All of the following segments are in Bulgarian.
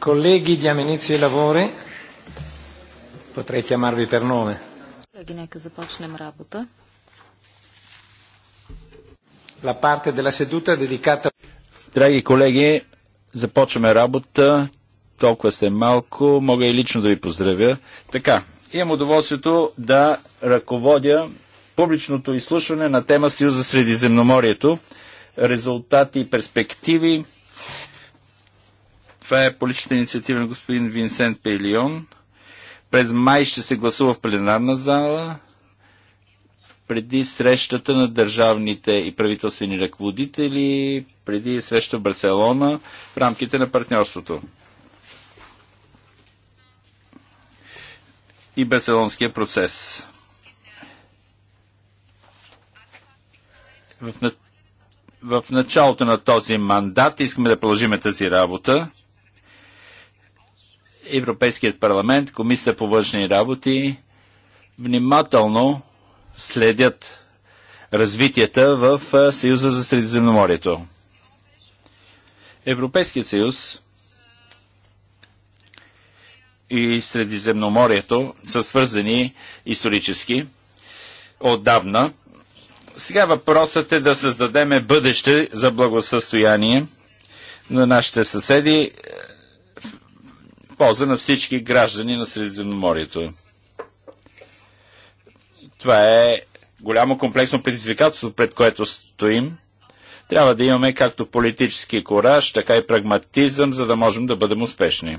Colleghi, diamo inizio ai lavori. Potrei chiamarvi per nome. Колеги, нека започнем работа. La parte della seduta dedicata... Драги колеги, започваме работа. Толкова сте малко. Мога и лично да ви поздравя. Така, имам удоволствието да ръководя публичното изслушване на тема Съюз за Средиземноморието. Резултати и перспективи това е поличната инициатива на господин Винсент Пейлион. През май ще се гласува в пленарна зала преди срещата на държавните и правителствени ръководители, преди среща в Барселона в рамките на партньорството. И барселонския процес. В, на... в началото на този мандат искаме да положиме тази работа. Европейският парламент, Комисия по външни работи внимателно следят развитията в Съюза за Средиземноморието. Европейският съюз и Средиземноморието са свързани исторически отдавна. Сега въпросът е да създадеме бъдеще за благосъстояние на нашите съседи полза на всички граждани на Средиземноморието. Това е голямо комплексно предизвикателство, пред което стоим. Трябва да имаме както политически кораж, така и прагматизъм, за да можем да бъдем успешни.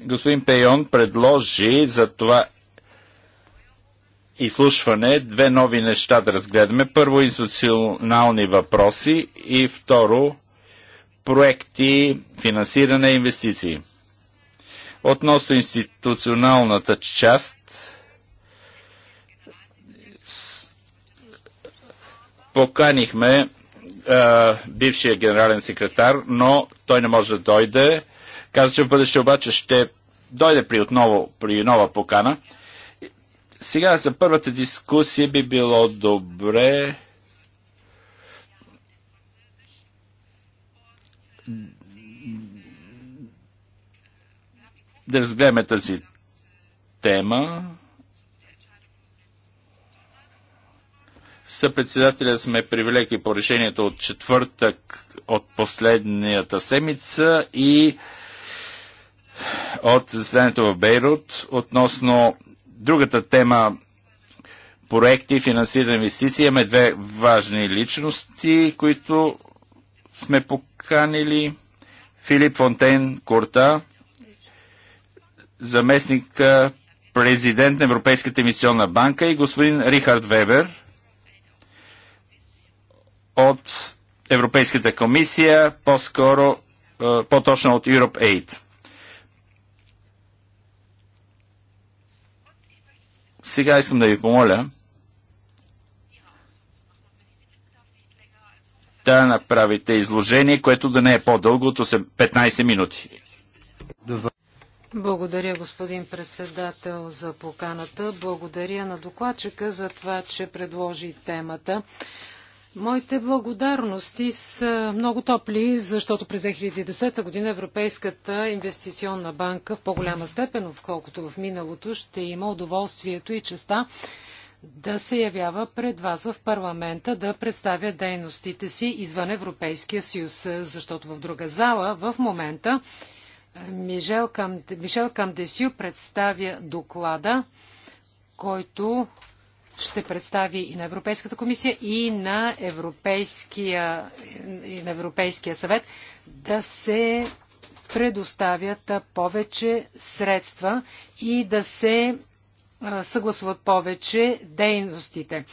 Господин Пейон предложи за това изслушване две нови неща да разгледаме. Първо институционални въпроси и второ проекти, финансиране и инвестиции. Относно институционалната част, поканихме а, бившия генерален секретар, но той не може да дойде. Каза, че в бъдеще обаче ще дойде при, отново, при нова покана. Сега за първата дискусия би било добре да разгледаме тази тема. Съпредседателя сме привлекли по решението от четвъртък от последнията седмица и от заседанието в Бейрут относно другата тема проекти, финансиране инвестиции. Имаме две важни личности, които сме поканили Филип Фонтен Корта, заместник президент на Европейската емисионна банка и господин Рихард Вебер от Европейската комисия, по-скоро, по-точно от Europe Aid. Сега искам да ви помоля да направите изложение, което да не е по-дълго от 15 минути. Благодаря, господин председател, за поканата. Благодаря на докладчика за това, че предложи темата. Моите благодарности са много топли, защото през 2010 година Европейската инвестиционна банка в по-голяма степен, отколкото в миналото, ще има удоволствието и честа да се явява пред вас в парламента да представя дейностите си извън Европейския съюз, защото в друга зала в момента е, Мишел, Кам... Мишел Камдесю представя доклада, който ще представи и на Европейската комисия, и на Европейския, и на Европейския съвет да се предоставят повече средства и да се съгласуват повече дейностите.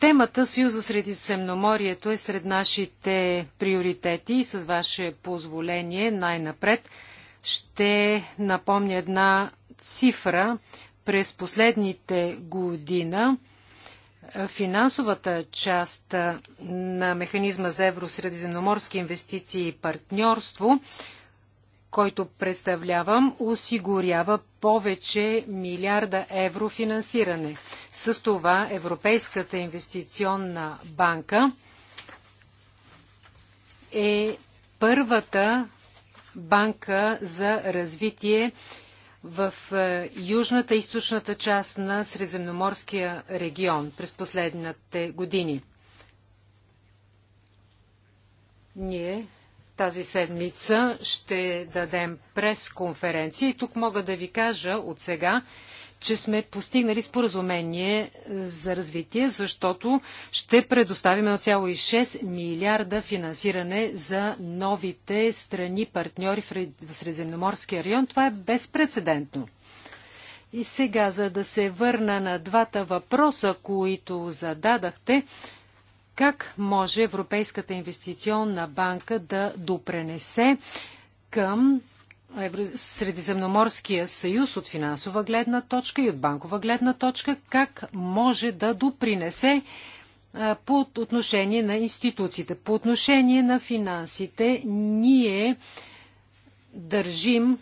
Темата Съюза среди Средиземноморието е сред нашите приоритети и с ваше позволение най-напред ще напомня една цифра. През последните година финансовата част на механизма за евросредиземноморски инвестиции и партньорство който представлявам, осигурява повече милиарда евро финансиране. С това Европейската инвестиционна банка е първата банка за развитие в е, южната и източната част на Средиземноморския регион през последните години. Ние тази седмица ще дадем прес-конференция. и тук мога да ви кажа от сега, че сме постигнали споразумение за развитие, защото ще предоставим 1,6 милиарда финансиране за новите страни партньори в Средиземноморския район. Това е безпредседентно. И сега, за да се върна на двата въпроса, които зададахте, как може Европейската инвестиционна банка да допренесе към Средиземноморския съюз от финансова гледна точка и от банкова гледна точка, как може да допринесе по отношение на институциите. По отношение на финансите, ние държим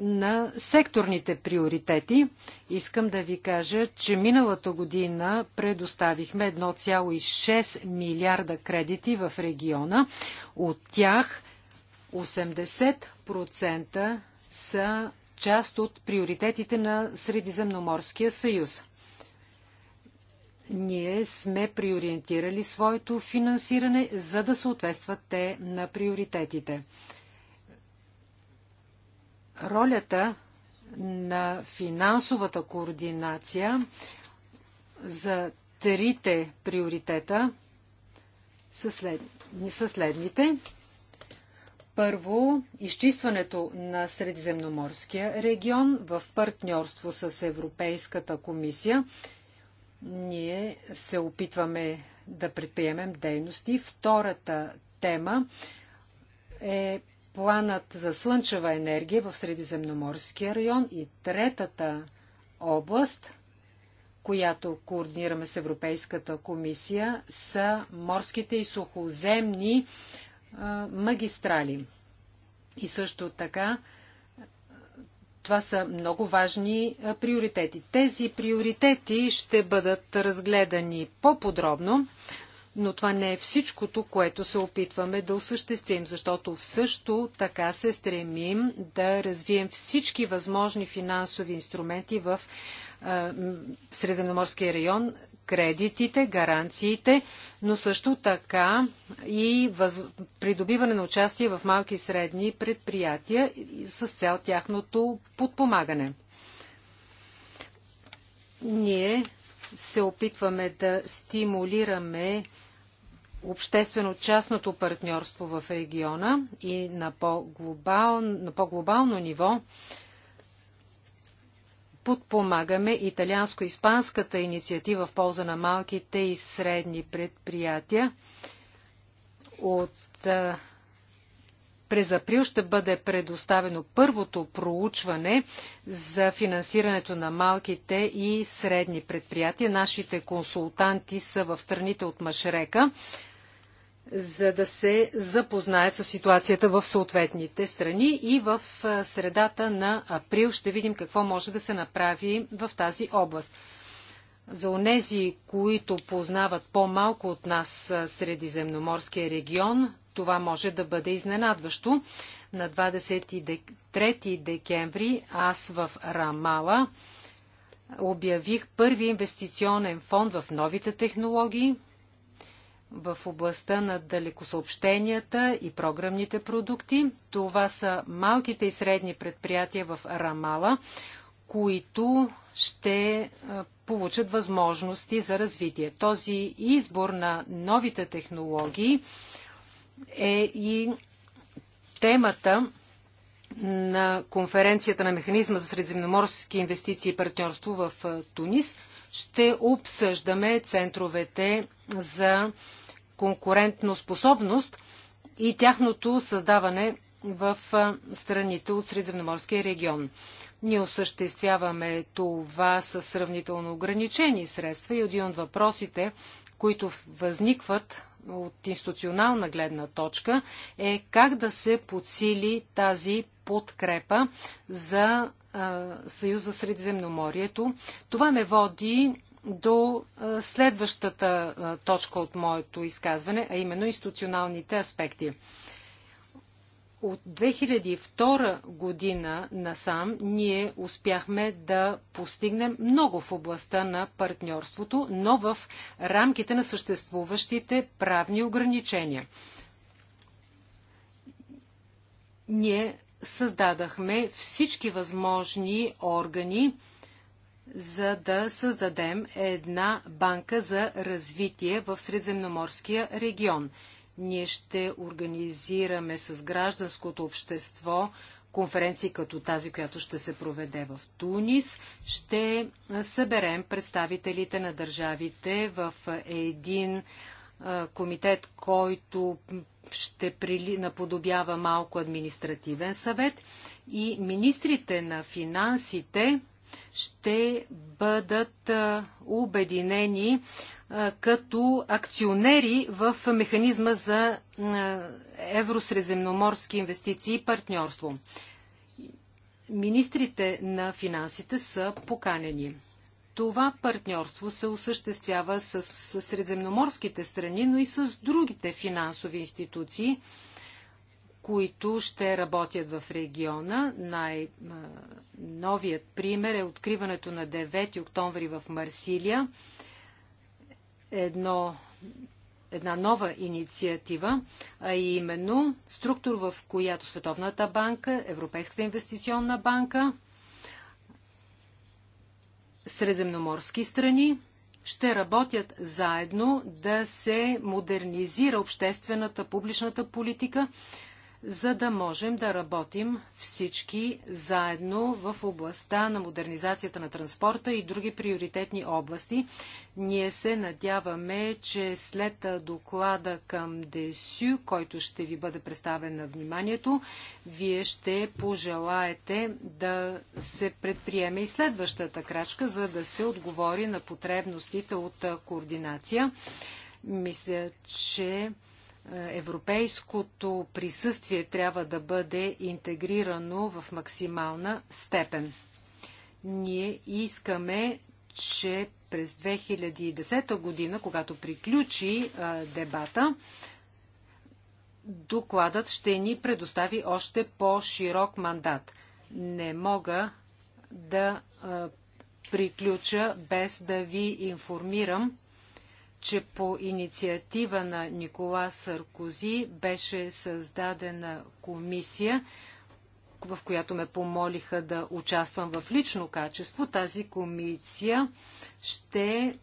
на секторните приоритети. Искам да ви кажа, че миналата година предоставихме 1,6 милиарда кредити в региона. От тях 80% са част от приоритетите на Средиземноморския съюз. Ние сме приориентирали своето финансиране, за да съответстват те на приоритетите ролята на финансовата координация за трите приоритета са, след... са следните. Първо, изчистването на Средиземноморския регион в партньорство с Европейската комисия. Ние се опитваме да предприемем дейности. Втората тема е планът за слънчева енергия в Средиземноморския район и третата област, която координираме с Европейската комисия, са морските и сухоземни магистрали. И също така, това са много важни приоритети. Тези приоритети ще бъдат разгледани по-подробно но това не е всичкото, което се опитваме да осъществим, защото също така се стремим да развием всички възможни финансови инструменти в е, Средиземноморския район, кредитите, гаранциите, но също така и въз... придобиване на участие в малки и средни предприятия с цял тяхното подпомагане. Ние се опитваме да стимулираме обществено-частното партньорство в региона и на, по глобално на по-глобално ниво подпомагаме италианско-испанската инициатива в полза на малките и средни предприятия. От, през април ще бъде предоставено първото проучване за финансирането на малките и средни предприятия. Нашите консултанти са в страните от Машрека за да се запознаят с ситуацията в съответните страни и в средата на април ще видим какво може да се направи в тази област. За онези, които познават по-малко от нас Средиземноморския регион, това може да бъде изненадващо. На 23 декември аз в Рамала обявих първи инвестиционен фонд в новите технологии – в областта на далекосъобщенията и програмните продукти. Това са малките и средни предприятия в Рамала, които ще е, получат възможности за развитие. Този избор на новите технологии е и темата на конференцията на механизма за средиземноморски инвестиции и партньорство в е, Тунис. Ще обсъждаме центровете за конкурентно способност и тяхното създаване в страните от Средиземноморския регион. Ние осъществяваме това с сравнително ограничени средства и един от въпросите, които възникват от институционална гледна точка, е как да се подсили тази подкрепа за Съюза Средиземноморието. Това ме води до следващата точка от моето изказване, а именно институционалните аспекти. От 2002 година насам ние успяхме да постигнем много в областта на партньорството, но в рамките на съществуващите правни ограничения. Ние създадахме всички възможни органи, за да създадем една банка за развитие в Средземноморския регион. Ние ще организираме с гражданското общество конференции като тази, която ще се проведе в Тунис. Ще съберем представителите на държавите в един комитет, който ще наподобява малко административен съвет и министрите на финансите ще бъдат обединени като акционери в механизма за евросредземноморски инвестиции и партньорство. Министрите на финансите са поканени. Това партньорство се осъществява с, с средземноморските страни, но и с другите финансови институции – които ще работят в региона. Най-новият пример е откриването на 9 октомври в Марсилия. Едно, една нова инициатива, а именно структур, в която Световната банка, Европейската инвестиционна банка, средземноморски страни ще работят заедно да се модернизира обществената, публичната политика, за да можем да работим всички заедно в областта на модернизацията на транспорта и други приоритетни области. Ние се надяваме, че след доклада към ДСЮ, който ще ви бъде представен на вниманието, вие ще пожелаете да се предприеме и следващата крачка, за да се отговори на потребностите от координация. Мисля, че европейското присъствие трябва да бъде интегрирано в максимална степен. Ние искаме, че през 2010 година, когато приключи а, дебата, докладът ще ни предостави още по-широк мандат. Не мога да а, приключа без да ви информирам че по инициатива на Никола Саркози беше създадена комисия, в която ме помолиха да участвам в лично качество. Тази комисия ще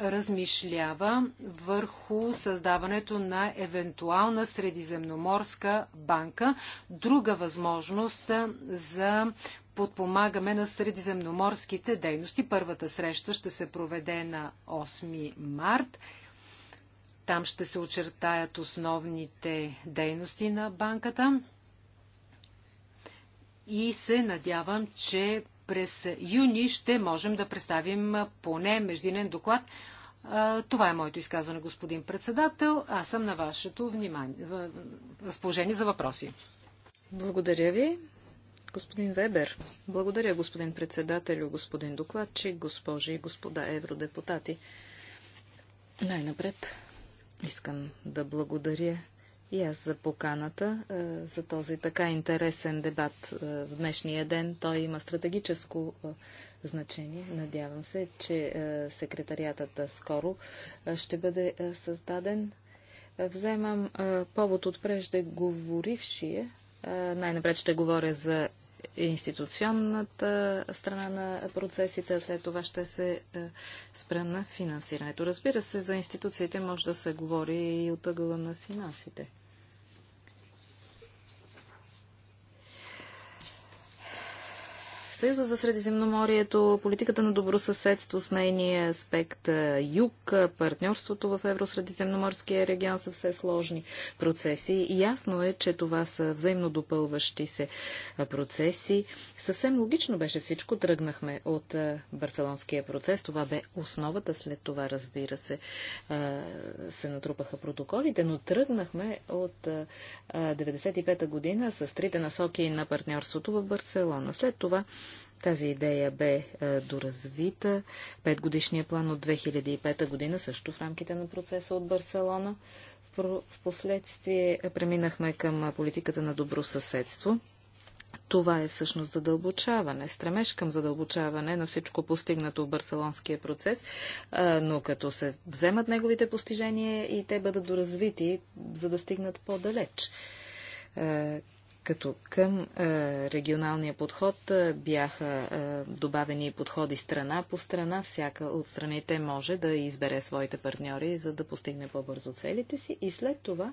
размишлява върху създаването на евентуална средиземноморска банка, друга възможност за подпомагаме на средиземноморските дейности. Първата среща ще се проведе на 8 март. Там ще се очертаят основните дейности на банката. И се надявам, че през юни ще можем да представим поне междинен доклад. Това е моето изказване, господин председател. Аз съм на вашето внимание, разположение за въпроси. Благодаря ви. Господин Вебер, благодаря господин председател, господин докладчик, госпожи и господа евродепутати. Най-напред искам да благодаря и аз за поканата, е, за този така интересен дебат е, в днешния ден. Той има стратегическо е, значение. Надявам се, че секретариатът скоро ще бъде създаден. Вземам повод от преждеговорившия. Най-напред ще говоря за институционната страна на процесите, а след това ще се е, спра на финансирането. Разбира се, за институциите може да се говори и от ъгъла на финансите. Съюза за Средиземноморието, политиката на добросъседство с нейния аспект юг, партньорството в Евросредиземноморския регион са все сложни процеси. И ясно е, че това са взаимно допълващи се процеси. Съвсем логично беше всичко. Тръгнахме от Барселонския процес. Това бе основата. След това, разбира се, се натрупаха протоколите, но тръгнахме от 1995 година с трите насоки на партньорството в Барселона. След това тази идея бе е, доразвита. Петгодишния план от 2005 година, също в рамките на процеса от Барселона. В последствие преминахме към е, политиката на добро съседство. Това е всъщност задълбочаване, стремеж към задълбочаване на всичко постигнато в барселонския процес, е, но като се вземат неговите постижения и те бъдат доразвити, за да стигнат по-далеч. Е, като към е, регионалния подход е, бяха е, добавени подходи страна по страна. Всяка от страните може да избере своите партньори, за да постигне по-бързо целите си. И след това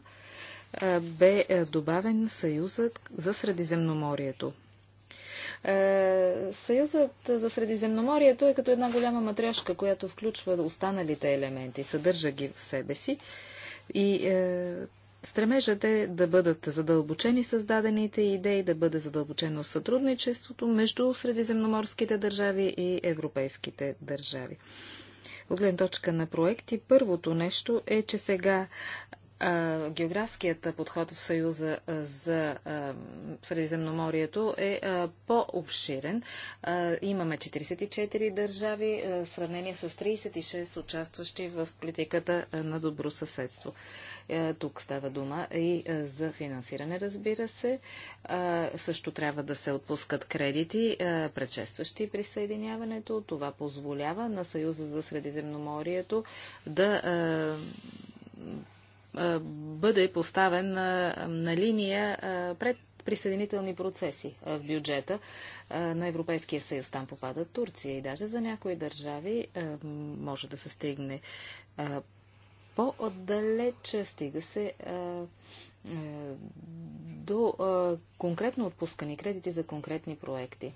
бе добавен Съюзът за Средиземноморието. Съюзът за Средиземноморието е като една голяма матряшка, която включва останалите елементи, съдържа ги в себе си. И Стремежът е да бъдат задълбочени създадените идеи, да бъде задълбочено сътрудничеството между средиземноморските държави и европейските държави. От гледна точка на проекти, първото нещо е, че сега географският подход в Съюза за Средиземноморието е по-обширен. Имаме 44 държави, в сравнение с 36 участващи в политиката на добро съседство. Тук става дума и за финансиране, разбира се. Също трябва да се отпускат кредити, предшестващи присъединяването. Това позволява на Съюза за Средиземноморието да бъде поставен на линия пред присъединителни процеси в бюджета на Европейския съюз. Там попада Турция и даже за някои държави може да се стигне по-отдалече. Стига се до конкретно отпускани кредити за конкретни проекти.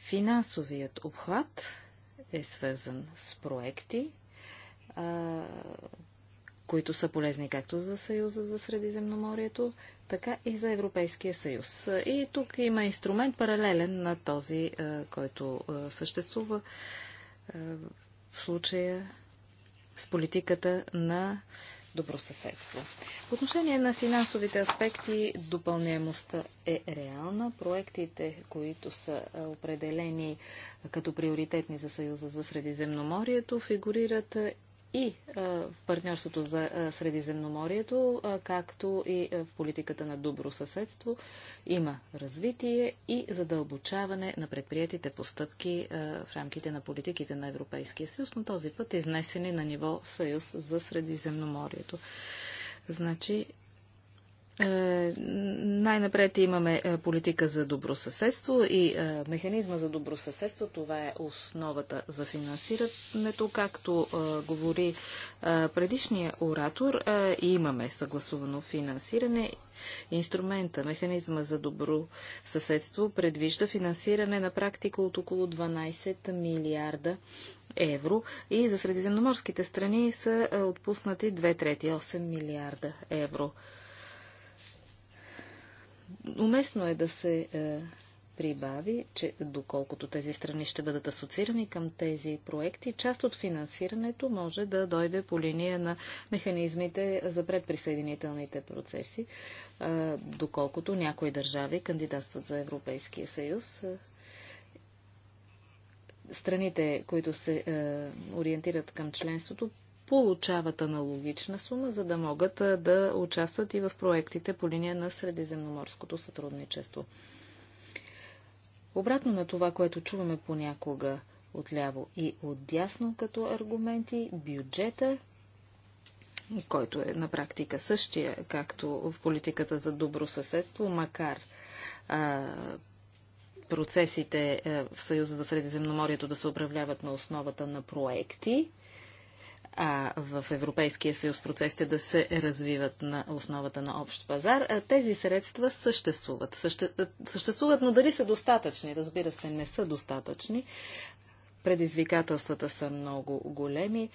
Финансовият обхват е свързан с проекти, а, които са полезни както за Съюза за Средиземноморието, така и за Европейския съюз. И тук има инструмент паралелен на този, а, който а, съществува а, в случая с политиката на добросъседство. По отношение на финансовите аспекти, допълняемостта е реална. Проектите, които са определени като приоритетни за Съюза за Средиземноморието, фигурират и в е, партньорството за е, Средиземноморието, е, както и в политиката на добро съседство, има развитие и задълбочаване на предприятите постъпки в рамките на политиките на Европейския съюз, но този път изнесени на ниво Съюз за Средиземноморието. Значи, е, най-напред имаме е, политика за добросъседство и е, механизма за добросъседство. Това е основата за финансирането. Както говори предишния оратор, имаме съгласувано финансиране. Инструмента, механизма за добро съседство предвижда финансиране на практика от около 12 милиарда евро и за средиземноморските страни са отпуснати 2 трети 8 милиарда евро. Уместно е да се е, прибави, че доколкото тези страни ще бъдат асоциирани към тези проекти, част от финансирането може да дойде по линия на механизмите за предприсъединителните процеси, е, доколкото някои държави кандидатстват за Европейския съюз. Е, страните, които се е, ориентират към членството, получават аналогична сума, за да могат да участват и в проектите по линия на средиземноморското сътрудничество. Обратно на това, което чуваме понякога отляво и отдясно като аргументи, бюджета, който е на практика същия, както в политиката за добросъседство, макар а, процесите е, в Съюза за Средиземноморието да се управляват на основата на проекти, а, в Европейския съюз процесите да се развиват на основата на общ пазар. А, тези средства съществуват. Съще, съществуват, но дали са достатъчни? Разбира се, не са достатъчни. Предизвикателствата са много големи.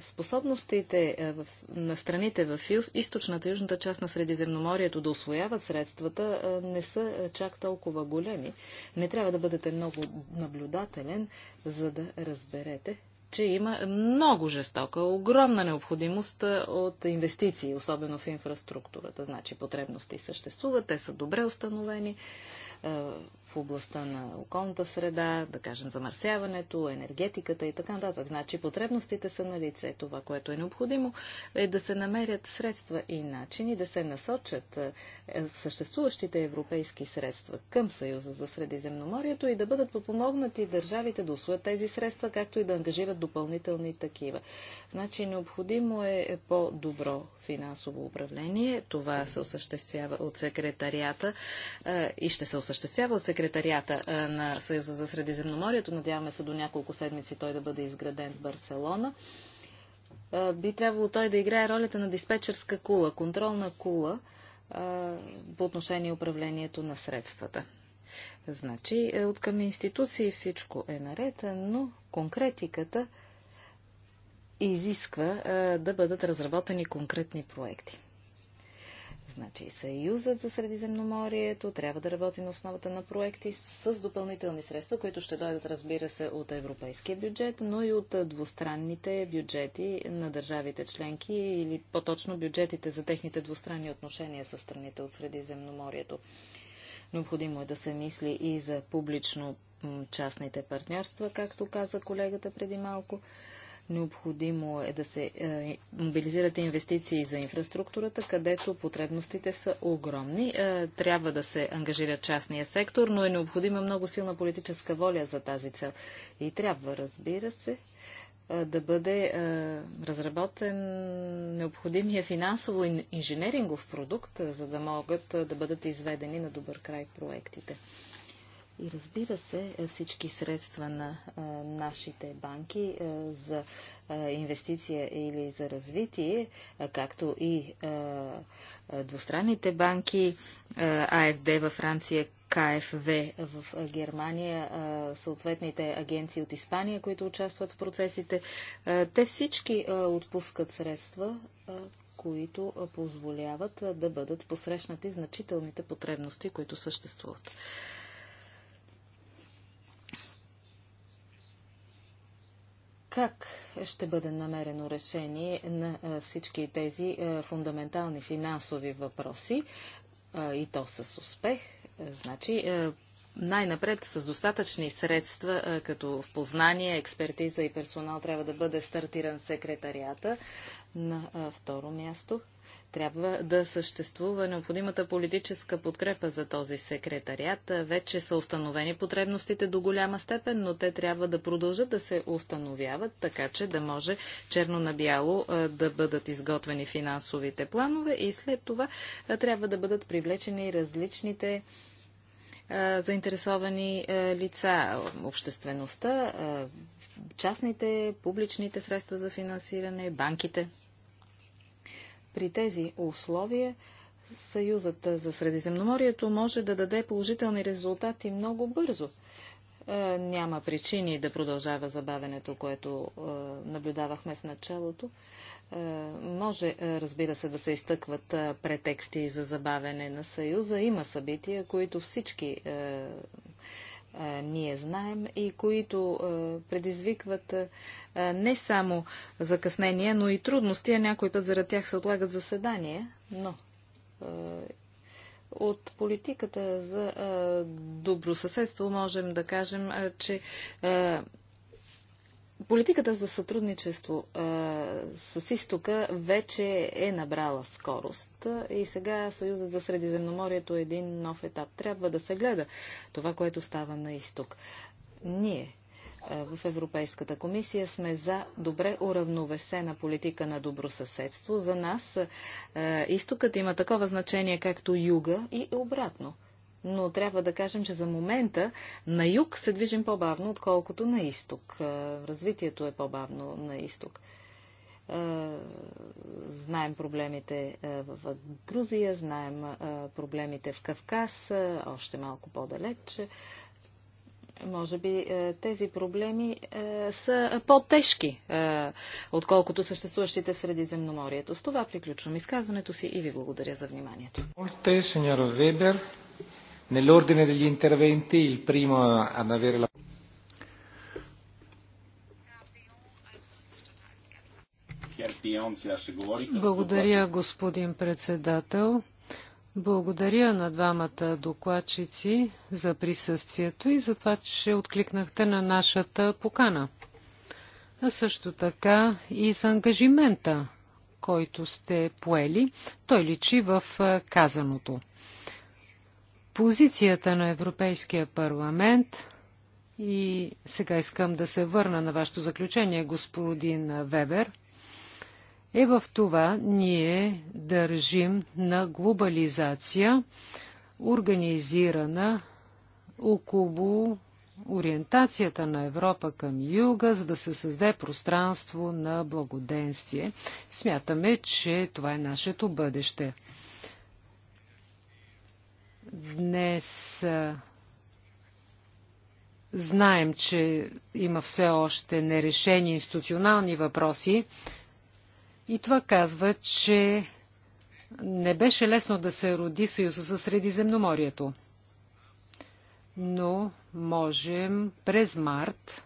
способностите на страните в източната и южната част на Средиземноморието да освояват средствата не са чак толкова големи. Не трябва да бъдете много наблюдателен, за да разберете, че има много жестока, огромна необходимост от инвестиции, особено в инфраструктурата. Значи потребности съществуват, те са добре установени областта на околната среда, да кажем замърсяването, енергетиката и така нататък. Значи потребностите са на лице. Това, което е необходимо, е да се намерят средства и начини да се насочат е, съществуващите европейски средства към Съюза за Средиземноморието и да бъдат подпомогнати държавите да усвоят тези средства, както и да ангажират допълнителни такива. Значи необходимо е по-добро финансово управление. Това се осъществява от секретарията е, и ще се осъществява от секретарията секретарията на Съюза за Средиземноморието. Надяваме се до няколко седмици той да бъде изграден в Барселона. Би трябвало той да играе ролята на диспетчерска кула, контролна кула по отношение управлението на средствата. Значи, е, от към институции всичко е наред, но конкретиката изисква да бъдат разработени конкретни проекти. Значи Съюзът за Средиземноморието трябва да работи на основата на проекти с допълнителни средства, които ще дойдат, разбира се, от европейския бюджет, но и от двустранните бюджети на държавите членки или по-точно бюджетите за техните двустранни отношения с страните от Средиземноморието. Необходимо е да се мисли и за публично частните партньорства, както каза колегата преди малко. Необходимо е да се е, мобилизират инвестиции за инфраструктурата, където потребностите са огромни. Е, трябва да се ангажира частния сектор, но е необходима много силна политическа воля за тази цел. И трябва, разбира се, е, да бъде е, разработен необходимия финансово инженерингов продукт, за да могат е, да бъдат изведени на добър край проектите. И разбира се, е, всички средства на а, е, нашите банки а, е, за а, инвестиция или за развитие, както и двустранните банки, АФД във Франция, КФВ в Германия, съответните агенции от Испания, които участват в процесите, те всички отпускат средства които позволяват да бъдат посрещнати значителните потребности, които съществуват. как ще бъде намерено решение на всички тези фундаментални финансови въпроси и то с успех. Значи, най-напред с достатъчни средства, като в познание, експертиза и персонал трябва да бъде стартиран секретарията. На второ място трябва да съществува необходимата политическа подкрепа за този секретариат. Вече са установени потребностите до голяма степен, но те трябва да продължат да се установяват, така че да може черно на бяло да бъдат изготвени финансовите планове и след това трябва да бъдат привлечени различните заинтересовани лица, обществеността, частните, публичните средства за финансиране, банките. При тези условия Съюзът за Средиземноморието може да даде положителни резултати много бързо. Е, няма причини да продължава забавенето, което е, наблюдавахме в началото. Е, може, разбира се, да се изтъкват претексти за забавене на Съюза. Има събития, които всички ние знаем и които предизвикват не само закъснения, но и трудности, а някой път заради тях се отлагат заседания. Но от политиката за добросъседство можем да кажем, че Политиката за сътрудничество а, с изтока вече е набрала скорост и сега Съюзът за Средиземноморието е един нов етап. Трябва да се гледа това, което става на изток. Ние а, в Европейската комисия сме за добре уравновесена политика на добросъседство. За нас а, изтокът има такова значение както юга и обратно – но трябва да кажем, че за момента на юг се движим по-бавно, отколкото на изток. Развитието е по-бавно на изток. Знаем проблемите в Грузия, знаем проблемите в Кавказ, още малко по-далеч. Може би тези проблеми са по-тежки, отколкото съществуващите в Средиземноморието. С това приключвам изказването си и ви благодаря за вниманието. Nell'ordine degli interventi, il primo ad avere la... Благодаря, господин председател. Благодаря на двамата докладчици за присъствието и за това, че откликнахте на нашата покана. А също така и за ангажимента, който сте поели. Той личи в казаното позицията на Европейския парламент и сега искам да се върна на вашето заключение, господин Вебер, е в това ние държим на глобализация, организирана около ориентацията на Европа към юга, за да се създаде пространство на благоденствие. Смятаме, че това е нашето бъдеще. Днес знаем, че има все още нерешени институционални въпроси и това казва, че не беше лесно да се роди Съюза за Средиземноморието. Но можем през март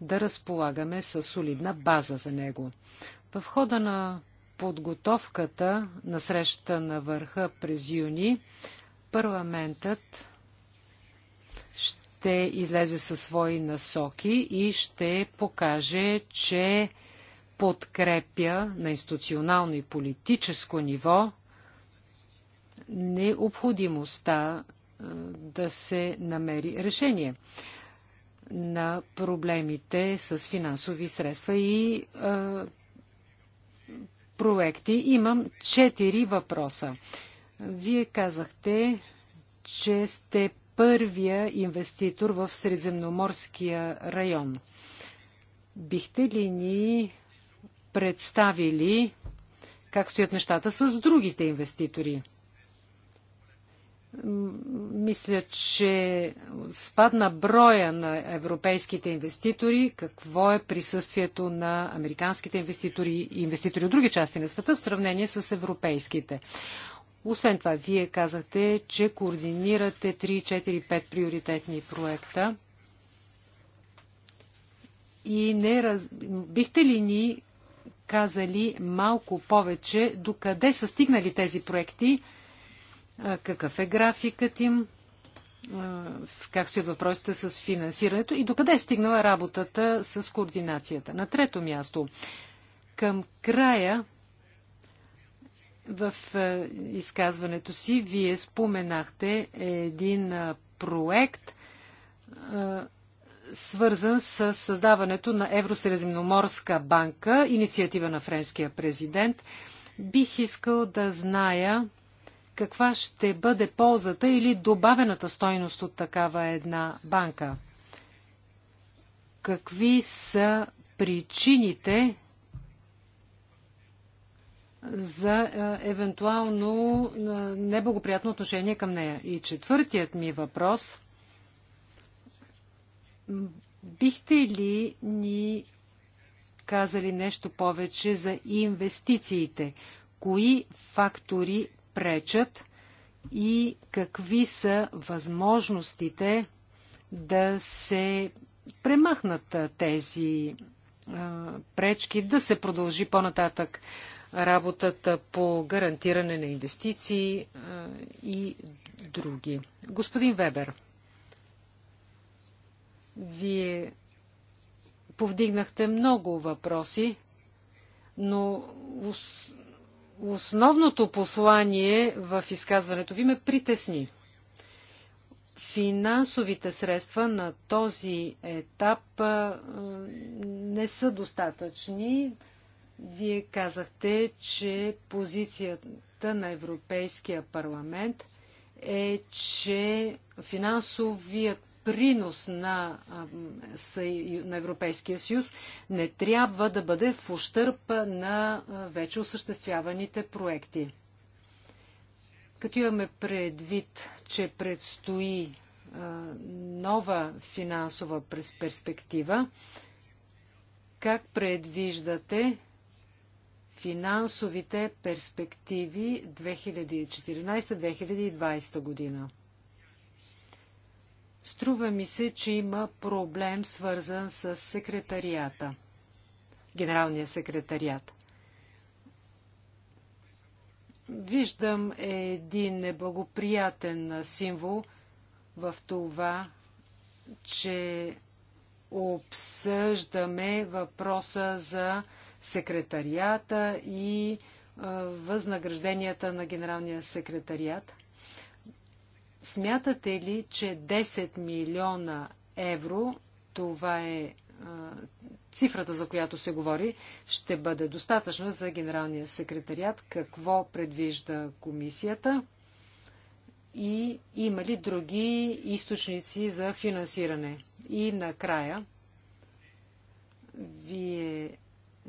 да разполагаме с солидна база за него. В хода на подготовката на среща на върха през юни Парламентът ще излезе със свои насоки и ще покаже, че подкрепя на институционално и политическо ниво необходимостта да се намери решение на проблемите с финансови средства и проекти. Имам четири въпроса. Вие казахте, че сте първия инвеститор в Средземноморския район. Бихте ли ни представили как стоят нещата с другите инвеститори? мисля, че спадна броя на европейските инвеститори, какво е присъствието на американските инвеститори и инвеститори от други части на света в сравнение с европейските. Освен това, вие казахте, че координирате 3, 4, 5 приоритетни проекта. И не раз... бихте ли ни казали малко повече до къде са стигнали тези проекти, какъв е графикът им, как стоят въпросите с финансирането и докъде е стигнала работата с координацията. На трето място, към края в е, изказването си вие споменахте един е, проект, е, свързан с създаването на Евросредиземноморска банка, инициатива на френския президент. Бих искал да зная каква ще бъде ползата или добавената стойност от такава една банка. Какви са причините за е, евентуално е, неблагоприятно отношение към нея. И четвъртият ми въпрос. Бихте ли ни казали нещо повече за инвестициите? Кои фактори пречат и какви са възможностите да се премахнат тези е, пречки, да се продължи по-нататък работата по гарантиране на инвестиции и други. Господин Вебер, вие повдигнахте много въпроси, но основното послание в изказването ви ме притесни. Финансовите средства на този етап не са достатъчни. Вие казахте, че позицията на Европейския парламент е, че финансовият принос на, на Европейския съюз не трябва да бъде в ущърп на вече осъществяваните проекти. Като имаме предвид, че предстои нова финансова перспектива, как предвиждате финансовите перспективи 2014-2020 година. Струва ми се, че има проблем свързан с секретарията, генералния секретарият. Виждам един неблагоприятен символ в това, че обсъждаме въпроса за секретарията и възнагражденията на генералния секретарият. Смятате ли, че 10 милиона евро, това е цифрата, за която се говори, ще бъде достатъчна за генералния секретарият? Какво предвижда комисията? И има ли други източници за финансиране? И накрая, вие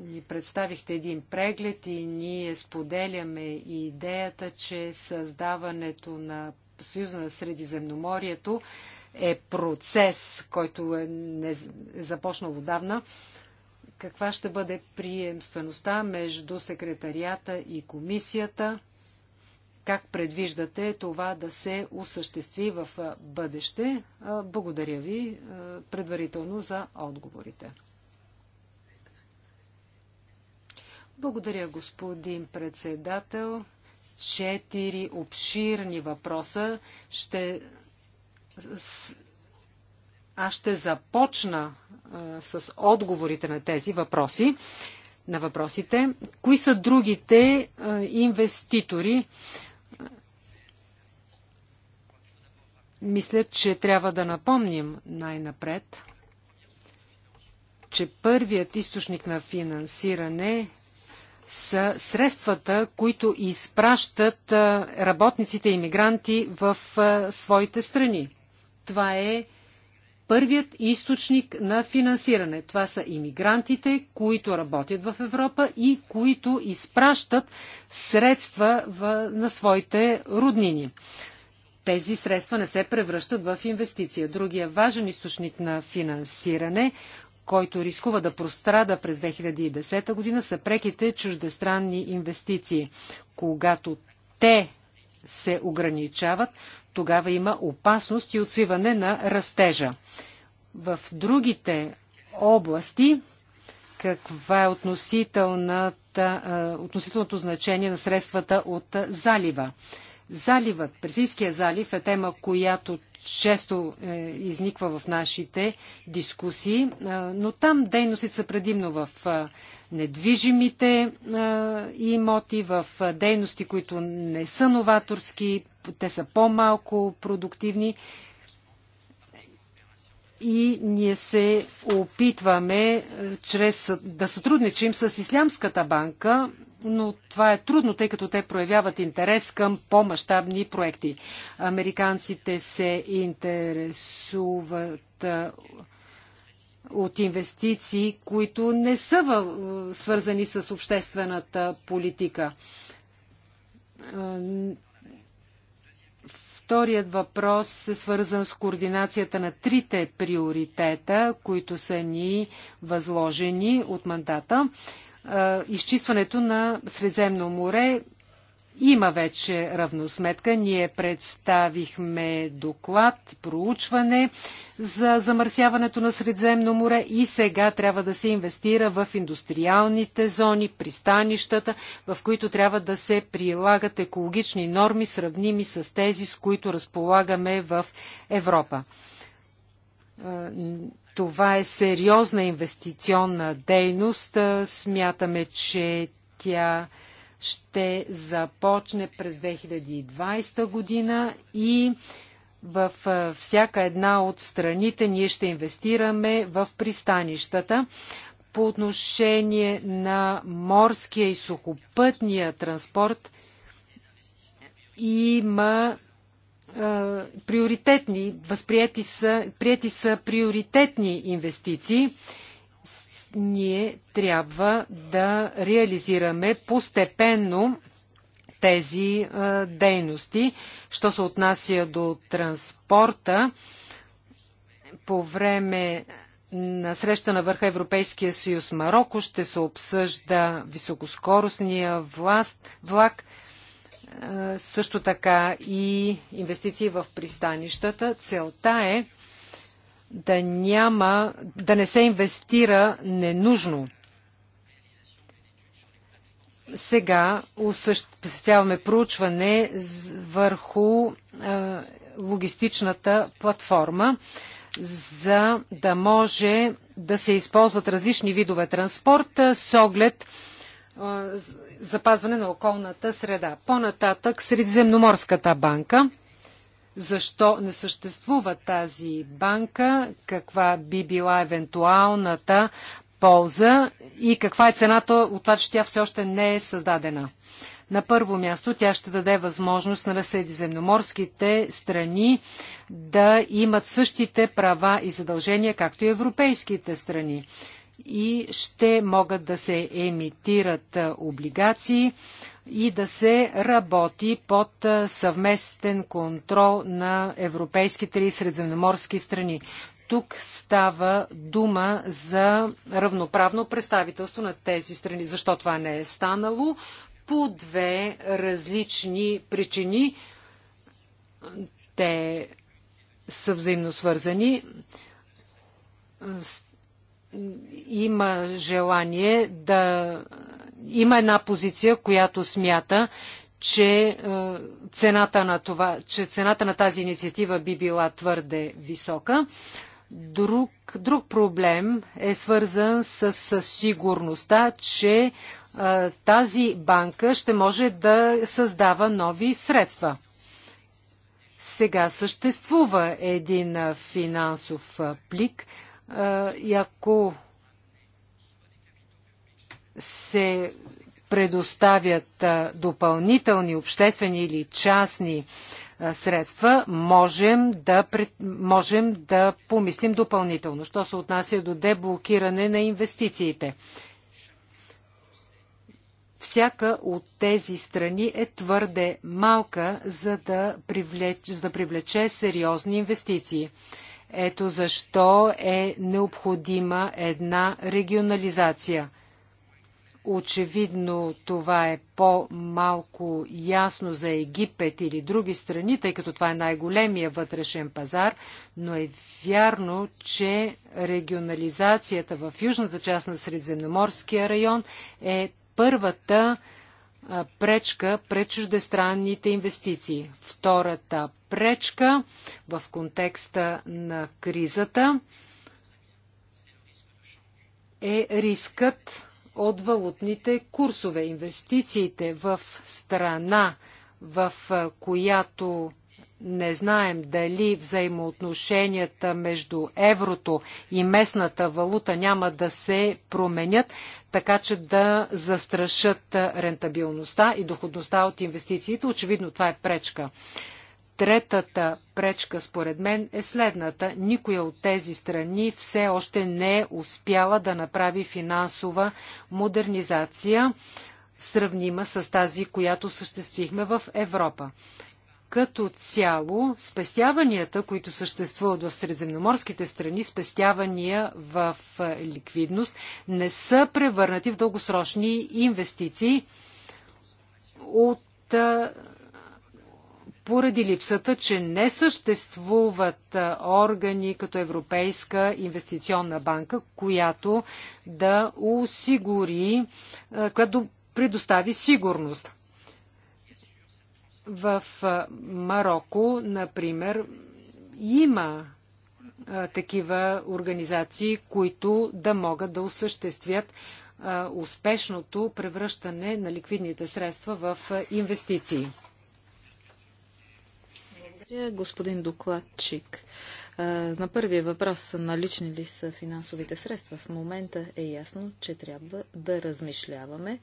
ни представихте един преглед и ние споделяме и идеята, че създаването на Съюза на Средиземноморието е процес, който е, не, е започнал отдавна. Каква ще бъде приемствеността между секретарията и комисията? Как предвиждате това да се осъществи в бъдеще? Благодаря ви предварително за отговорите. Благодаря, господин председател. Четири обширни въпроса. Ще... Аз ще започна а, с отговорите на тези въпроси, на въпросите. Кои са другите а, инвеститори? Мисля, че трябва да напомним най-напред, че първият източник на финансиране са средствата, които изпращат работниците и мигранти в своите страни. Това е първият източник на финансиране. Това са иммигрантите, които работят в Европа и които изпращат средства в, на своите роднини. Тези средства не се превръщат в инвестиция. Другия важен източник на финансиране който рискува да прострада през 2010 година, са преките чуждестранни инвестиции. Когато те се ограничават, тогава има опасност и отсиване на растежа. В другите области, каква е относителното значение на средствата от залива? Заливът, Персийския залив е тема, която често е, изниква в нашите дискусии, а, но там дейностите са предимно в а, недвижимите имоти, в дейности, които не са новаторски, те са по-малко продуктивни и ние се опитваме чрез, да сътрудничим с Ислямската банка но това е трудно, тъй като те проявяват интерес към по-масштабни проекти. Американците се интересуват от инвестиции, които не са свързани с обществената политика. Вторият въпрос е свързан с координацията на трите приоритета, които са ни възложени от мандата изчистването на Средземно море има вече равносметка. Ние представихме доклад, проучване за замърсяването на Средземно море и сега трябва да се инвестира в индустриалните зони, пристанищата, в които трябва да се прилагат екологични норми, сравними с тези, с които разполагаме в Европа това е сериозна инвестиционна дейност. Смятаме, че тя ще започне през 2020 година и в всяка една от страните ние ще инвестираме в пристанищата. По отношение на морския и сухопътния транспорт има приоритетни, възприяти са, прияти са приоритетни инвестиции, ние трябва да реализираме постепенно тези а, дейности. Що се отнася до транспорта, по време на среща на върха Европейския съюз Марокко ще се обсъжда високоскоростния власт, влак – също така и инвестиции в пристанищата. Целта е да няма, да не се инвестира ненужно. Сега осъществяваме проучване върху логистичната платформа, за да може да се използват различни видове транспорт с оглед запазване на околната среда. По-нататък Средиземноморската банка. Защо не съществува тази банка? Каква би била евентуалната полза и каква е цената от това, че тя все още не е създадена? На първо място тя ще даде възможност на средиземноморските страни да имат същите права и задължения, както и европейските страни и ще могат да се емитират облигации и да се работи под съвместен контрол на европейските и средземноморски страни. Тук става дума за равноправно представителство на тези страни. Защо това не е станало? По две различни причини. Те са взаимно свързани има желание да има една позиция, която смята, че е, цената на, това, че цената на тази инициатива би била твърде висока. Друг, друг проблем е свързан с, с сигурността, че а, е, тази банка ще може да създава нови средства. Сега съществува един финансов плик, и ако се предоставят допълнителни обществени или частни средства, можем да, можем да помислим допълнително. Що се отнася до деблокиране на инвестициите? Всяка от тези страни е твърде малка, за да привлече, за да привлече сериозни инвестиции. Ето защо е необходима една регионализация. Очевидно това е по-малко ясно за Египет или други страни, тъй като това е най-големия вътрешен пазар, но е вярно, че регионализацията в южната част на Средиземноморския район е първата пречка пред чуждестранните инвестиции. Втората пречка в контекста на кризата е рискът от валутните курсове. Инвестициите в страна, в която не знаем дали взаимоотношенията между еврото и местната валута няма да се променят, така че да застрашат рентабилността и доходността от инвестициите. Очевидно това е пречка. Третата пречка, според мен, е следната. Никоя от тези страни все още не е успяла да направи финансова модернизация, сравнима с тази, която съществихме в Европа като цяло спестяванията, които съществуват в средземноморските страни, спестявания в ликвидност, не са превърнати в дългосрочни инвестиции от поради липсата, че не съществуват органи като Европейска инвестиционна банка, която да осигури, която предостави сигурност. В Марокко, например, има такива организации, които да могат да осъществят успешното превръщане на ликвидните средства в инвестиции. господин докладчик. Е, на първия въпрос, налични ли са финансовите средства, в момента е ясно, че трябва да размишляваме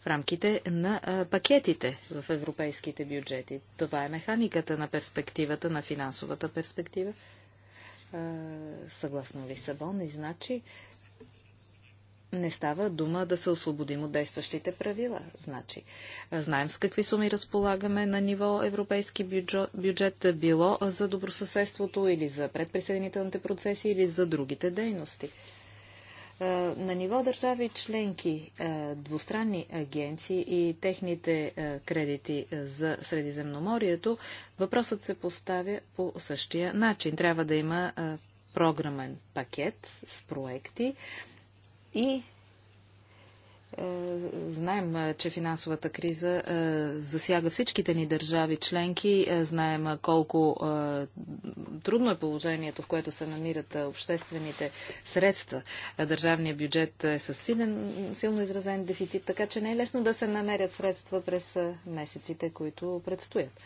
в рамките на е, пакетите в европейските бюджети. Това е механиката на перспективата, на финансовата перспектива е, съгласно Лисабон и значи не става дума да се освободим от действащите правила. Значи, знаем с какви суми разполагаме на ниво европейски бюджет, бюджет било за добросъседството или за предприсъединителните процеси или за другите дейности. Е, на ниво държави членки, е, двустранни агенции и техните е, кредити за Средиземноморието, въпросът се поставя по същия начин. Трябва да има програмен пакет с проекти, и е, Знаем, е, че финансовата криза е, засяга всичките ни държави членки. Знаем колко трудно е положението, в което се намират обществените средства. Държавният бюджет е с силен, силно изразен дефицит, така че не е лесно да се намерят средства през месеците, които предстоят.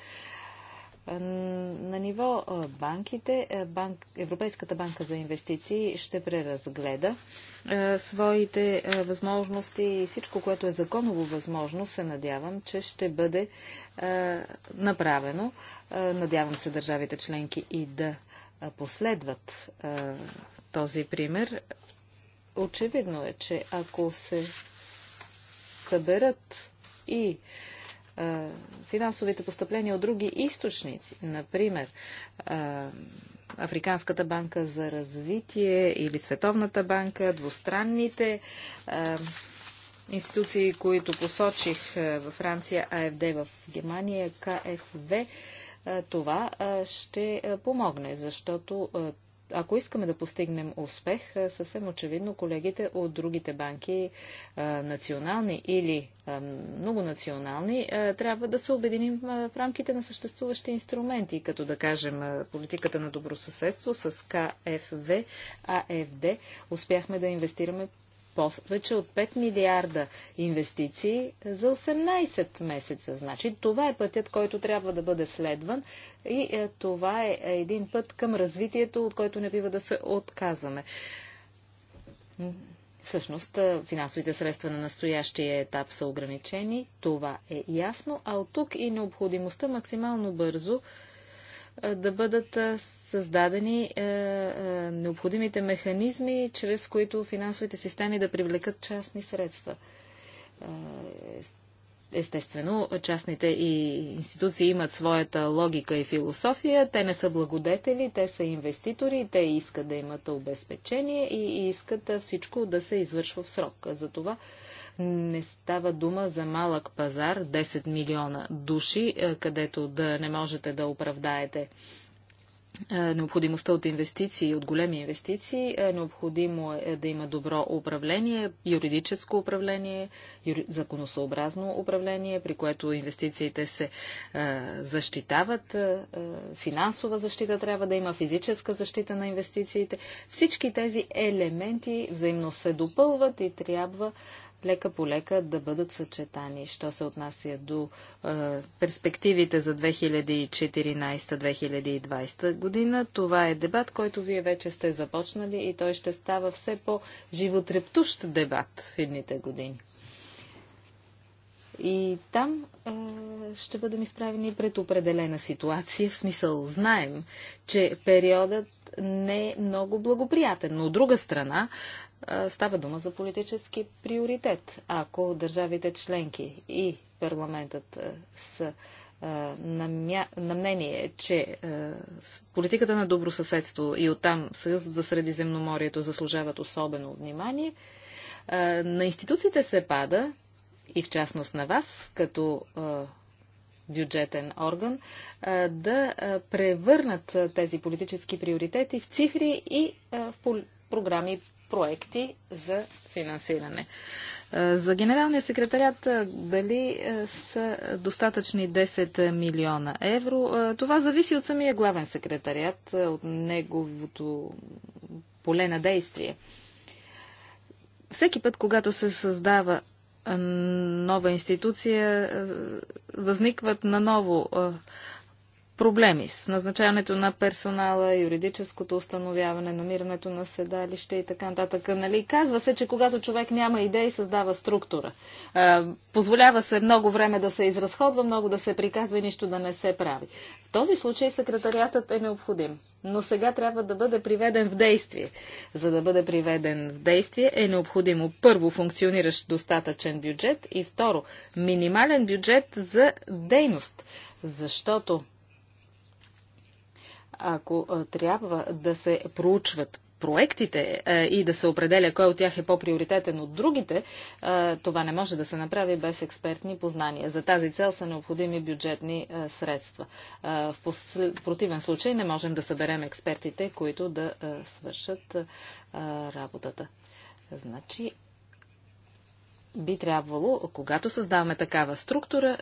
На ниво банките, банк, Европейската банка за инвестиции ще преразгледа своите възможности и всичко, което е законово възможно, се надявам, че ще бъде направено. Надявам се държавите членки и да последват този пример. Очевидно е, че ако се съберат и финансовите постъпления от други източници, например Африканската банка за развитие или Световната банка, двустранните институции, които посочих във Франция, АФД в Германия, КФВ, това ще помогне, защото ако искаме да постигнем успех, е, съвсем очевидно колегите от другите банки, е, национални или е, многонационални, трябва да се обединим в рамките на съществуващи инструменти, като да кажем политиката на добросъседство с КФВ, АФД. Успяхме да инвестираме повече от 5 милиарда инвестиции за 18 месеца. Значи това е пътят, който трябва да бъде следван и е, това е един път към развитието, от който не бива да се отказваме. Всъщност, е, финансовите средства на настоящия етап са ограничени. Това е ясно, а от тук и необходимостта максимално бързо е, да бъдат е, създадени е, необходимите механизми, чрез които финансовите системи да привлекат частни средства. Естествено, частните и институции имат своята логика и философия. Те не са благодетели, те са инвеститори, те искат да имат обезпечение и искат всичко да се извършва в срок. Затова това не става дума за малък пазар, 10 милиона души, е, където да не можете да оправдаете е, необходимостта от инвестиции, от големи инвестиции, е, необходимо е да има добро управление, юридическо управление, законосъобразно управление, при което инвестициите се защитават, финансова защита трябва да има, физическа защита на инвестициите. Всички тези елементи взаимно се допълват и трябва лека по лека да бъдат съчетани. Що се отнася до е, перспективите за 2014-2020 година, това е дебат, който вие вече сте започнали и той ще става все по-животрептущ дебат в едните години. И там е, ще бъдем изправени пред определена ситуация. В смисъл, знаем, че периодът не е много благоприятен. Но от друга страна, Става дума за политически приоритет. Ако държавите членки и парламентът са на, мя... на мнение, че политиката на добросъседство и оттам Съюзът за Средиземноморието заслужават особено внимание, на институциите се пада, и в частност на вас, като бюджетен орган, да превърнат тези политически приоритети в цифри и в програми проекти за финансиране. За генералния секретарят дали са достатъчни 10 милиона евро, това зависи от самия главен секретарят, от неговото поле на действие. Всеки път, когато се създава нова институция, възникват наново проблеми с назначаването на персонала, юридическото установяване, намирането на седалище и така нататък. Нали? Казва се, че когато човек няма идеи, създава структура. А, позволява се много време да се изразходва, много да се приказва и нищо да не се прави. В този случай секретариатът е необходим, но сега трябва да бъде приведен в действие. За да бъде приведен в действие е необходимо първо функциониращ достатъчен бюджет и второ минимален бюджет за дейност. Защото ако трябва да се проучват проектите и да се определя кой от тях е по-приоритетен от другите, това не може да се направи без експертни познания. За тази цел са необходими бюджетни средства. В противен случай не можем да съберем експертите, които да свършат работата. Значи би трябвало, когато създаваме такава структура,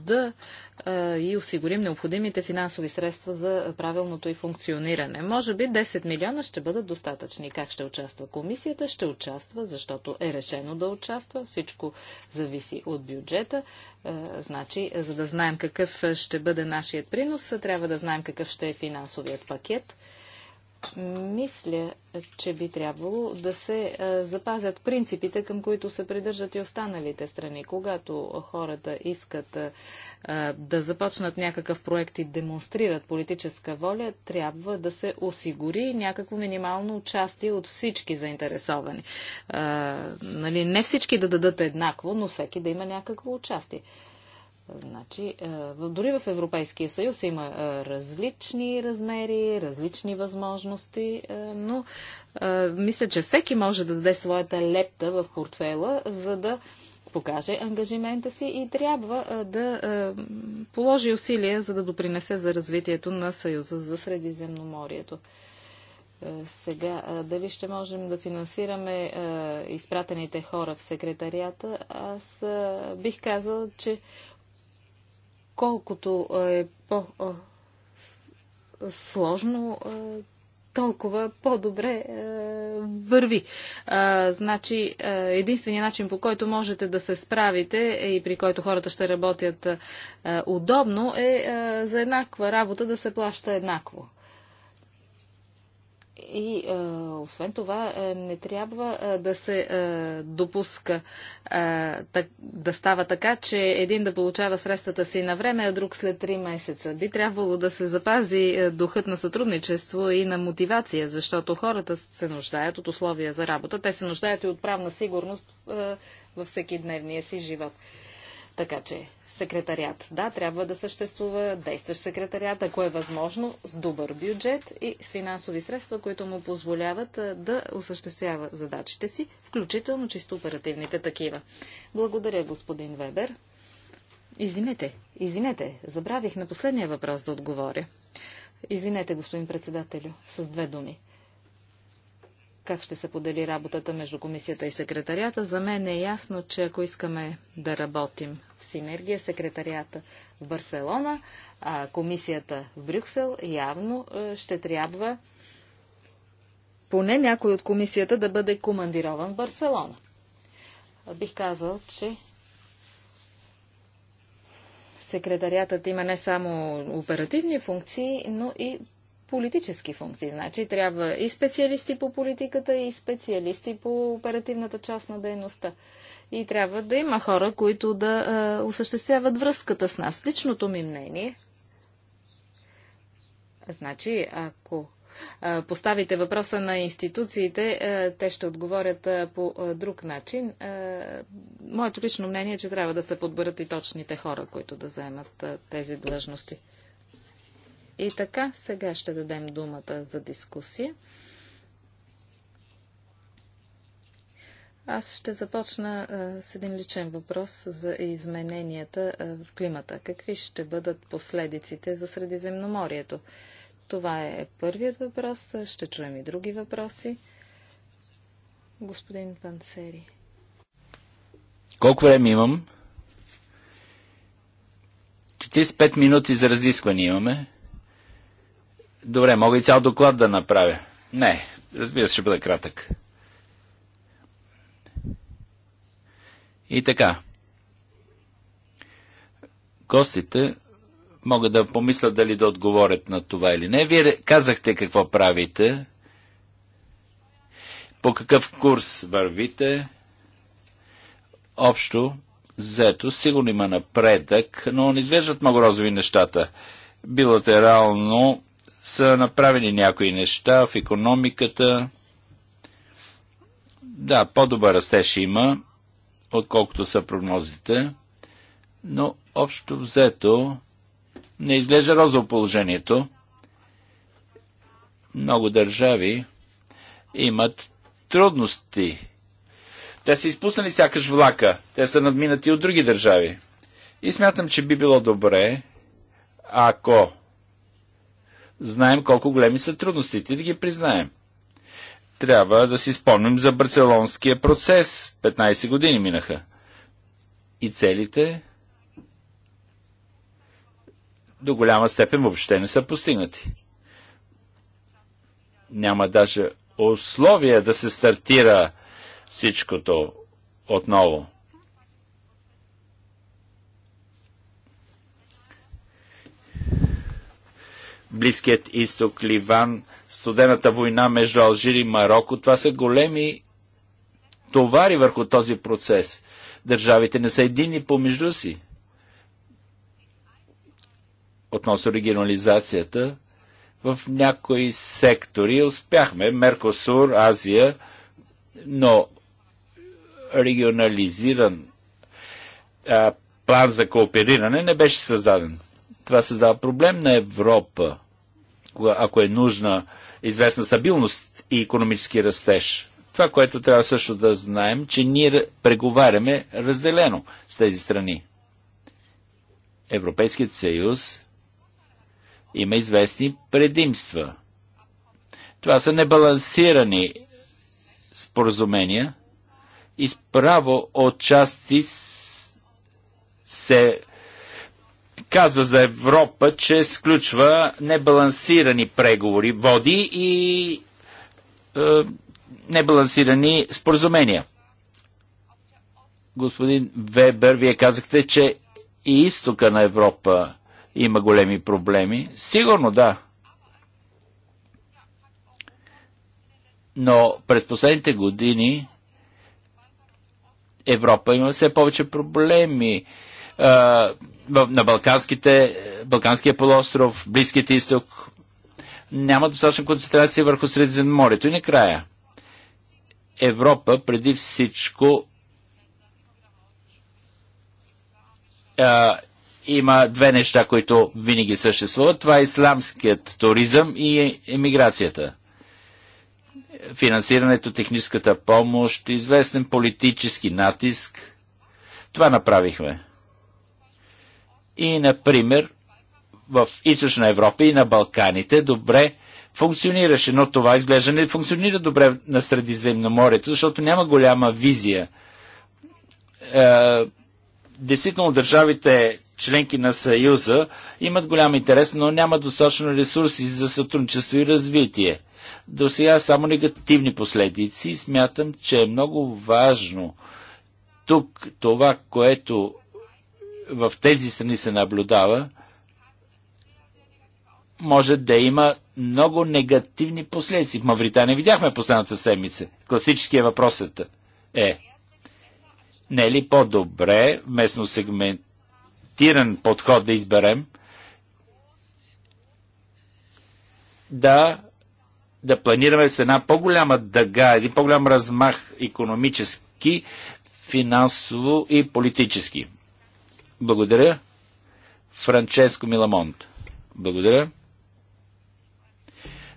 да и осигурим необходимите финансови средства за правилното и функциониране. Може би 10 милиона ще бъдат достатъчни. Как ще участва комисията? Ще участва, защото е решено да участва. Всичко зависи от бюджета. Значи, за да знаем какъв ще бъде нашият принос, трябва да знаем какъв ще е финансовият пакет. Мисля, че би трябвало да се запазят принципите, към които се придържат и останалите страни. Когато хората искат да започнат някакъв проект и демонстрират политическа воля, трябва да се осигури някакво минимално участие от всички заинтересовани. Нали, не всички да дадат еднакво, но всеки да има някакво участие. Значи, е, дори в Европейския съюз има е, различни размери, различни възможности, е, но мисля, че всеки може да даде своята лепта в портфела, за да покаже ангажимента си и трябва да положи усилия, за да допринесе за развитието на Съюза за Средиземноморието. Сега, дали ще можем да финансираме изпратените хора в секретарията, аз бих казал, че колкото е по-сложно, толкова по-добре върви. Значи, единственият начин по който можете да се справите и при който хората ще работят удобно е за еднаква работа да се плаща еднакво. И а, е, освен това, е, не трябва а, е, да се а, допуска так, да става така, че един да получава средствата си на време, а друг след 3 месеца. Би трябвало да се запази духът на сътрудничество и на мотивация, защото хората се нуждаят от условия за работа. Те се нуждаят и от правна сигурност във всеки дневния си живот. Така че секретарят. Да, трябва да съществува действащ секретарят, ако е възможно, с добър бюджет и с финансови средства, които му позволяват да осъществява задачите си, включително чисто оперативните такива. Благодаря, господин Вебер. Извинете, извинете, забравих на последния въпрос да отговоря. Извинете, господин председателю, с две думи как ще се подели работата между комисията и секретарията. За мен е ясно, че ако искаме да работим в синергия, секретарията в Барселона, а комисията в Брюксел, явно е, ще трябва поне някой от комисията да бъде командирован в Барселона. Бих казал, че секретариатът има не само оперативни функции, но и политически функции. Значи трябва и специалисти по политиката, и специалисти по оперативната част на дейността. И трябва да има хора, които да а, осъществяват връзката с нас. Личното ми мнение. Значи, ако а, поставите въпроса на институциите, а, те ще отговорят а, по а, друг начин. А, моето лично мнение е, че трябва да се подберат и точните хора, които да заемат а, тези длъжности. И така, сега ще дадем думата за дискусия. Аз ще започна с един личен въпрос за измененията в климата. Какви ще бъдат последиците за Средиземноморието? Това е първият въпрос. Ще чуем и други въпроси. Господин Панцери. Колко време имам? 45 минути за разискване имаме. Добре, мога и цял доклад да направя. Не, разбира се, ще бъде кратък. И така. Гостите могат да помислят дали да отговорят на това или не. Вие казахте какво правите, по какъв курс вървите. Общо, заето, сигурно има напредък, но не изглеждат много розови нещата. Билатерално са направили някои неща в економиката. Да, по-добър растеж има, отколкото са прогнозите, но общо взето не изглежда розово положението. Много държави имат трудности. Те са изпуснали сякаш влака. Те са надминати от други държави. И смятам, че би било добре, ако знаем колко големи са трудностите и да ги признаем. Трябва да си спомним за барселонския процес. 15 години минаха. И целите до голяма степен въобще не са постигнати. Няма даже условия да се стартира всичкото отново. Близкият изток, Ливан, студената война между Алжир и Марокко. Това са големи товари върху този процес. Държавите не са едини помежду си. Относно регионализацията, в някои сектори успяхме. Меркосур, Азия, но регионализиран а, план за коопериране не беше създаден. Това създава проблем на Европа ако е нужна известна стабилност и економически растеж. Това, което трябва също да знаем, че ние преговаряме разделено с тези страни. Европейският съюз има известни предимства. Това са небалансирани споразумения и справо от части се казва за Европа, че сключва небалансирани преговори, води и е, небалансирани споразумения. Господин Вебер, вие казахте, че и изтока на Европа има големи проблеми. Сигурно да. Но през последните години Европа има все повече проблеми на Балканските, Балканския полуостров, Близкият изток. Няма достатъчна концентрация върху Средиземноморието. И накрая. Европа преди всичко а, има две неща, които винаги съществуват. Това е исламският туризъм и емиграцията. Финансирането, техническата помощ, известен политически натиск. Това направихме и, например, в Източна Европа и на Балканите добре функционираше, но това изглежда не функционира добре на Средиземноморието, защото няма голяма визия. Е, действително държавите членки на Съюза имат голям интерес, но няма достатъчно ресурси за сътрудничество и развитие. До сега само негативни последици. Смятам, че е много важно тук това, което в тези страни се наблюдава, може да има много негативни последици. В Мавритания видяхме последната седмица. Класическия въпрос е, е не е ли по-добре местно сегментиран подход да изберем да, да планираме с една по-голяма дъга, един по-голям размах економически, финансово и политически. Благодаря. Франческо Миламонт. Благодаря.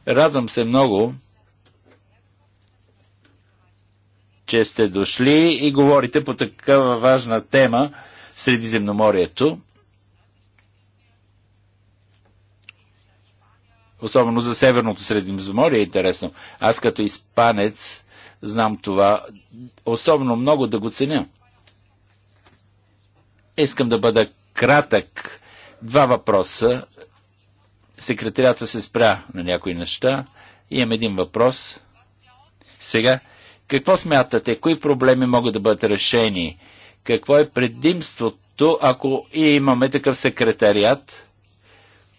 Радвам се много, че сте дошли и говорите по такава важна тема Средиземноморието. Особено за Северното Средиземноморие е интересно. Аз като испанец знам това особено много да го ценя. Искам да бъда кратък. Два въпроса. Секретарията се спря на някои неща. Имам един въпрос. Сега, какво смятате? Кои проблеми могат да бъдат решени? Какво е предимството, ако и имаме такъв секретариат,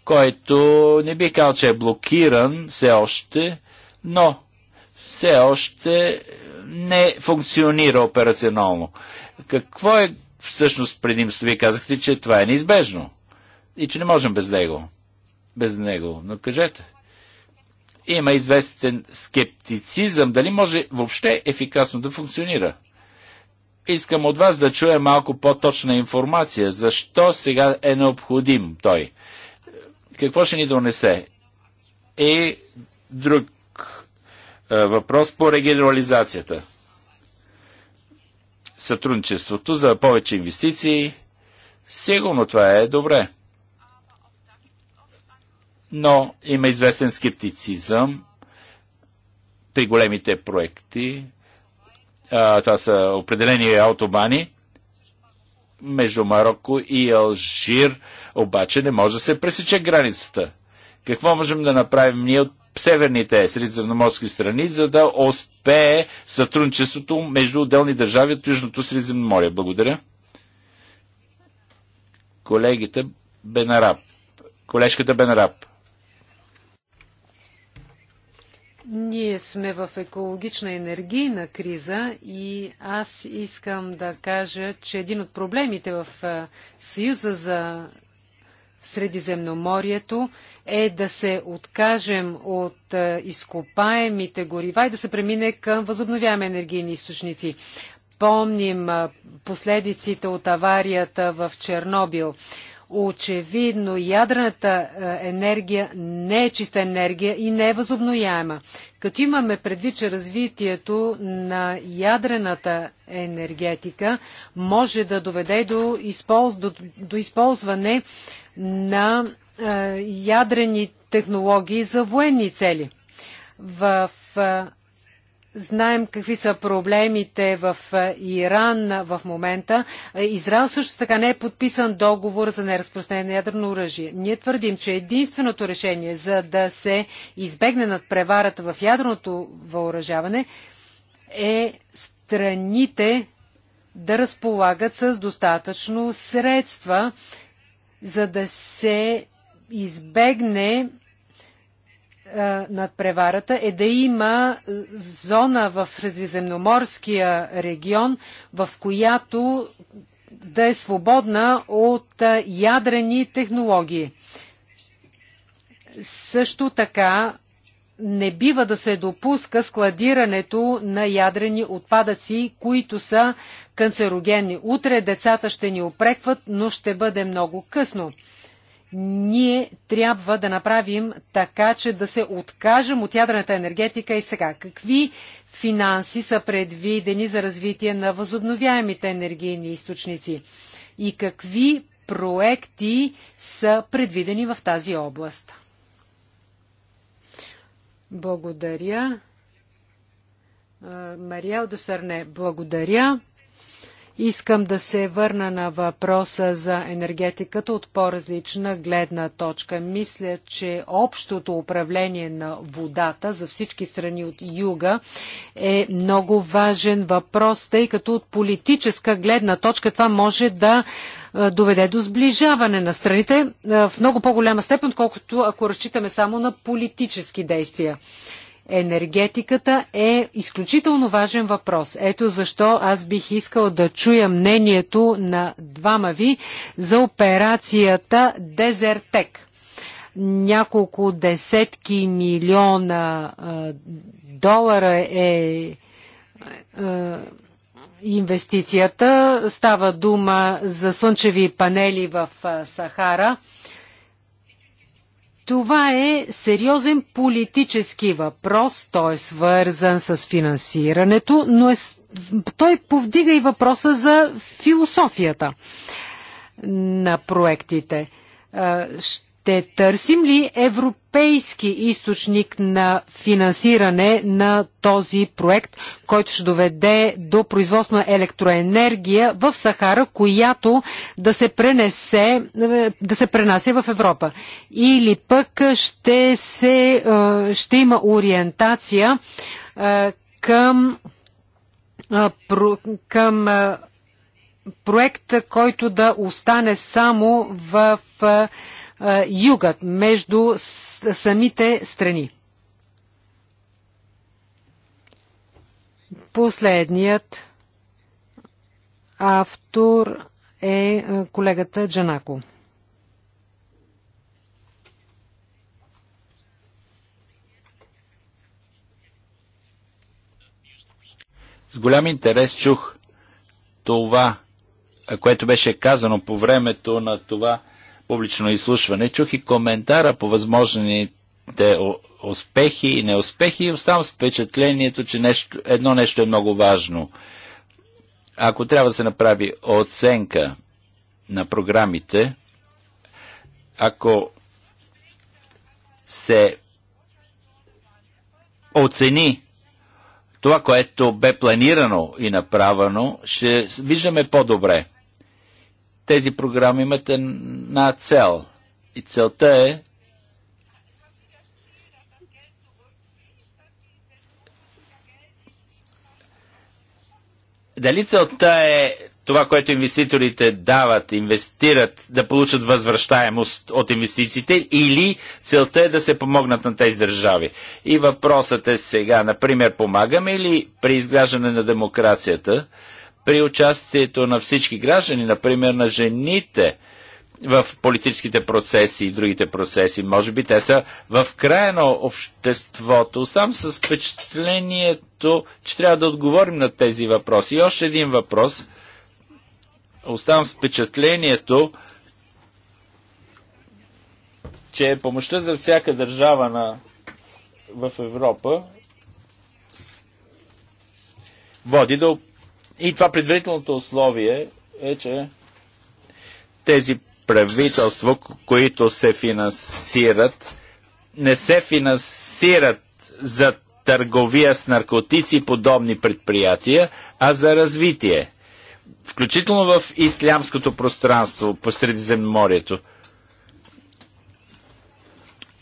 който не би казал, че е блокиран все още, но все още не функционира операционално. Какво е всъщност предимство. Вие казахте, че това е неизбежно и че не можем без него. Без него. Но кажете. Има известен скептицизъм дали може въобще ефикасно да функционира. Искам от вас да чуя малко по-точна информация. Защо сега е необходим той? Какво ще ни донесе? И друг въпрос по регионализацията сътрудничеството за повече инвестиции. Сигурно това е добре. Но има известен скептицизъм при големите проекти. А, това са определени автобани между Марокко и Алжир. Обаче не може да се пресече границата. Какво можем да направим ние от северните средиземноморски страни, за да успее сътрудничеството между отделни държави от Южното Средиземноморие? Благодаря. Колегите Бенараб. Колежката Бенараб. Ние сме в екологична енергийна криза и аз искам да кажа, че един от проблемите в Съюза за Средиземноморието е да се откажем от е, изкопаемите горива и да се премине към възобновяеми енергийни източници. Помним е, последиците от аварията в Чернобил. Очевидно, ядрената е, енергия не е чиста енергия и не е възобнояема. Като имаме предвид, че развитието на ядрената енергетика може да доведе до, използ... до... до използване на е, ядрени технологии за военни цели. В е, Знаем какви са проблемите в Иран в момента. Израел също така не е подписан договор за неразпространение на ядрено оръжие. Ние твърдим, че единственото решение за да се избегне над преварата в ядреното въоръжаване е страните да разполагат с достатъчно средства, за да се избегне е, над преварата е да има зона в Средиземноморския регион, в която да е свободна от е, ядрени технологии. Също така не бива да се допуска складирането на ядрени отпадъци, които са канцерогенни. Утре децата ще ни опрекват, но ще бъде много късно ние трябва да направим така, че да се откажем от ядрената енергетика и сега. Какви финанси са предвидени за развитие на възобновяемите енергийни източници и какви проекти са предвидени в тази област? Благодаря. Мария Досърне, благодаря. Искам да се върна на въпроса за енергетиката от по-различна гледна точка. Мисля, че общото управление на водата за всички страни от юга е много важен въпрос, тъй като от политическа гледна точка това може да доведе до сближаване на страните в много по-голяма степен, отколкото ако разчитаме само на политически действия енергетиката е изключително важен въпрос. Ето защо аз бих искал да чуя мнението на двама ви за операцията Дезертек. Няколко десетки милиона а, долара е а, инвестицията. Става дума за слънчеви панели в Сахара. Това е сериозен политически въпрос, той е свързан с финансирането, но е, той повдига и въпроса за философията на проектите. Ще ще търсим ли европейски източник на финансиране на този проект, който ще доведе до производство на електроенергия в Сахара, която да се, пренесе, да се пренася в Европа? Или пък ще, се, ще има ориентация към, към проект, който да остане само в югът, между самите страни. Последният автор е колегата Джанако. С голям интерес чух това, което беше казано по времето на това публично изслушване. Чух и коментара по възможните успехи и неуспехи и оставам с впечатлението, че нещо, едно нещо е много важно. Ако трябва да се направи оценка на програмите, ако се оцени това, което бе планирано и направено, ще виждаме по-добре. Тези програми имат една цел. И целта е дали целта е това, което инвеститорите дават, инвестират, да получат възвръщаемост от инвестициите или целта е да се помогнат на тези държави. И въпросът е сега, например, помагаме ли при изграждане на демокрацията при участието на всички граждани, например на жените в политическите процеси и другите процеси. Може би те са в края на обществото. Сам с впечатлението, че трябва да отговорим на тези въпроси. И още един въпрос. Оставам с впечатлението, че помощта за всяка държава на, в Европа води до и това предварителното условие е, че тези правителства, които се финансират, не се финансират за търговия с наркотици и подобни предприятия, а за развитие. Включително в ислямското пространство по Средиземноморието.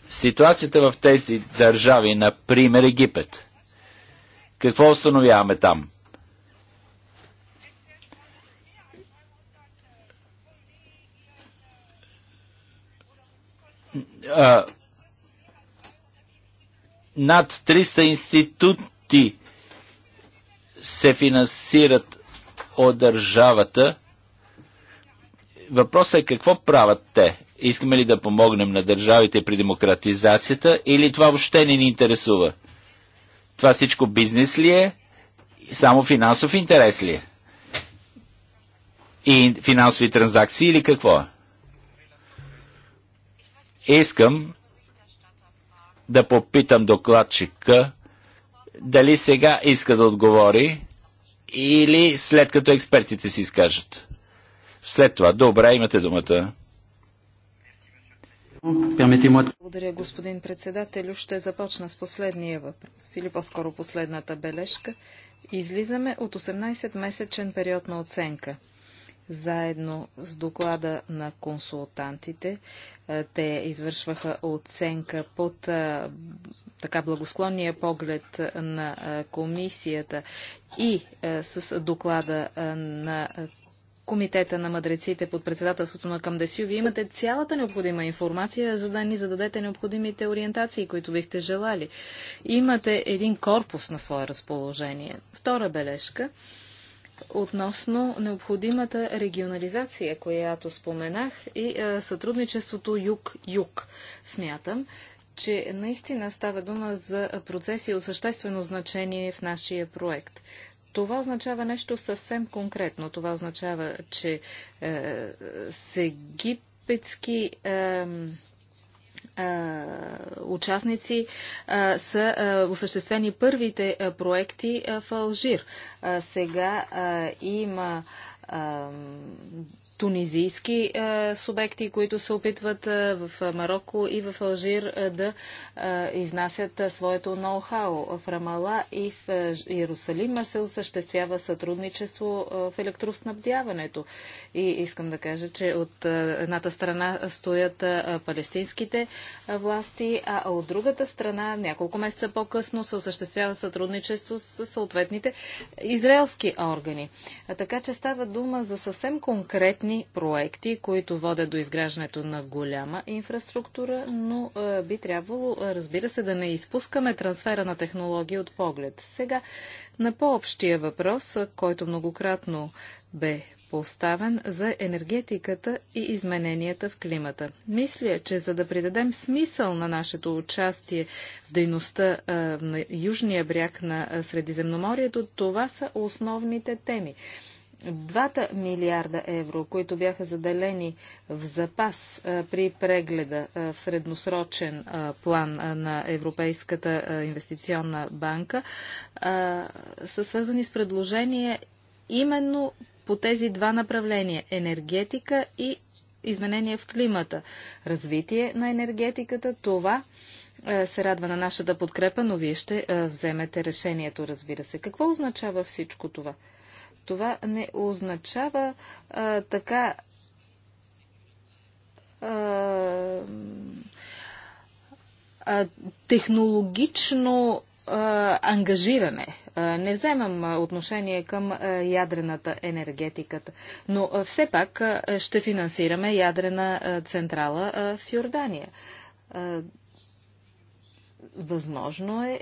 Ситуацията в тези държави, например Египет. Какво установяваме там? а, над 300 институти се финансират от държавата. Въпросът е какво правят те? Искаме ли да помогнем на държавите при демократизацията или това въобще не ни интересува? Това всичко бизнес ли е? Само финансов интерес ли е? И финансови транзакции или какво е? Искам да попитам докладчика дали сега иска да отговори или след като експертите си изкажат. След това, добре, имате думата. Благодаря, господин председател, Ще започна с последния въпрос, или по-скоро последната бележка. Излизаме от 18-месечен период на оценка заедно с доклада на консултантите. Е, те извършваха оценка под е, така благосклонния поглед на е, комисията и с доклада на Комитета на мъдреците под председателството на Камдесю. Вие имате цялата необходима информация, за да ни зададете необходимите ориентации, които бихте желали. Имате един корпус на свое разположение. Втора бележка – относно необходимата регионализация, която споменах, и а, е, сътрудничеството юг-юг. Смятам, че наистина става дума за процеси от съществено значение в нашия проект. Това означава нещо съвсем конкретно. Това означава, че е, египетски. е, участници са осъществени първите проекти в Алжир. Сега има тунизийски е, субекти, които се опитват е, в Марокко и в Алжир е, да е, изнасят е, своето ноу-хау. В Рамала и в е, Иерусалима се осъществява сътрудничество в електроснабдяването. И искам да кажа, че от едната страна стоят палестинските власти, а от другата страна, няколко месеца по-късно, се осъществява сътрудничество с съответните израелски органи. А, така че става дума за съвсем конкретни конкретни проекти, които водят до изграждането на голяма инфраструктура, но е, би трябвало, е, разбира се, да не изпускаме трансфера на технологии от поглед. Сега на по-общия въпрос, е, който многократно бе поставен за енергетиката и измененията в климата. Мисля, че за да придадем смисъл на нашето участие в дейността а, на южния бряг на Средиземноморието, това са основните теми. Двата милиарда евро, които бяха заделени в запас при прегледа в средносрочен план на Европейската инвестиционна банка, са свързани с предложения именно по тези два направления – енергетика и изменение в климата. Развитие на енергетиката – това се радва на нашата подкрепа, но вие ще вземете решението, разбира се. Какво означава всичко това? Това не означава а, така. А, а, технологично а, ангажиране. не вземам отношение към ядрената енергетиката, но все пак ще финансираме ядрена централа в Йордания. възможно е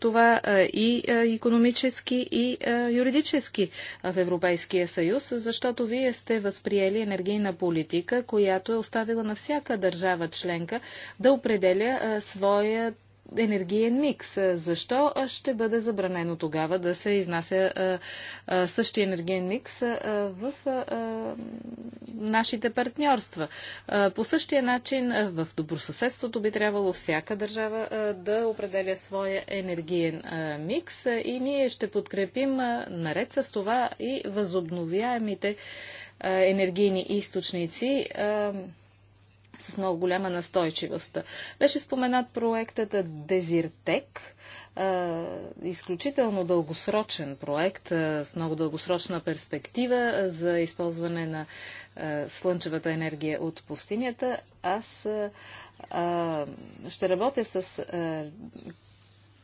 това и економически, и юридически в Европейския съюз, защото вие сте възприели енергийна политика, която е оставила на всяка държава членка да определя своят енергиен микс. Защо ще бъде забранено тогава да се изнася същия енергиен микс в нашите партньорства? По същия начин в добросъседството би трябвало всяка държава да определя своя енергиен микс и ние ще подкрепим наред с това и възобновяемите енергийни източници проект с много голяма настойчивост. Беше споменат проектът Дезиртек, изключително дългосрочен проект с много дългосрочна перспектива за използване на слънчевата енергия от пустинята. Аз ще работя с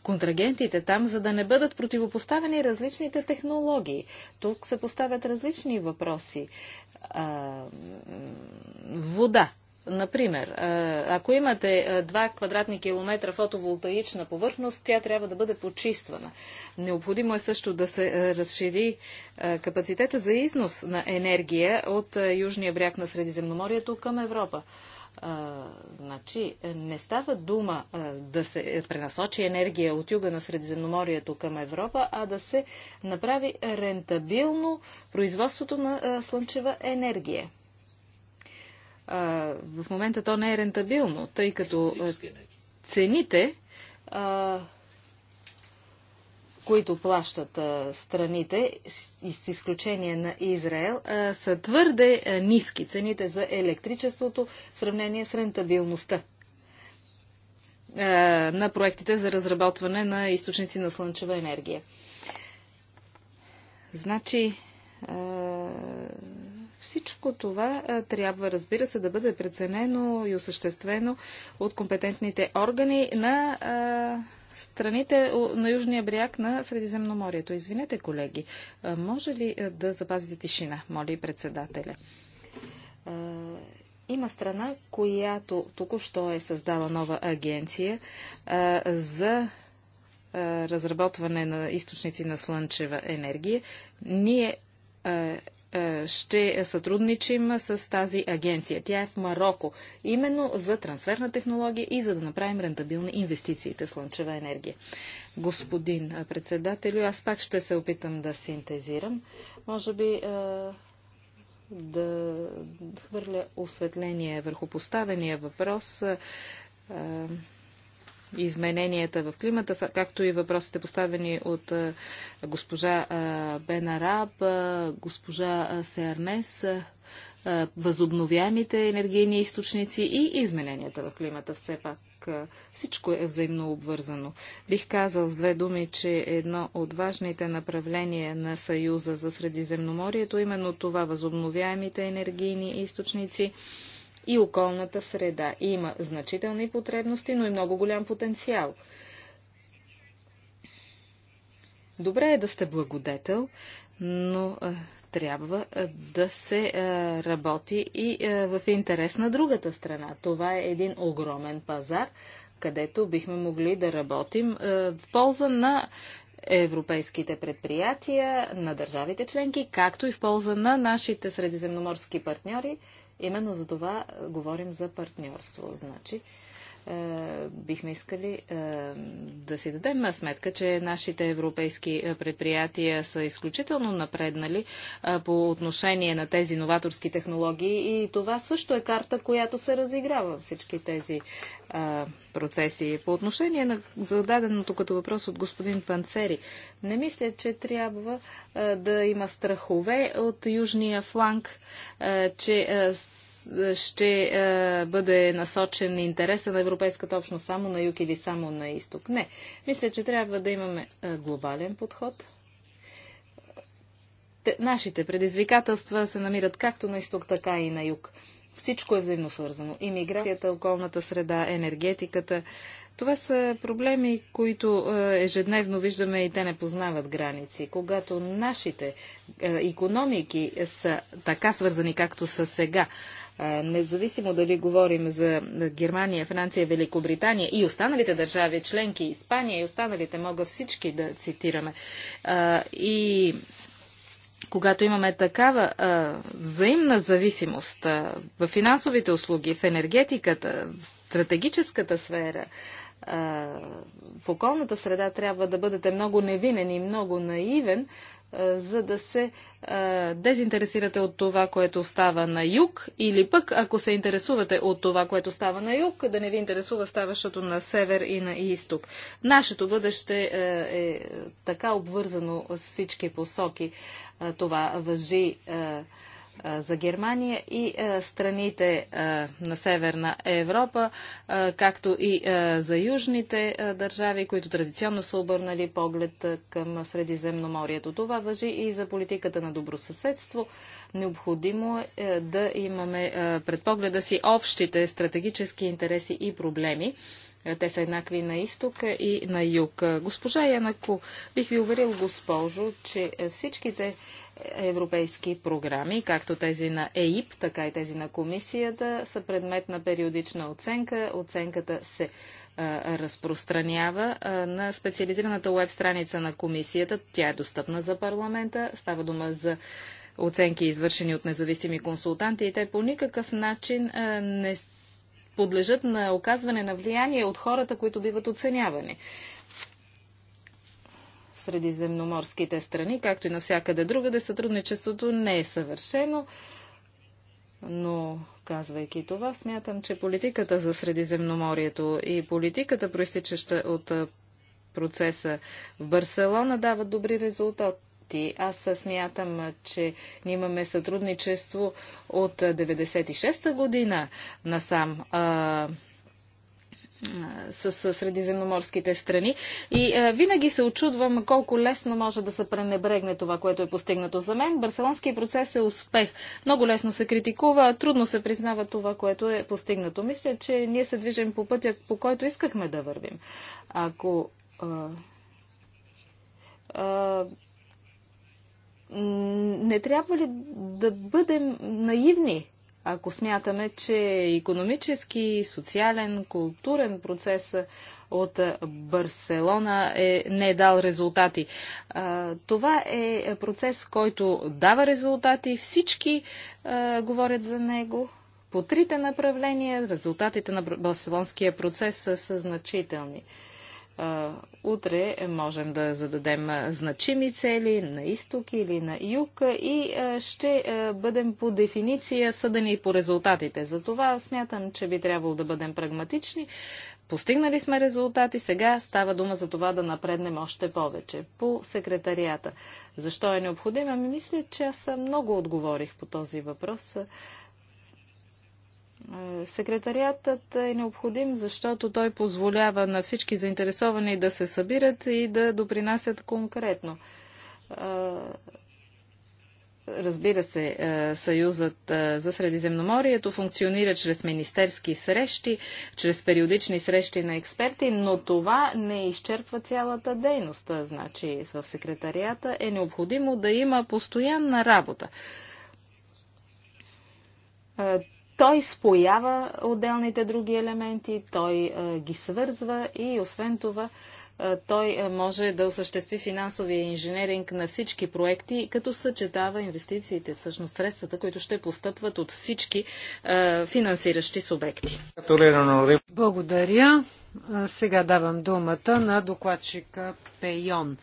контрагентите там, за да не бъдат противопоставени различните технологии. Тук се поставят различни въпроси. вода, Например, ако имате 2 квадратни километра фотоволтаична повърхност, тя трябва да бъде почиствана. Необходимо е също да се разшири капацитета за износ на енергия от южния бряг на Средиземноморието към Европа. А, значи, не става дума а, да се пренасочи енергия от юга на Средиземноморието към Европа, а да се направи рентабилно производството на а, слънчева енергия в момента то не е рентабилно, тъй като цените, които плащат страните, с изключение на Израел, са твърде ниски цените за електричеството в сравнение с рентабилността на проектите за разработване на източници на слънчева енергия. Значи, всичко това трябва, разбира се, да бъде преценено и осъществено от компетентните органи на страните на южния бряг на Средиземноморието. Извинете, колеги, може ли да запазите тишина, моли председателя? Има страна, която току-що е създала нова агенция за разработване на източници на слънчева енергия. Ние е, ще сътрудничим с тази агенция. Тя е в Марокко, именно за трансфер на технология и за да направим рентабилни инвестициите в слънчева енергия. Господин председателю, аз пак ще се опитам да синтезирам. Може би е, да хвърля осветление върху поставения въпрос е, измененията в климата, както и въпросите поставени от госпожа Араб, госпожа Сернес, възобновяемите енергийни източници и измененията в климата все пак. Всичко е взаимно обвързано. Бих казал с две думи, че едно от важните направления на Съюза за Средиземноморието, именно това възобновяемите енергийни източници, и околната среда. И има значителни потребности, но и много голям потенциал. Добре е да сте благодетел, но а, трябва а, да се а, работи и а, в интерес на другата страна. Това е един огромен пазар, където бихме могли да работим а, в полза на европейските предприятия, на държавите членки, както и в полза на нашите средиземноморски партньори, Именно за това говорим за партньорство. Значи, е, бихме искали е, да си дадем сметка, че нашите европейски е, предприятия са изключително напреднали по отношение на тези новаторски технологии и това също е карта, която се разиграва във всички тези процеси. По отношение на зададеното като въпрос от господин Панцери, не мисля, че трябва да има страхове от южния фланг, че ще е, бъде насочен интереса на Европейската общност само на юг или само на изток. Не. Мисля, че трябва да имаме е, глобален подход. Те, нашите предизвикателства се намират както на изток, така и на юг. Всичко е взаимно свързано. Имиграцията, околната среда, енергетиката. Това са проблеми, които е, ежедневно виждаме и те не познават граници. Когато нашите економики са така свързани, както са сега, Независимо дали говорим за Германия, Франция, Великобритания и останалите държави, членки, Испания и останалите, мога всички да цитираме. И когато имаме такава а, взаимна зависимост а, в финансовите услуги, в енергетиката, в стратегическата сфера, а, в околната среда трябва да бъдете много невинен и много наивен, за да се дезинтересирате от това, което става на юг, или пък, ако се интересувате от това, което става на юг, да не ви интересува ставащото на север и на изток. Нашето бъдеще е така обвързано с всички посоки. Това въжи за Германия и страните на Северна Европа, както и за южните държави, които традиционно са обърнали поглед към Средиземноморието. Това въжи и за политиката на добросъседство. Необходимо е да имаме пред погледа си общите стратегически интереси и проблеми. Те са еднакви на изток и на юг. Госпожа Янако, бих ви уверил, госпожо, че всичките европейски програми, както тези на ЕИП, така и тези на комисията, са предмет на периодична оценка. Оценката се разпространява на специализираната веб страница на комисията. Тя е достъпна за парламента. Става дума за оценки, извършени от независими консултанти и те по никакъв начин не подлежат на оказване на влияние от хората, които биват оценявани средиземноморските страни, както и навсякъде друга, де сътрудничеството не е съвършено. Но, казвайки това, смятам, че политиката за Средиземноморието и политиката, проистичаща от процеса в Барселона, дават добри резултати Аз смятам, че ние имаме сътрудничество от 96-та година насам с средиземноморските страни. И е, винаги се очудвам колко лесно може да се пренебрегне това, което е постигнато за мен. Барселонския процес е успех. Много лесно се критикува, трудно се признава това, което е постигнато. Мисля, че ние се движим по пътя, по който искахме да вървим. Ако не трябва ли да бъдем наивни ако смятаме, че економически, социален, културен процес от Барселона е, не е дал резултати. това е процес, който дава резултати. Всички говорят за него. По трите направления резултатите на барселонския процес са значителни утре можем да зададем значими цели на изток или на юг и ще бъдем по дефиниция съдени по резултатите. Затова смятам, че би трябвало да бъдем прагматични. Постигнали сме резултати, сега става дума за това да напреднем още повече. По секретарията. Защо е необходимо? Ми мисля, че аз много отговорих по този въпрос. Секретариатът е необходим, защото той позволява на всички заинтересовани да се събират и да допринасят конкретно. Разбира се, Съюзът за Средиземноморието функционира чрез министерски срещи, чрез периодични срещи на експерти, но това не изчерпва цялата дейност. Значи в секретарията е необходимо да има постоянна работа той споява отделните други елементи, той а, е, ги свързва и освен това а, е, той е, може да осъществи финансовия инженеринг на всички проекти, като съчетава инвестициите, всъщност средствата, които ще постъпват от всички а, финансиращи субекти. Благодаря. Сега давам думата на докладчика Пейон.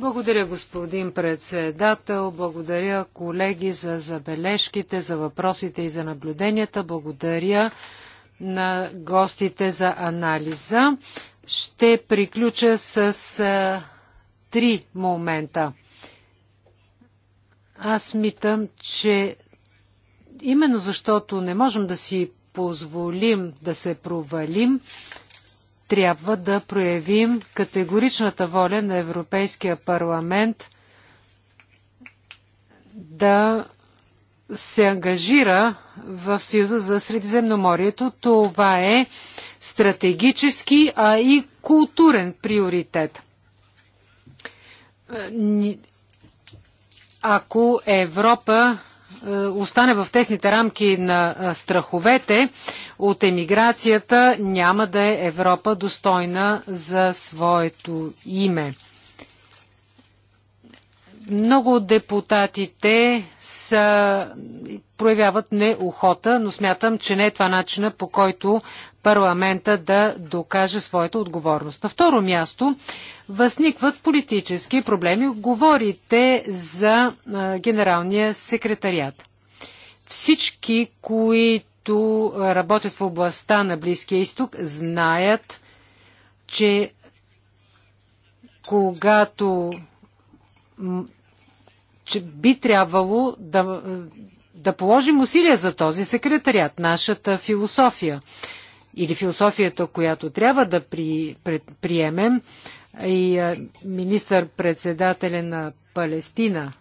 Благодаря, господин председател. Благодаря, колеги, за забележките, за въпросите и за наблюденията. Благодаря на гостите за анализа. Ще приключа с три момента. Аз митам, че именно защото не можем да си позволим да се провалим, трябва да проявим категоричната воля на Европейския парламент да се ангажира в Съюза за Средиземноморието. Това е стратегически, а и културен приоритет. Е, ако Европа е, остане в тесните рамки на е, страховете от емиграцията, няма да е Европа достойна за своето име. Много от депутатите са, проявяват неохота, но смятам, че не е това начина по който парламента да докаже своята отговорност. На второ място възникват политически проблеми. Говорите за генералния секретариат. Всички, които работят в областта на Близкия изток, знаят, че когато че би трябвало да, да положим усилия за този секретариат, нашата философия или философията, която трябва да при, приемем, и министър-председателя на Палестина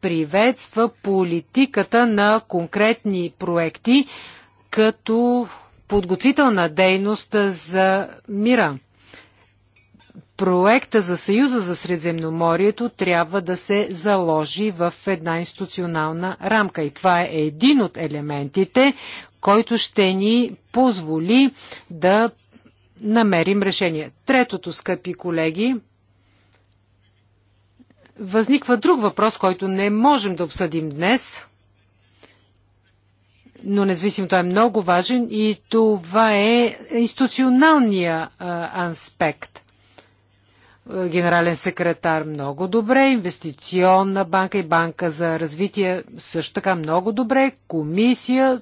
приветства политиката на конкретни проекти като подготвителна дейност за мира. Проекта за Съюза за Средземноморието трябва да се заложи в една институционална рамка. И това е един от елементите, който ще ни позволи да намерим решение. Третото, скъпи колеги, възниква друг въпрос, който не можем да обсъдим днес, но независимо той е много важен и това е институционалния аспект генерален секретар много добре, инвестиционна банка и банка за развитие също така много добре, комисия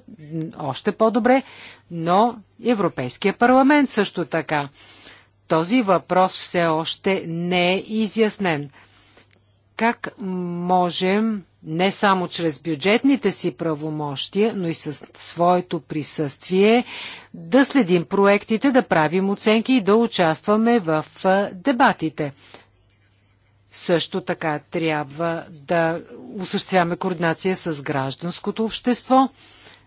още по-добре, но Европейския парламент също така. Този въпрос все още не е изяснен как можем не само чрез бюджетните си правомощия, но и със своето присъствие да следим проектите, да правим оценки и да участваме в дебатите. Също така трябва да осъществяваме координация с гражданското общество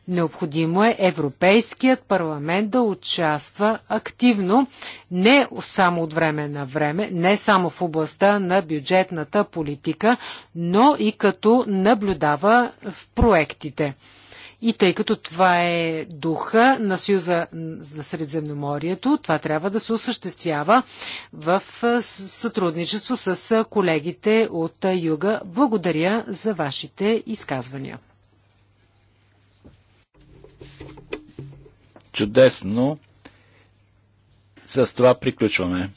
Необходимо е Европейският парламент да участва активно, не само от време на време, не само в областта на бюджетната политика, но и като наблюдава в проектите. И тъй като това е духа на Съюза на Средземноморието, това трябва да се осъществява в сътрудничество с колегите от Юга. Благодаря за вашите изказвания. Чудесно. С това приключваме.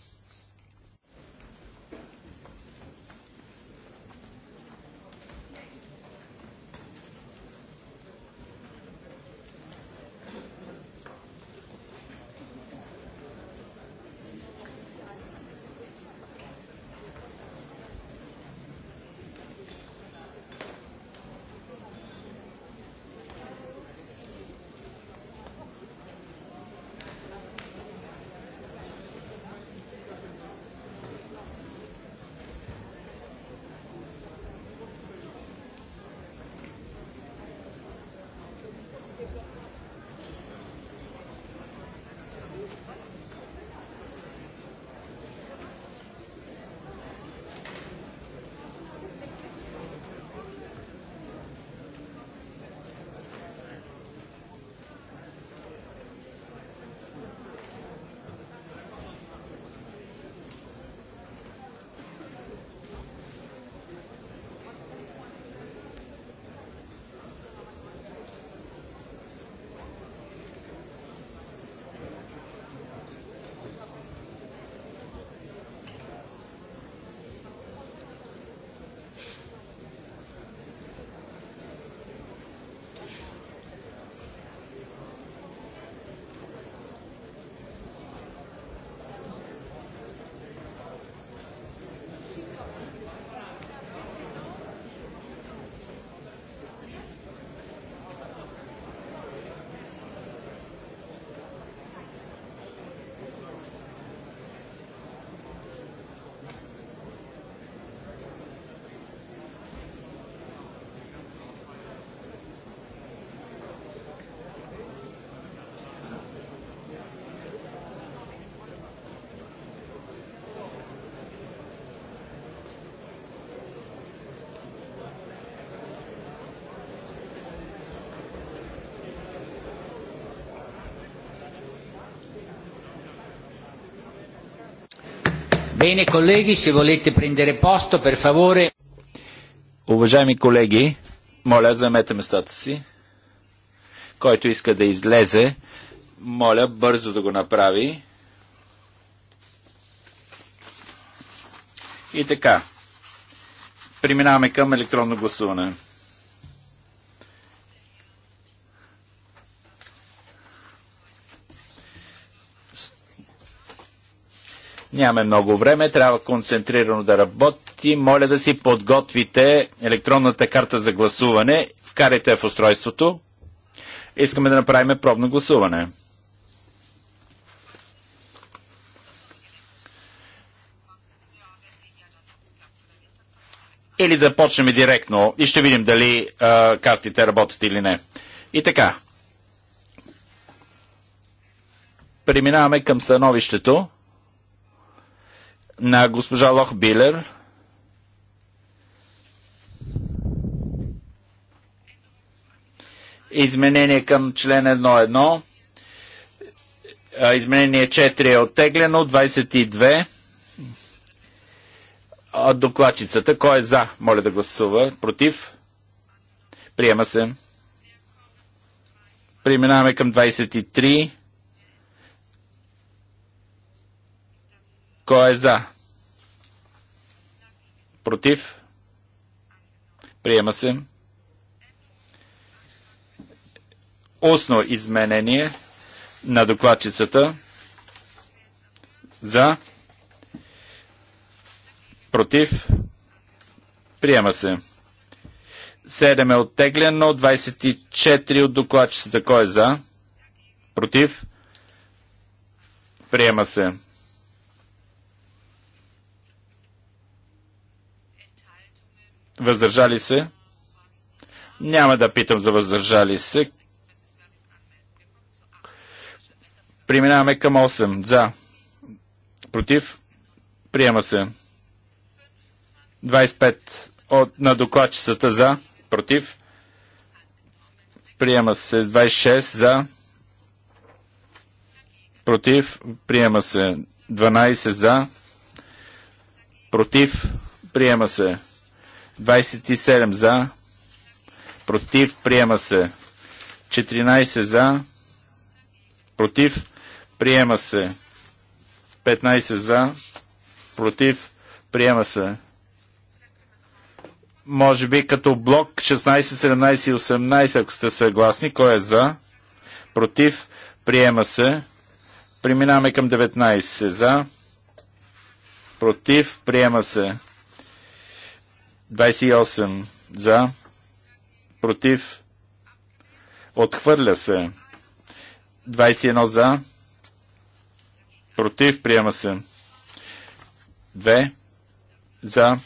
Bene, colleghi, se volete prendere posto, per favore. Уважаеми колеги, моля, заемете местата си. Който иска да излезе, моля бързо да го направи. И така, преминаваме към електронно гласуване. Нямаме много време, трябва концентрирано да работи. Моля да си подготвите електронната карта за гласуване, вкарайте в устройството. Искаме да направим пробно гласуване. Или да почнем директно и ще видим дали а, картите работят или не. И така. Преминаваме към становището на госпожа Лох Билер. Изменение към член 1.1. Изменение 4 е оттеглено. 22. От докладчицата. Кой е за? Моля да гласува. Против? Приема се. Преминаваме към 23. Кой е за? Против? Приема се. Осно изменение на докладчицата за против приема се. 7 е оттеглено, 24 от докладчицата. Кой е за? Против? Приема се. Въздържали се? Няма да питам за въздържали се. Преминаваме към 8. За. Против. Приема се. 25 от, на докладчицата за. Против. Приема се. 26 за. Против. Приема се. 12 за. Против. Приема се. 27 за, против, приема се. 14 за, против, приема се. 15 за, против, приема се. Може би като блок 16, 17 и 18, ако сте съгласни, кой е за, против, приема се. Преминаваме към 19 за, против, приема се. 28 за, против, отхвърля се. 21 за, против, приема се. 2 за,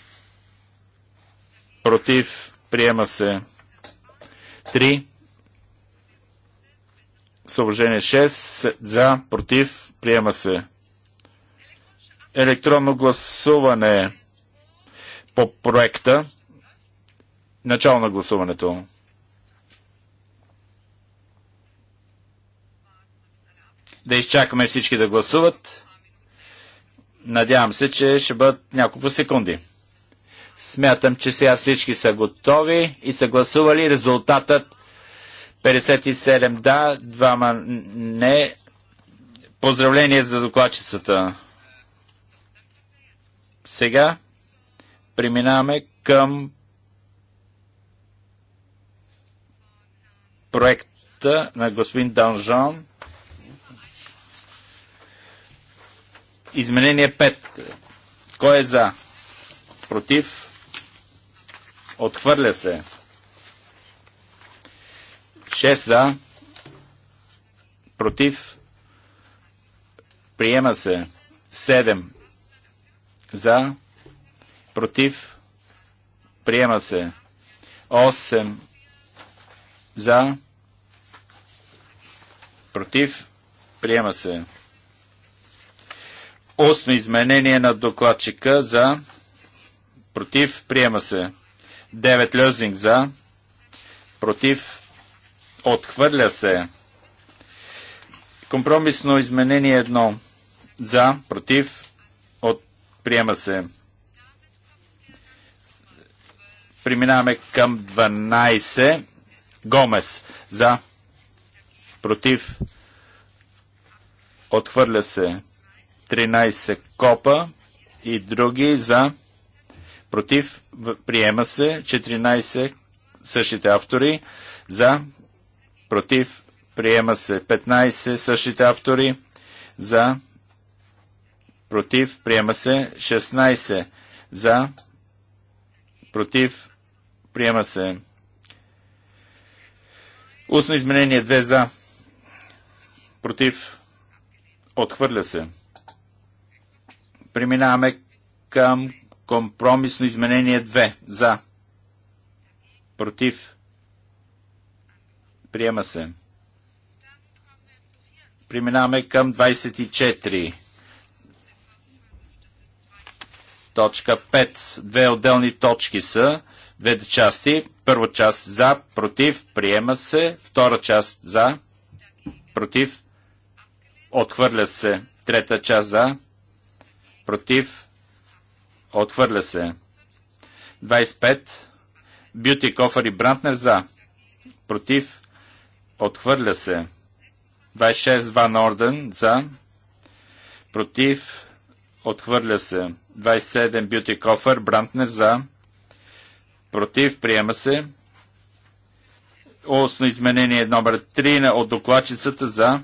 против, приема се. 3 съображение 6 за, против, приема се. Електронно гласуване по проекта. Начало на гласуването. Да изчакаме всички да гласуват. Надявам се, че ще бъдат няколко секунди. Смятам, че сега всички са готови и са гласували. Резултатът 57 да, 2 не. Поздравление за докладчицата. Сега Преминаваме към проекта на господин Данжан. Изменение 5. Кой е за? Против? Отхвърля се. 6 за. Против? Приема се. 7 за против, приема се. 8 за, против, приема се. Осмо изменение на докладчика за, против, приема се. 9 лозинг за, против, отхвърля се. Компромисно изменение 1 за, против, от, приема се. Преминаваме към 12. Гомес за против отхвърля се 13 копа и други за против приема се 14 същите автори за против приема се 15 същите автори за против приема се 16 за против Приема се. Устно изменение 2 за. Против. Отхвърля се. Преминаваме към компромисно изменение 2 за. Против. Приема се. Преминаваме към 24. Точка 5. Две отделни точки са. Двете части. Първа част за, против, приема се. Втора част за, против, отхвърля се. Трета част за, против, отхвърля се. 25. Бюти Кофър и Брантнер за, против, отхвърля се. 26. Ван Орден за, против, отхвърля се. 27. Бюти Кофър, Брантнер за, против, Против. Приема се. Осно изменение номер 3 на от докладчицата за.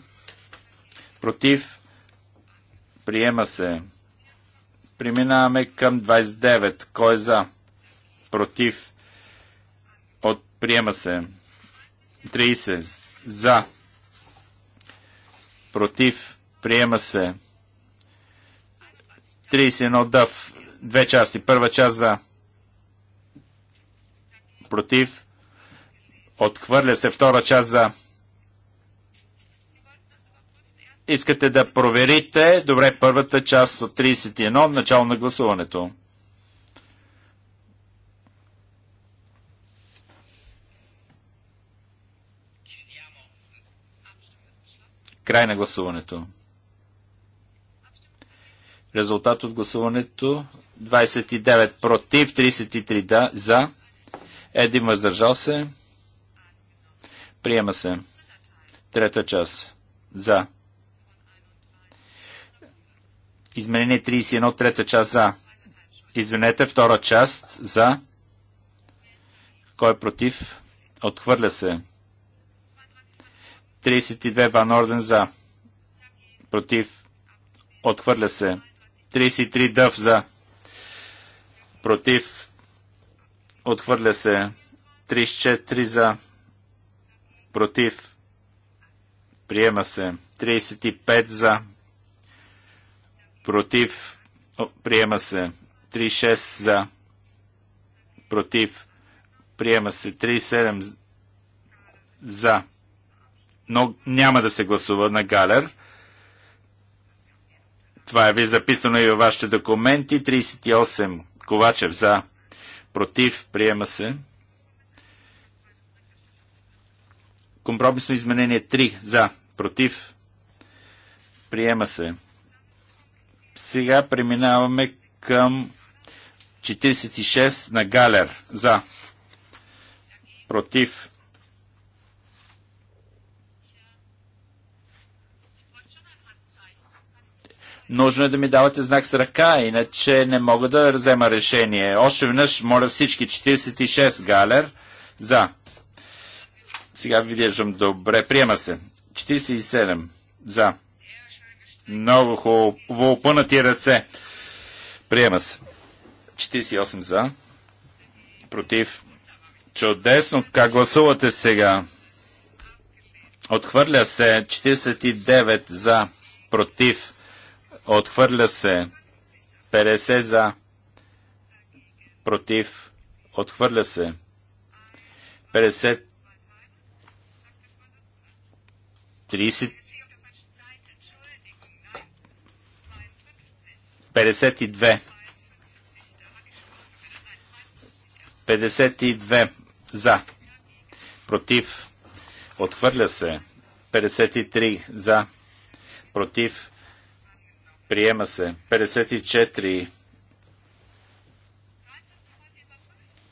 Против. Приема се. Преминаваме към 29. Кой е за? Против. От приема се. 30. За. Против. Приема се. 31 дъв. Две части. Първа част за против, отхвърля се втора част за. Искате да проверите, добре, първата част от 31, начало на гласуването. Край на гласуването. Резултат от гласуването 29 против, 33 да, за. Един въздържал се. Приема се. Трета част. За. Изменение 31, трета част за. Извинете, втора част за. Кой е против? Отхвърля се. 32 Ван Орден за. Против. Отхвърля се. 33 Дъв за. Против. Отхвърля се 34 за. Против. Приема се 35 за. Против. Приема се 36 за. Против. Приема се 37 за. Но няма да се гласува на Галер. Това е ви записано и във вашите документи. 38. Ковачев за. Против. Приема се. Компромисно изменение 3. За. Против. Приема се. Сега преминаваме към 46 на Галер. За. Против. Нужно е да ми давате знак с ръка, иначе не мога да взема решение. Още веднъж, моля всички, 46 галер за. Сега виждам добре. Приема се. 47 за. Много хубаво опънати ръце. Приема се. 48 за. Против. Чудесно. Как гласувате сега? Отхвърля се. 49 за. Против. Отхвърля се. 50 за. Против. Отхвърля се. 50. 30. 52. 52 за. Против. Отхвърля се. 53 за. Против. Приема се. 54.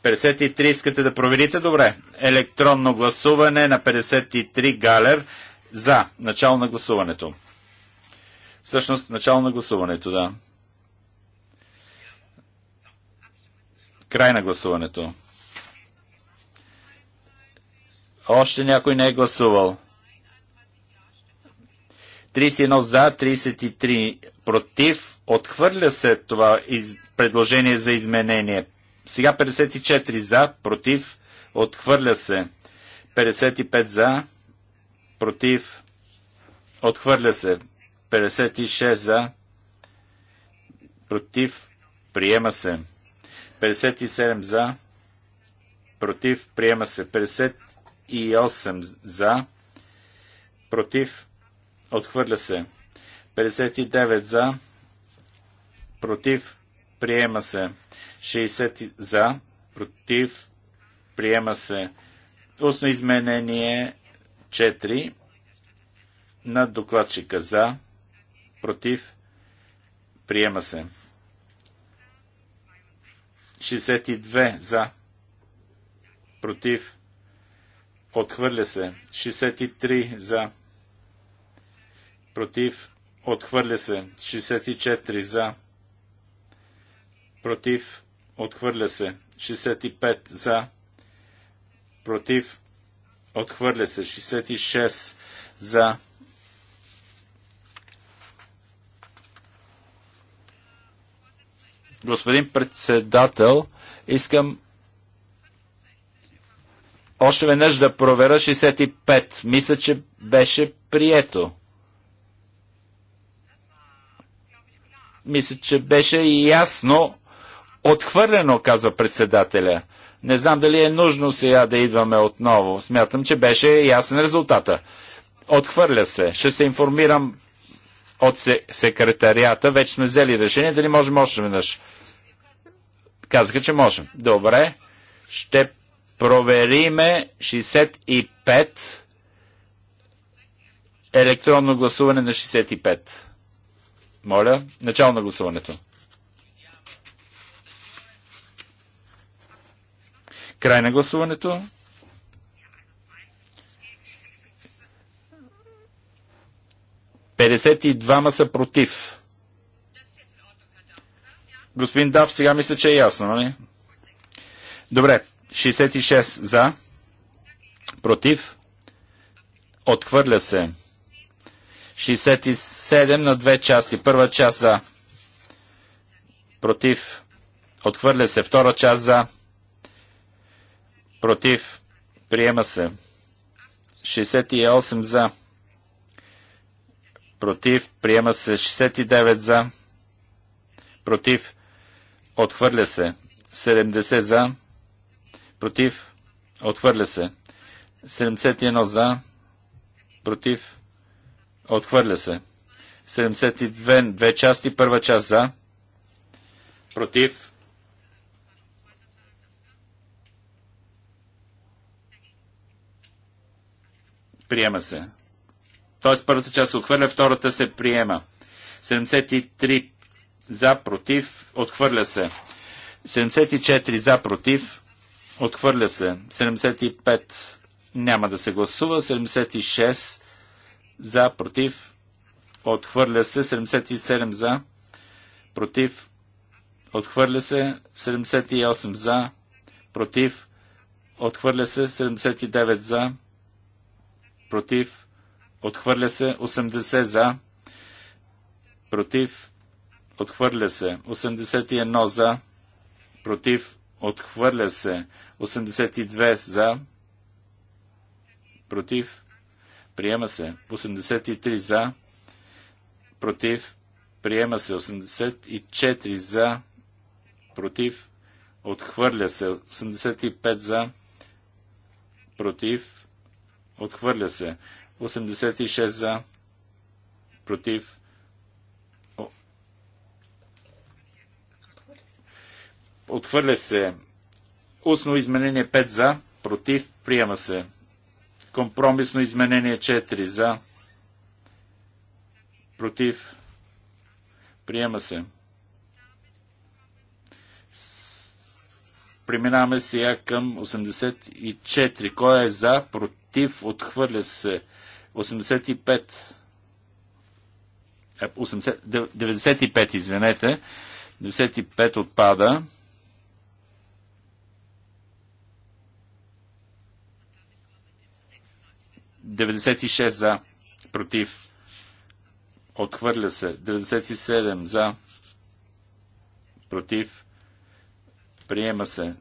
53 искате да проверите? Добре. Електронно гласуване на 53 Галер за начало на гласуването. Всъщност, начало на гласуването, да. Край на гласуването. Още някой не е гласувал. 31 за, 33 против. Отхвърля се това из... предложение за изменение. Сега 54 за, против. Отхвърля се. 55 за, против. Отхвърля се. 56 за, против. Приема се. 57 за, против. Приема се. 58 за, против Отхвърля се. 59 за. Против. Приема се. 60 за. Против. Приема се. Устно изменение 4 на докладчика за. Против. Приема се. 62 за. Против. Отхвърля се. 63 за против, отхвърля се. 64 за, против, отхвърля се. 65 за, против, отхвърля се. 66 за, Господин председател, искам още веднъж да проверя 65. Мисля, че беше прието. Мисля, че беше и ясно отхвърлено, казва председателя. Не знам дали е нужно сега да идваме отново. Смятам, че беше ясен резултата. Отхвърля се. Ще се информирам от секретарията. Вече сме взели решение дали можем още веднъж. Казаха, че можем. Добре. Ще провериме 65 електронно гласуване на 65. Моля, начало на гласуването. Край на гласуването. Петдесет и двама са против. Господин Дав, сега мисля, че е ясно, нали? Добре, 66 за, против, отхвърля се. 67 на две части. Първа част за против. Отхвърля се. Втора част за против. Приема се. 68 за против. Приема се. 69 за против. Отхвърля се. 70 за против. Отхвърля се. 71 за против. Отхвърля се. 72, две части, първа част за. Против. Приема се. Тоест първата част се отхвърля, втората се приема. 73 за, против, отхвърля се. 74 за, против, отхвърля се. 75 няма да се гласува. 76 за, против, отхвърля се, 77 за, против, отхвърля се, 78 за, против, отхвърля се, 79 за, против, отхвърля се, 80 за, против, отхвърля се, 81 за, против, отхвърля се, 82 за, против, Приема се. 83 за. Против. Приема се. 84 за. Против. Отхвърля се. 85 за. Против. Отхвърля се. 86 за. Против. Отхвърля се. Устно изменение 5 за. Против. Приема се. Компромисно изменение 4 за. Против. Приема се. Преминаваме сега към 84. Кой е за? Против. Отхвърля се. 85. 80, 95, извинете. 95 отпада. 96 за, против, отхвърля се. 97 за, против, приема се.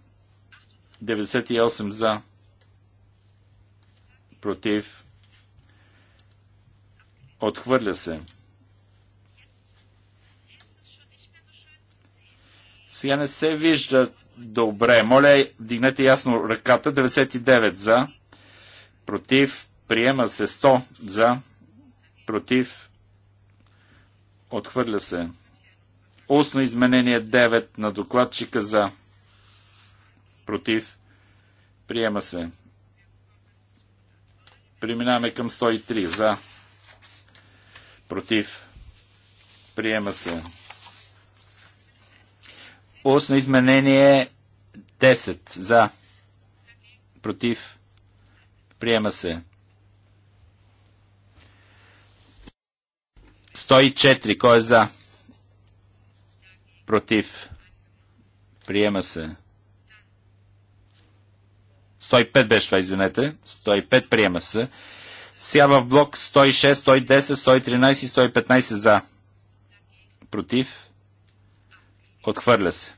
98 за, против, отхвърля се. Сега не се вижда добре. Моля, дигнете ясно ръката. 99 за, против, Приема се 100 за, против, отхвърля се. Устно изменение 9 на докладчика за, против, приема се. Преминаваме към 103 за, против, приема се. Устно изменение 10 за, против, приема се. 104. Кой е за? Против. Приема се. 105 беше това, извинете. 105 приема се. Сега в блок 106, 110, 113 и 115 за. Против. Отхвърля се.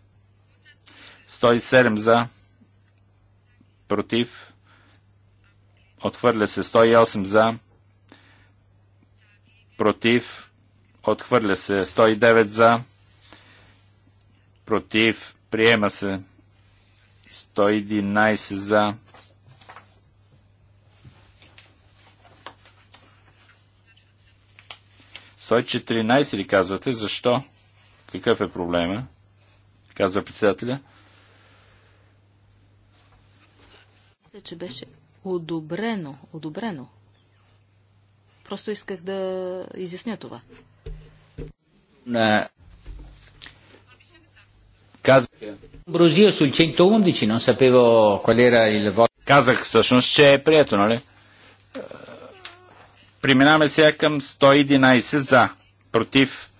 107 за. Против. Отхвърля се. 108 за против, отхвърля се. 109 за, против, приема се. 111 за. Стой 14 ли казвате? Защо? Какъв е проблема? Казва председателя. Мисля, че беше одобрено. Одобрено. Просто исках да изясня това. Не. Казах... Казах всъщност, че е прието, нали? Е, преминаваме сега към 111 за. Против.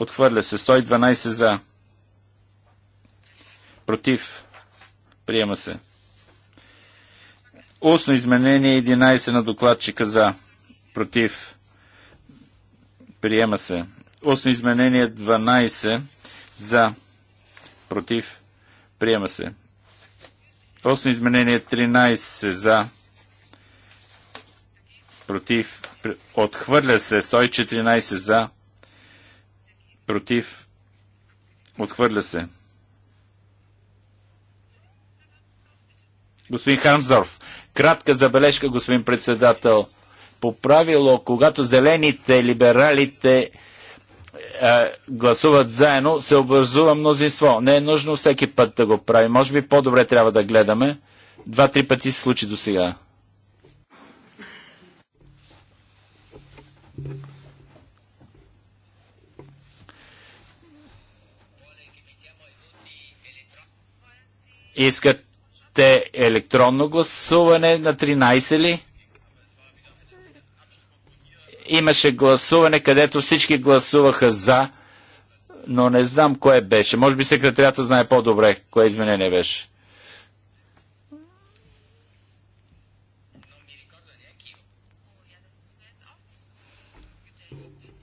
Отхвърля се. 112 за. Против. Приема се. Устно изменение 11 на докладчика за. Против. Приема се. Устно изменение 12 за. Против. Приема се. Устно изменение 13 за. Против. Отхвърля се. 114 за. Против. Отхвърля се. Господин Хамсдорф, кратка забележка, господин председател. По правило, когато зелените, либералите е, гласуват заедно, се образува мнозинство. Не е нужно всеки път да го прави. Може би по-добре трябва да гледаме. Два-три пъти се случи до сега. Искат Искате електронно гласуване на 13 ли? Имаше гласуване, където всички гласуваха за, но не знам кое беше. Може би секретарята знае по-добре кое изменение беше.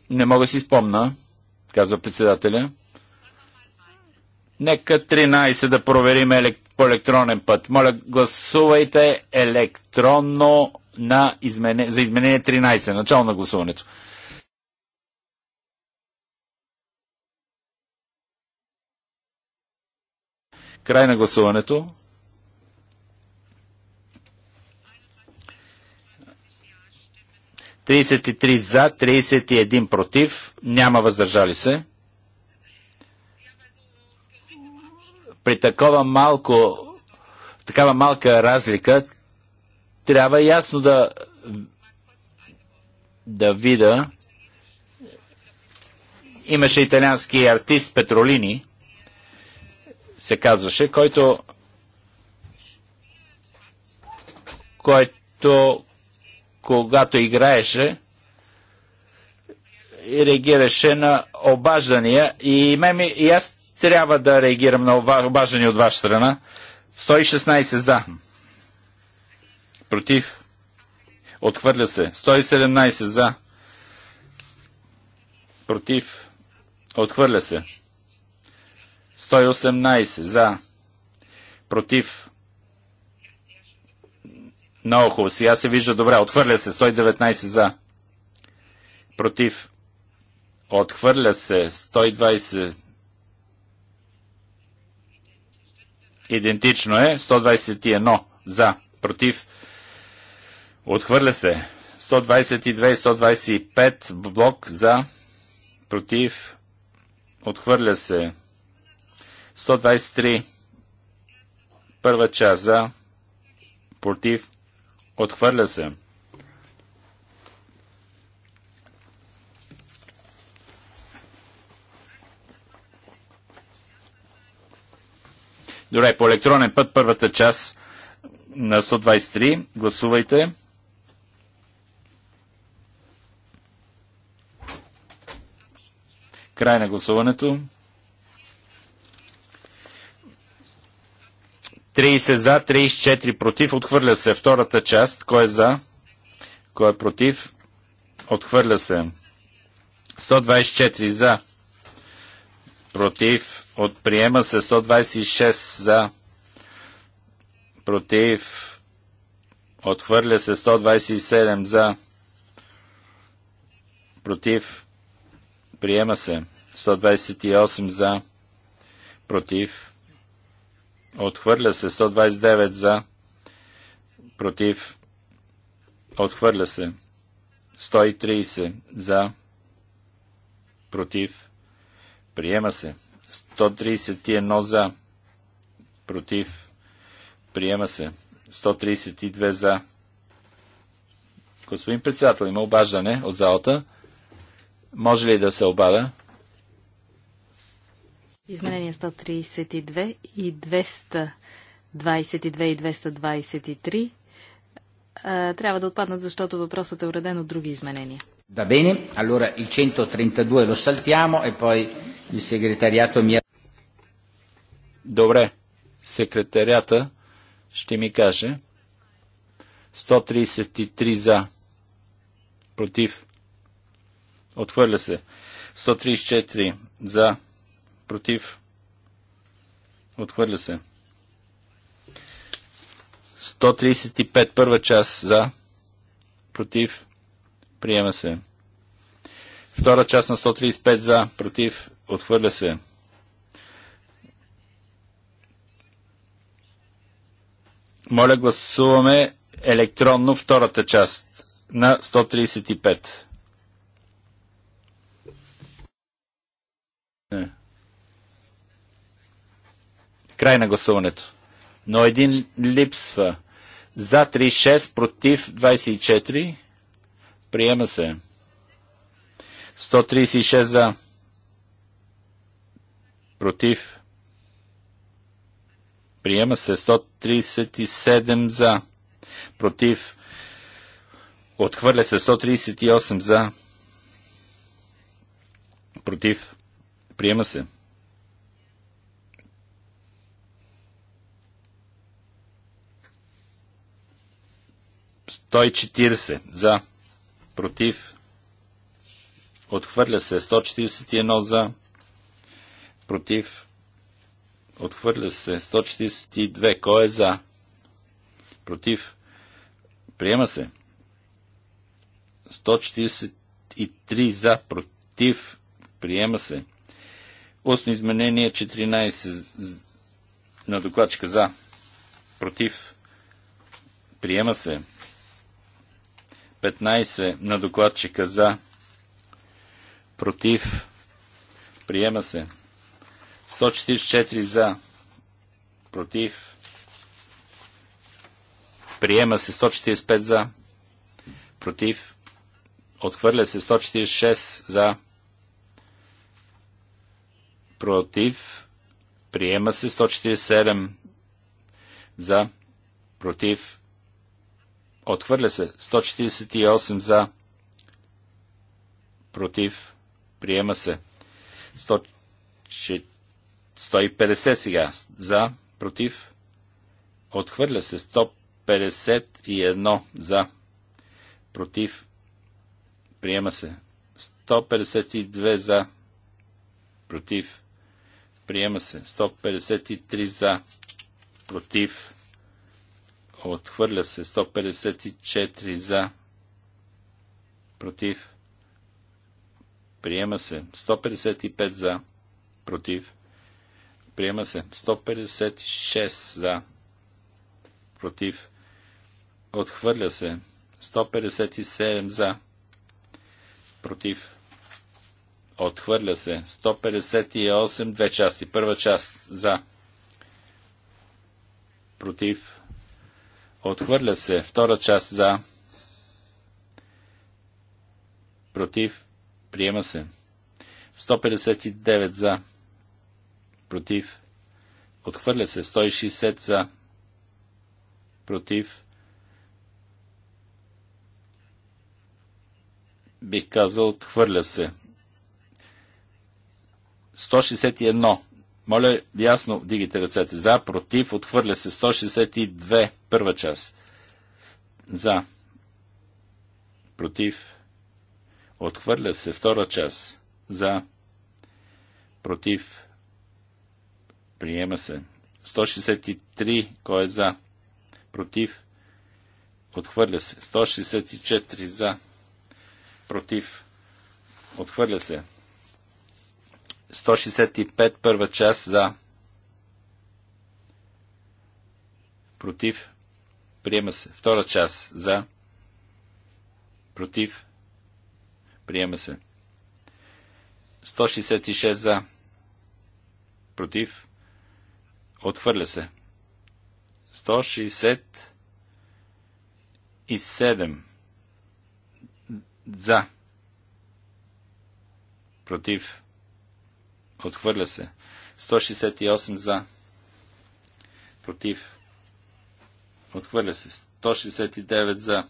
Не мога да си спомна, казва председателя. Нека 13 да проверим електронно по електронен път. Моля, гласувайте електронно на измене... за изменение 13. Начало на гласуването. Край на гласуването. Тридесет за, 31 против, няма въздържали се. При такова малко, такава малка разлика трябва ясно да, да видя. Имаше италиански артист Петролини, се казваше, който, който когато играеше, реагираше на обаждания и, ме, и аз трябва да реагирам на обаждане от ваша страна. 116 за. Против. Отхвърля се. 117 за. Против. Отхвърля се. 118 за. Против. Много хубаво. Сега се вижда добре. Отхвърля се. 119 за. Против. Отхвърля се. 120 Идентично е. 121 за, против. Отхвърля се. 122 и 125 блок за, против. Отхвърля се. 123 първа част за, против. Отхвърля се. Добре, по електронен път първата част на 123. Гласувайте. Край на гласуването. 30 за, 34 против. Отхвърля се втората част. Кой е за? Кой е против? Отхвърля се. 124 за. Против от приема се 126 за против отхвърля се 127 за против приема се 128 за против отхвърля се 129 за против отхвърля се 130 за против приема се 131 за. Против. Приема се. 132 за. Господин председател, има обаждане от залата. Може ли да се обада? Изменение 132 и 222 и 223 трябва да отпаднат, защото въпросът е уреден от други изменения. Да бене, allora il 132 lo saltiamo e poi Il ми mi е- Добре, секретарията ще ми каже. 133 за. Против. Отхвърля се. 134 за. Против. Отхвърля се. 135 първа част за. Против. Приема се. Втора част на 135 за. Против. Отхвърля се. Моля, гласуваме електронно втората част на 135. Не. Край на гласуването. Но един липсва. За 36, против 24. Приема се. 136 за против, приема се 137 за, против, отхвърля се 138 за, против, приема се. Той 40 за, против, отхвърля се 141 за, Против. Отхвърля се. 142. Кой е за? Против. Приема се. 143 за. Против. Приема се. Устно изменение 14 на докладчика за. Против. Приема се. 15 на докладчика за. Против. Приема се. 144 за. Против. Приема се 145 за. Против. Отхвърля се 146 за. Против. Приема се 147 за. Против. Отхвърля се 148 за. Против. Приема се 140. 150 сега. За, против. Отхвърля се 151 за, против. Приема се 152 за, против. Приема се 153 за, против. Отхвърля се 154 за, против. Приема се 155 за, против. Приема се. 156 за. Против. Отхвърля се. 157 за. Против. Отхвърля се. 158 две части. Първа част за. Против. Отхвърля се. Втора част за. Против. Приема се. 159 за против, отхвърля се 160 за, против, бих казал, отхвърля се. 161. Моля, ясно дигите ръцете. За, против, отхвърля се. 162, първа част. За, против, отхвърля се. Втора част. За, против, Приема се. 163. Кой е за? Против. Отхвърля се. 164 за. Против. Отхвърля се. 165 първа част за. Против. Приема се. Втора част за. Против. Приема се. 166 за. Против. Отхвърля се. 167 за. Против. Отхвърля се. 168 за. Против. Отхвърля се. 169 за.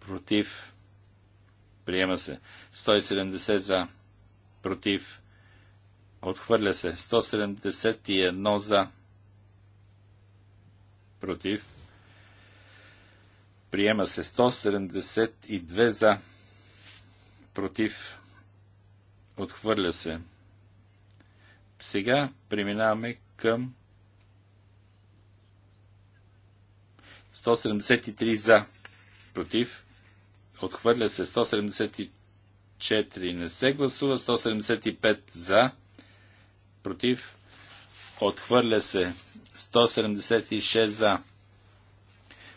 Против. Приема се. 170 за. Против. Отхвърля се. 171 за. Против. Приема се 172 за. Против. Отхвърля се. Сега преминаваме към 173 за. Против. Отхвърля се 174. Не се гласува. 175 за против, отхвърля се 176 за,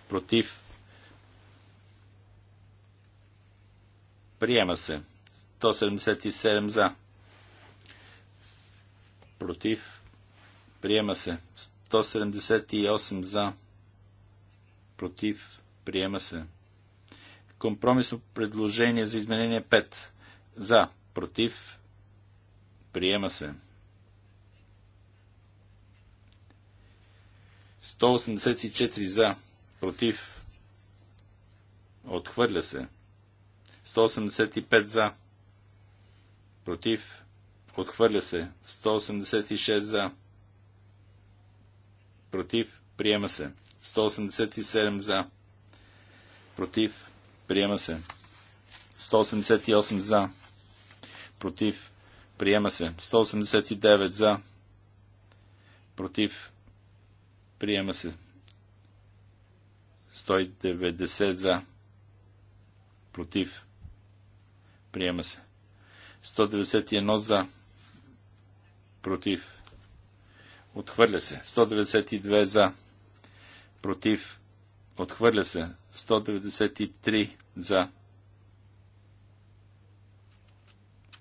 против, приема се 177 за, против, приема се 178 за, против, приема се. Компромисно предложение за изменение 5. За, против, приема се. 184 за, против, отхвърля се. 185 за, против, отхвърля се. 186 за, против, приема се. 187 за, против, приема се. 188 за, против, приема се. 189 за, против, Приема се. 190 за. Против. Приема се. 191 за. Против. Отхвърля се. 192 за. Против. Отхвърля се. 193 за.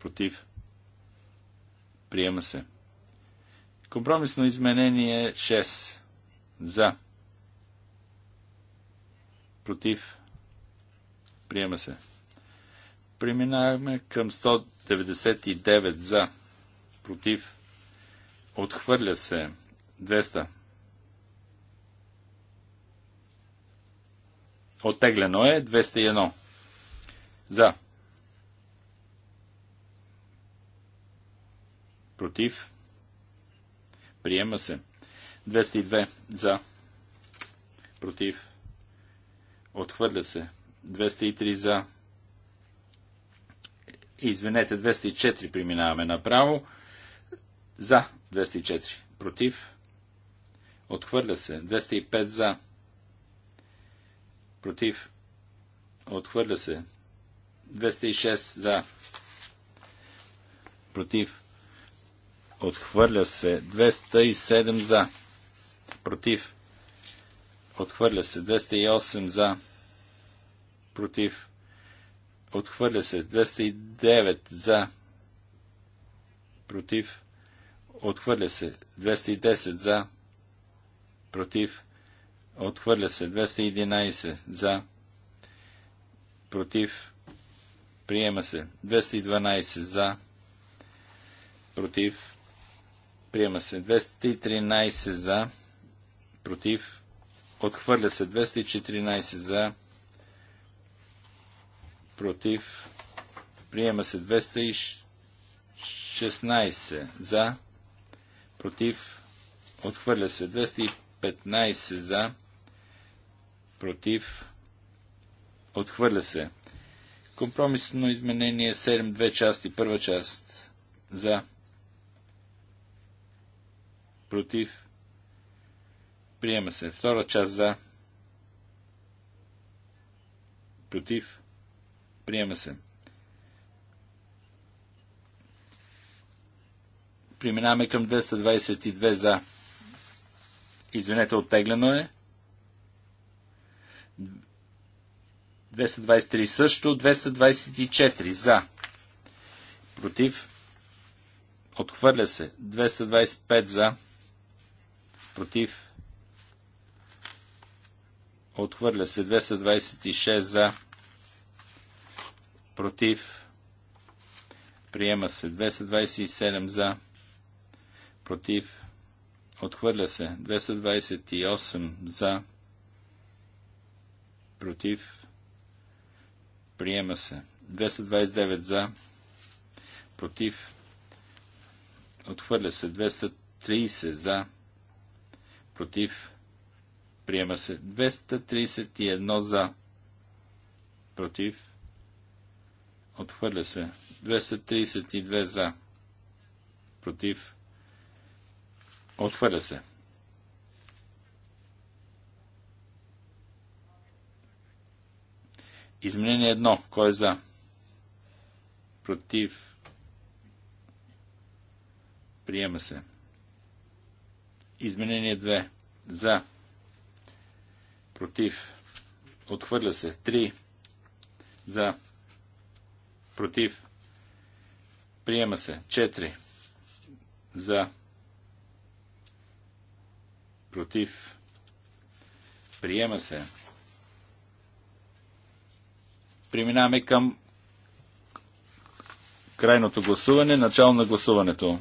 Против. Приема се. Компромисно изменение 6. За. Против. Приема се. Преминаваме към 199 за. Против. Отхвърля се. 200. Оттеглено е 201. За. Против. Приема се. 202 за. Против. Отхвърля се. 203 за. Извинете, 204 преминаваме направо. За 204. Против. Отхвърля се. 205 за. Против. Отхвърля се. 206 за. Против. Отхвърля се. 207 за против, отхвърля се. 208 за, против, отхвърля се. 209 за, против, отхвърля се. 210 за, против, отхвърля се. 211 за, против, приема се. 212 за, против, приема се. 213 за, против, отхвърля се 214 за, против, приема се 216 за, против, отхвърля се 215 за, против, отхвърля се. Компромисно изменение 7, 2 части, първа част за, против, Приема се. Втора част за. Против. Приема се. Приминаваме към 222 за. Извинете, оттеглено е. 223 също. 224 за. Против. Отхвърля се. 225 за. Против. Отхвърля се 226 за. Против. Приема се 227 за. Против. Отхвърля се 228 за. Против. Приема се 229 за. Против. Отхвърля се 230 за. Против. Приема се 231 за. Против. Отхвърля се 232 за. Против. Отхвърля се. Изменение 1. Кой е за? Против. Приема се. Изменение 2. За против, отхвърля се 3 за, против, приема се 4 за, против, приема се. Преминаваме към крайното гласуване, начало на гласуването.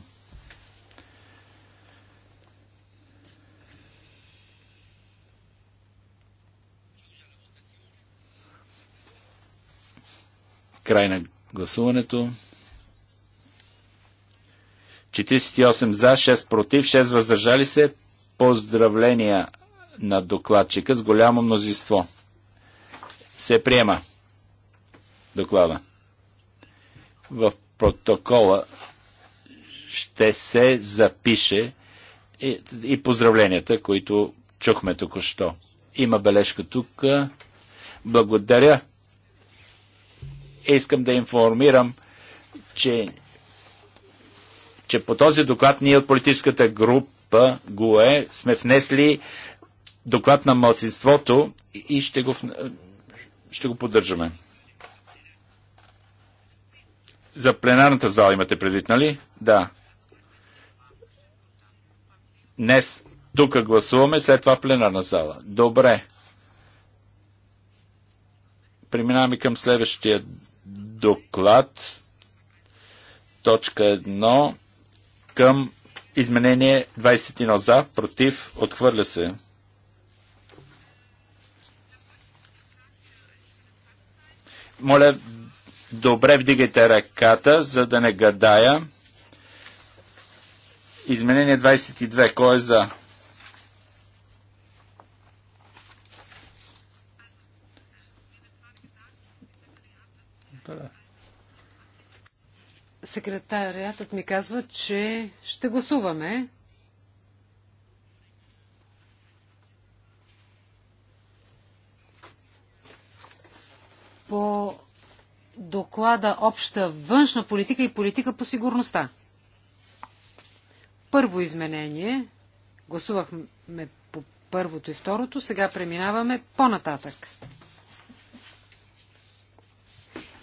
Край на гласуването. 48 за, 6 против, 6 въздържали се. Поздравления на докладчика с голямо мнозинство. Се приема доклада. В протокола ще се запише и, и поздравленията, които чухме току-що. Има бележка тук. Благодаря искам да информирам, че, че по този доклад ние от политическата група ГУЕ сме внесли доклад на младсинството и ще го, ще го поддържаме. За пленарната зала имате предвид, нали? Да. Днес тук гласуваме, след това пленарна зала. Добре. Преминаваме към следващия доклад, точка 1 към изменение 21 за, против, отхвърля се. Моля, добре вдигайте ръката, за да не гадая. Изменение 22. Кой е за? Секретариатът ми казва, че ще гласуваме. По доклада Обща външна политика и политика по сигурността. Първо изменение. Гласувахме по първото и второто. Сега преминаваме по-нататък.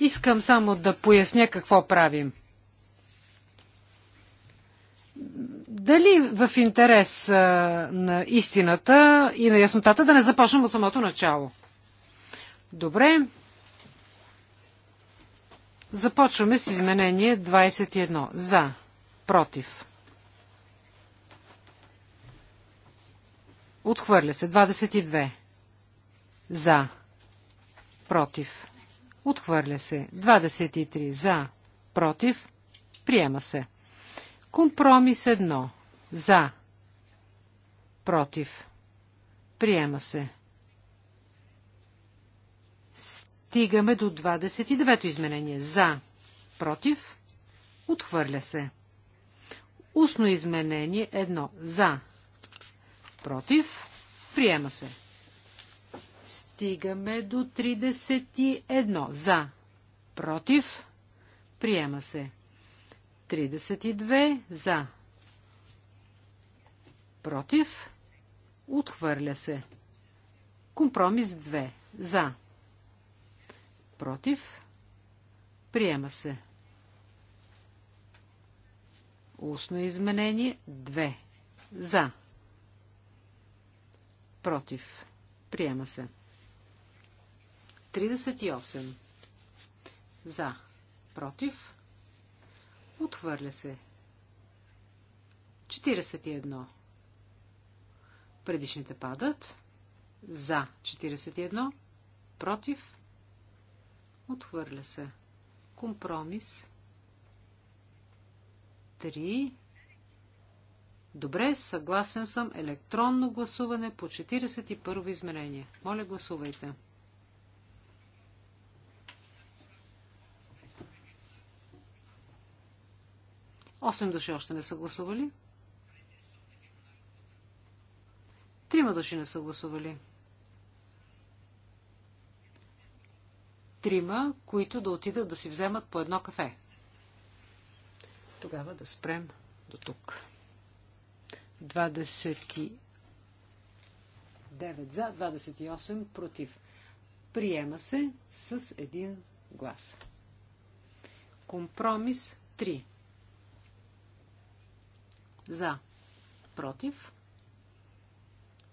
Искам само да поясня какво правим. Дали в интерес на истината и на яснотата да не започнем от самото начало? Добре. Започваме с изменение 21. За. Против. Отхвърля се. 22. За. Против. Отхвърля се. 23. За. Против. Приема се. Компромис 1. За. Против. Приема се. Стигаме до 29-то изменение. За. Против. Отхвърля се. Устно изменение едно, За. Против. Приема се. Стигаме до 31. За. Против. Приема се. 32. За. Против. Отхвърля се. Компромис 2. За. Против. Приема се. Устно изменение 2. За. Против. Приема се. 38. За. Против. Отхвърля се. 41. Предишните падат. За 41. Против. Отхвърля се. Компромис. 3. Добре, съгласен съм. Електронно гласуване по 41 измерение. Моля, гласувайте. Осем души още не са гласували. Трима души не са гласували. Трима, които да отидат да си вземат по едно кафе. Тогава да спрем до тук. 29 за, 28 против. Приема се с един глас. Компромис 3. За. Против.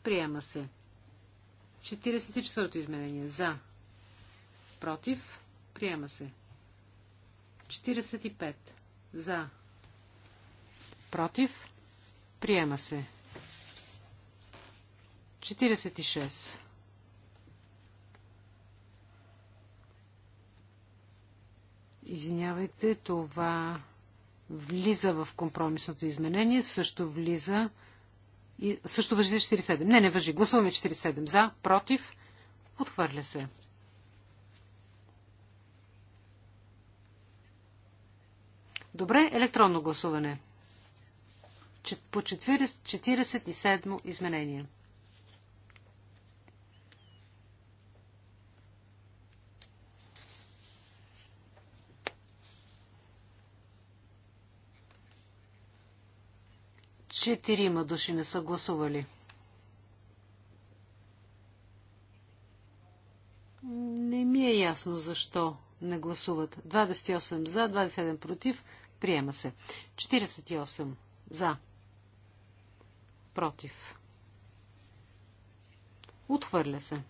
Приема се. 44-то изменение. За. Против. Приема се. 45. За. Против. Приема се. 46. Извинявайте, това влиза в компромисното изменение, също влиза и също въжи за 47. Не, не въжи. Гласуваме 47. За, против, отхвърля се. Добре, електронно гласуване. По 47 изменение. Четирима души не са гласували. Не ми е ясно защо не гласуват. 28 за, 27 против. Приема се. 48 за. Против. Отхвърля се.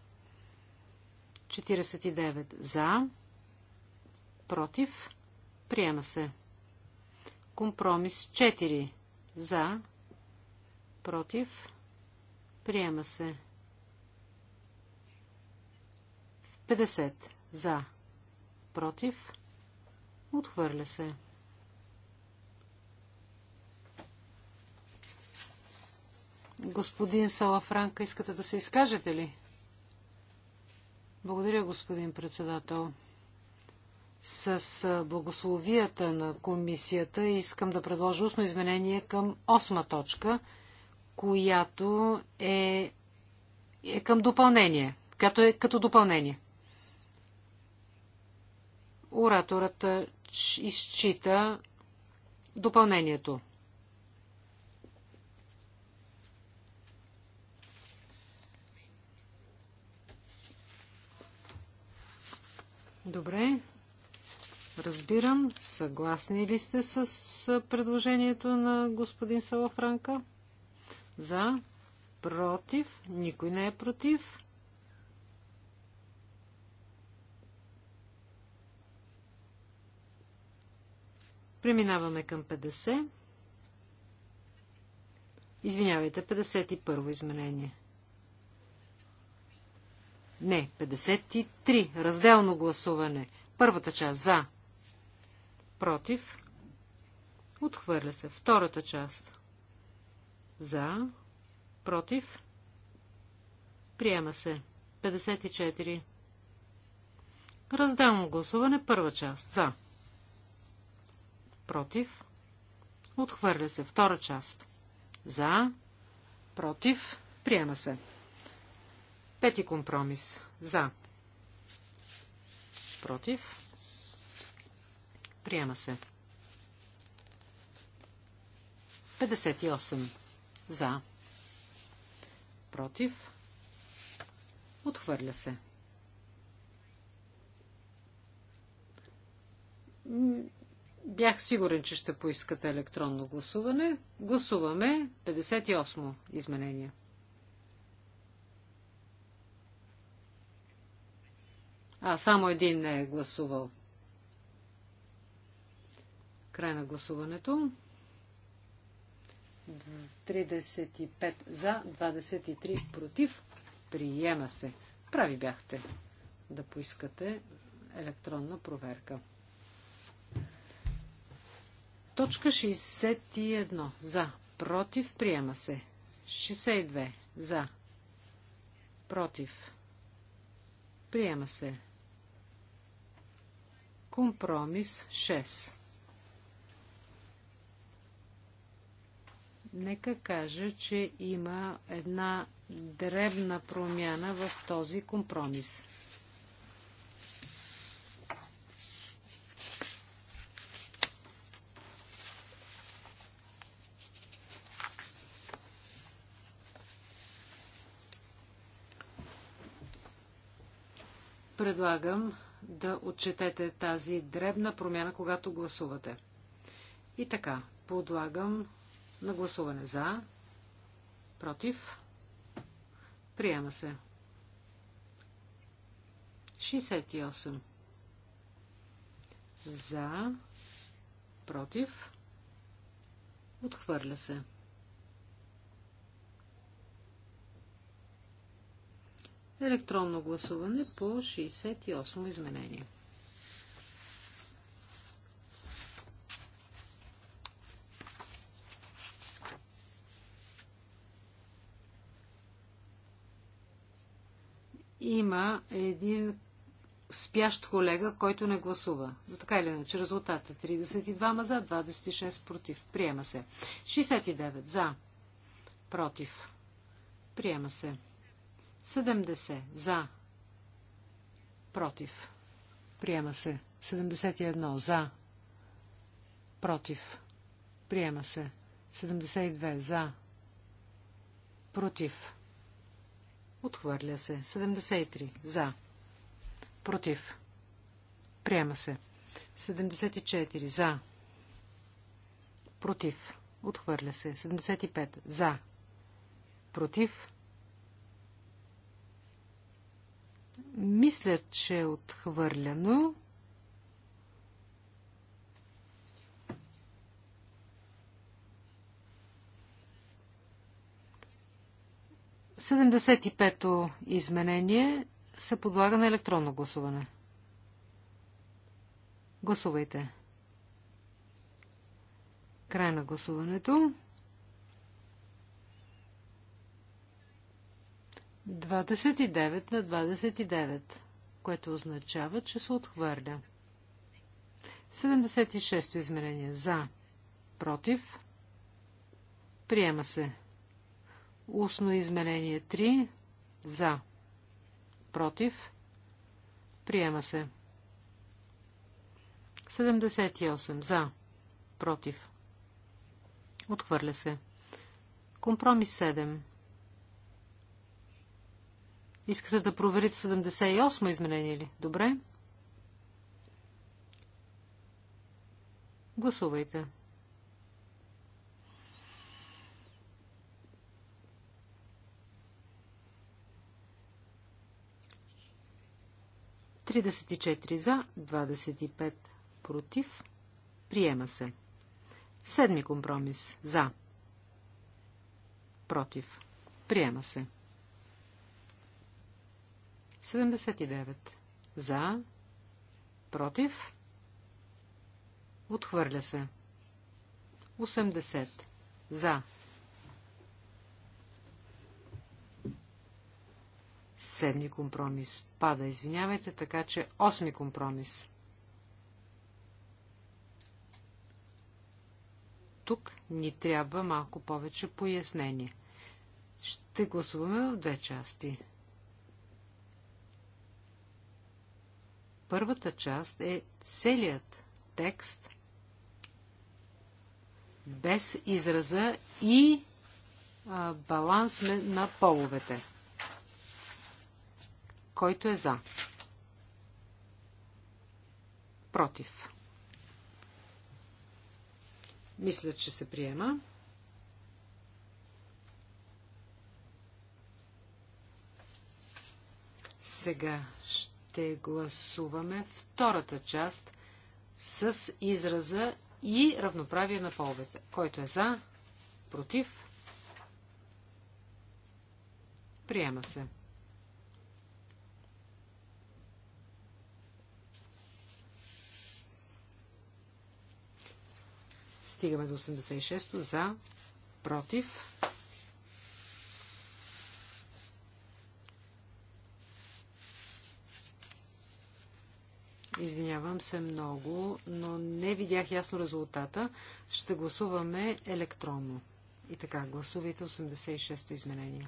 49 за. Против. Приема се. Компромис 4 за против, приема се. 50 за, против, отхвърля се. Господин Салафранка, искате да се изкажете ли? Благодаря, господин председател. С благословията на комисията искам да предложа устно изменение към осма точка – която е, е към допълнение, като е като допълнение. Ораторът изчита допълнението. Добре. Разбирам. Съгласни ли сте с предложението на господин Салафранка? За. Против. Никой не е против. Преминаваме към 50. Извинявайте, 51 во изменение. Не, 53. Разделно гласуване. Първата част за. Против. Отхвърля се. Втората част. За. Против. Приема се. 54. Разделно гласуване. Първа част. За. Против. Отхвърля се. Втора част. За. Против. Приема се. Пети компромис. За. Против. Приема се. 58. За. Против. Отхвърля се. Бях сигурен, че ще поискате електронно гласуване. Гласуваме 58 изменение. А, само един не е гласувал. Край на гласуването. 35 за, 23 против. Приема се. Прави бяхте да поискате електронна проверка. Точка 61. За. Против. Приема се. 62. За. Против. Приема се. Компромис 6. Нека кажа, че има една дребна промяна в този компромис. предлагам да отчетете тази дребна промяна, когато гласувате. И така, подлагам на гласуване за. Против. Приема се. 68. За. Против. Отхвърля се. Електронно гласуване по 68 изменение. има един спящ колега, който не гласува. Но така или иначе, резултата е 32 за, 26 против. Приема се. 69 за, против. Приема се. 70 за, против. Приема се. 71 за, против. Приема се. 72 за, против. Отхвърля се. 73. За. Против. Приема се. 74. За. Против. Отхвърля се. 75. За. Против. Мисля, че е отхвърляно. 75-то изменение се подлага на електронно гласуване. Гласувайте. Край на гласуването. 29 на 29, което означава, че се отхвърля. 76-то изменение. За. Против. Приема се. Устно изменение 3. За. Против. Приема се. 78. За. Против. Отхвърля се. Компромис 7. Искате да проверите 78 изменение ли? Добре. Гласувайте. 34 за, 25 против. Приема се. Седми компромис. За. Против. Приема се. 79. За. Против. Отхвърля се. 80. За. Седми компромис пада, извинявайте, така че осми компромис. Тук ни трябва малко повече пояснение. Ще гласуваме в две части. Първата част е целият текст без израза и а, баланс на половете. Който е за? Против. Мисля, че се приема. Сега ще гласуваме втората част с израза и равноправие на половете. Който е за, против, приема се. Стигаме до 86-то за, против. Извинявам се много, но не видях ясно резултата. Ще гласуваме електронно. И така, гласувайте 86-то изменение.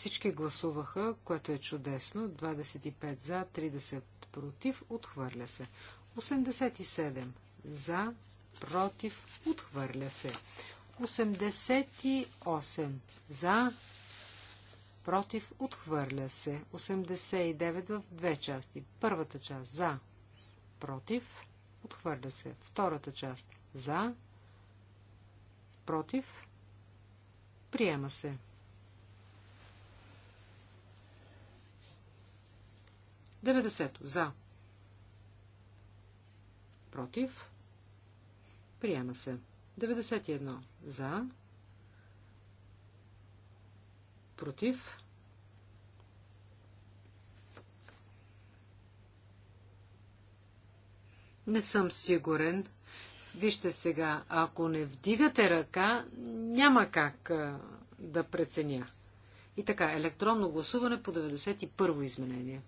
Всички гласуваха, което е чудесно. 25 за, 30 против, отхвърля се. 87 за, против, отхвърля се. 88 за, против, отхвърля се. 89 в две части. Първата част за, против, отхвърля се. Втората част за, против, приема се. 90. За. Против. Приема се. 91. За. Против. Не съм сигурен. Вижте сега, ако не вдигате ръка, няма как а, да преценя. И така, електронно гласуване по 91 во изменение.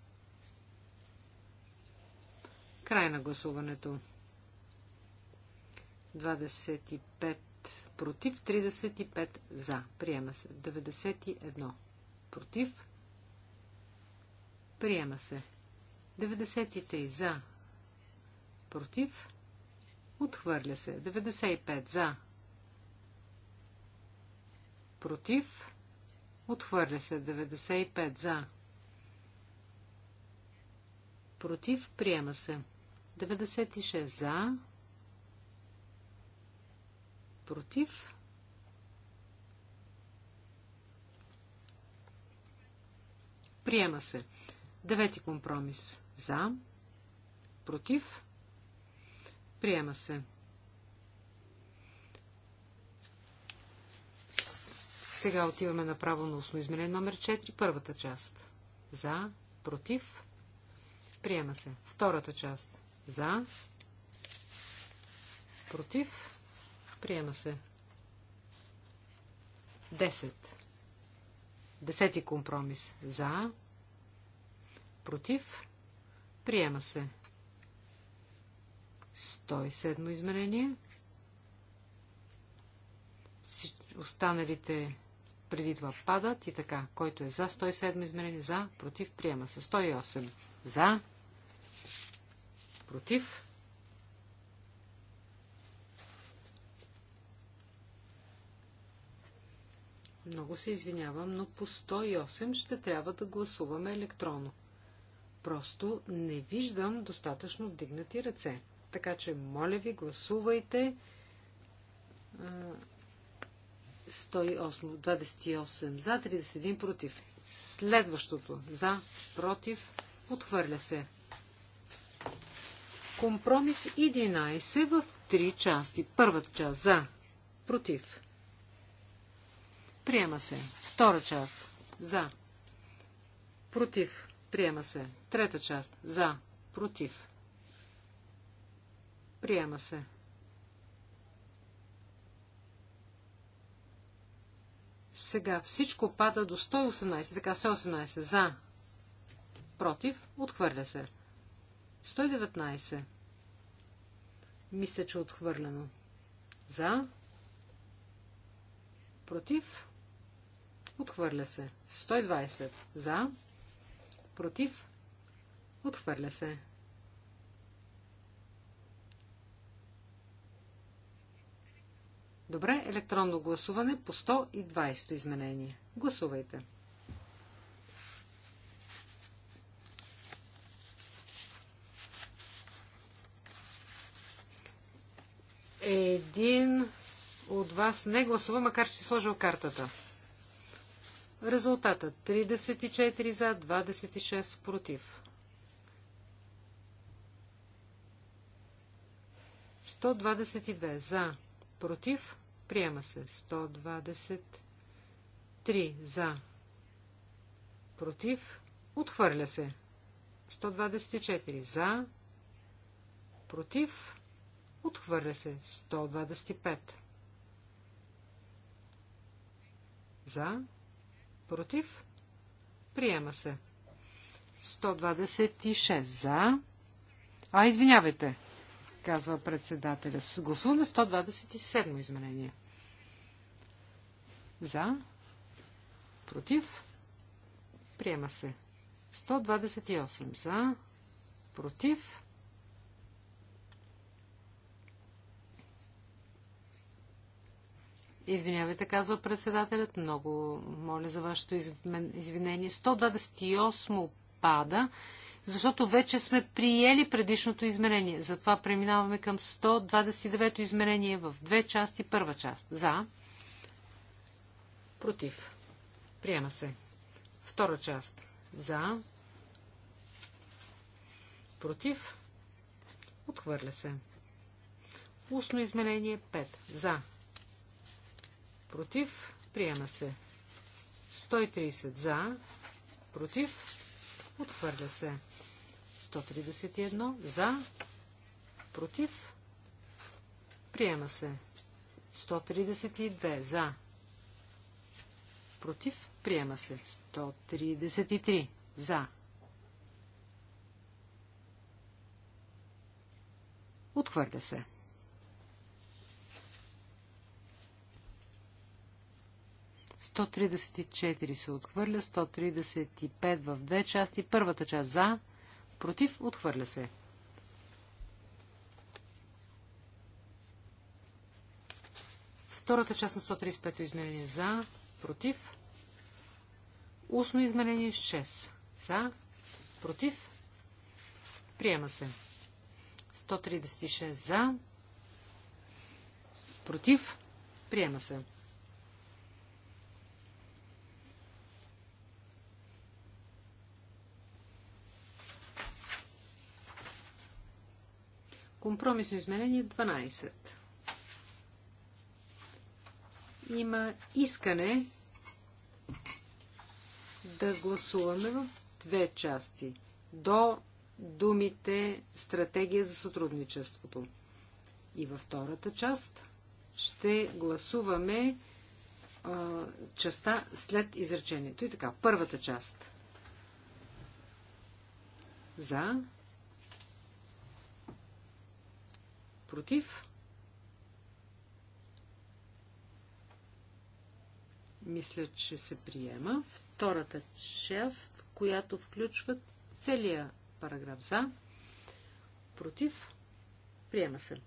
Край на гласуването. 25 против, 35 за. Приема се. 91 против. Приема се. 93 за. Против. Отхвърля се. 95 за. Против. Отхвърля се. 95 за. Против. Приема се. 96 за. Против. Приема се. Девети компромис. За. Против. Приема се. Сега отиваме направо на устно измерение номер 4, първата част. За, против, Приема се. Втората част. За. Против. Приема се. 10. Десети компромис. За. Против. Приема се. 107 изменение. Останалите преди това падат и така. Който е за 107 изменение, за, против, приема се. 108. За, Против. Много се извинявам, но по 108 ще трябва да гласуваме електронно. Просто не виждам достатъчно вдигнати ръце. Така че, моля ви, гласувайте. 108, 28 за, 31 против. Следващото за, против, отхвърля се. Компромис 11 в три части. Първата част за, против. Приема се. Втора част за, против. Приема се. Трета част за, против. Приема се. Сега всичко пада до 118, така 118 за, против, отхвърля се. 119 мисля, че е отхвърлено. За. Против. Отхвърля се. 120. За. Против. Отхвърля се. Добре, електронно гласуване по 120 изменение. Гласувайте. Един от вас не гласува, макар че си сложил картата. Резултата 34 за, 26 против. 122 за, против, приема се. 123 за, против, отхвърля се. 124 за, против, Отхвърля се 125. За. Против. Приема се. 126 за. А, извинявайте, казва председателя. Гласуваме 127 изменение. За. Против. Приема се. 128 за. Против. Извинявайте, казва председателят. Много моля за вашето извинение. 128 пада, защото вече сме приели предишното измерение. Затова преминаваме към 129 измерение в две части. Първа част. За. Против. Приема се. Втора част. За. Против. Отхвърля се. Устно измерение 5. За против, приема се. 130 за, против, отхвърля се. 131 за, против, приема се. 132 за, против, приема се. 133 за. Отхвърля се. 134 се отхвърля, 135 в две части. Първата част за, против, отхвърля се. Втората част на 135 измерение за, против. Устно измерение, 6 за, против. Приема се. 136 за, против. Приема се. Компромисно изменение 12. Има искане да гласуваме в две части. До думите стратегия за сътрудничеството. И във втората част ще гласуваме а, частта след изречението. И така, първата част. За против. Мисля, че се приема. Втората част, която включва целия параграф за, против, приема се.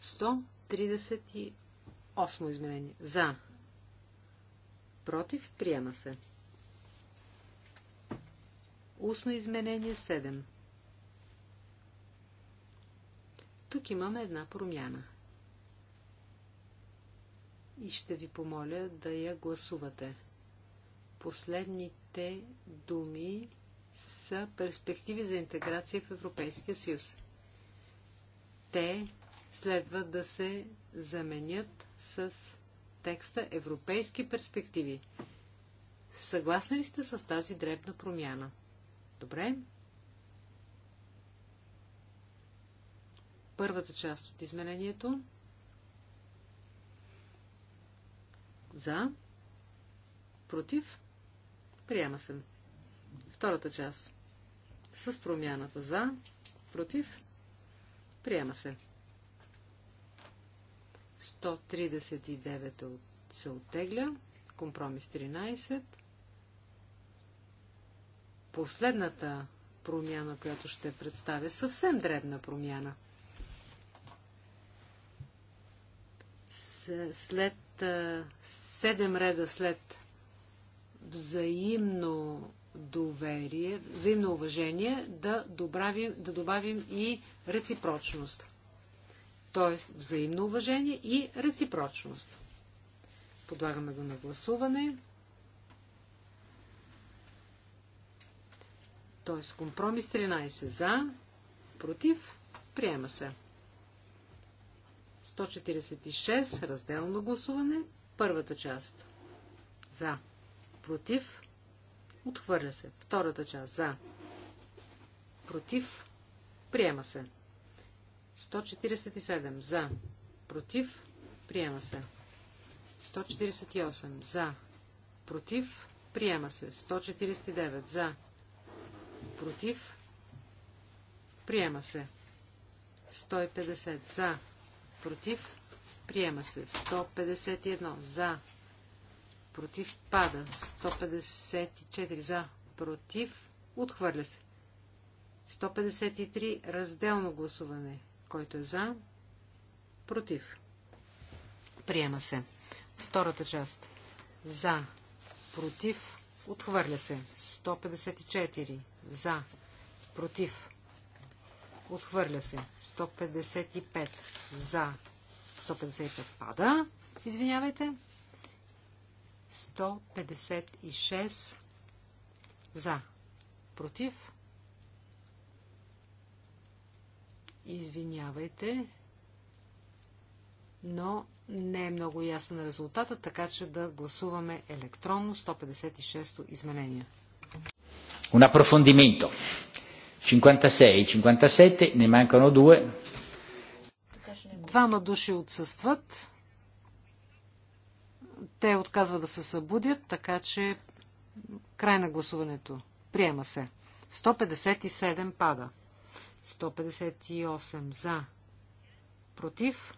Сто 38 изменение. За. Против. Приема се. Устно изменение 7. Тук имаме една промяна. И ще ви помоля да я гласувате. Последните думи са перспективи за интеграция в Европейския съюз. Те следва да се заменят с текста Европейски перспективи. Съгласни ли сте с тази дребна промяна? Добре. Първата част от изменението. За. Против. Приема се. Втората част. С промяната за. Против. Приема се. 139 се оттегля. Компромис 13 последната промяна, която ще представя, съвсем дребна промяна. След седем реда след взаимно доверие, взаимно уважение, да, добавим, да добавим и реципрочност. Тоест взаимно уважение и реципрочност. Подлагаме го на гласуване. Т.е. компромис 13 за, против, приема се. 146 разделно гласуване, първата част за, против, отхвърля се. Втората част за, против, приема се. 147 за, против, приема се. 148 за, против, приема се. 149 за, Против. Приема се. 150 за. Против. Приема се. 151 за. Против. Пада. 154 за. Против. Отхвърля се. 153 разделно гласуване. Който е за. Против. Приема се. Втората част. За. Против. Отхвърля се. 154 за, против, отхвърля се. 155 за, 155 пада, извинявайте. 156 за, против, извинявайте, но не е много ясен резултатът, така че да гласуваме електронно 156-то изменение un approfondimento. 56, 57, ne mancano due. Двама души отсъстват. Те отказват да се събудят, така че край на гласуването. Приема се. 157 пада. 158 за. Против.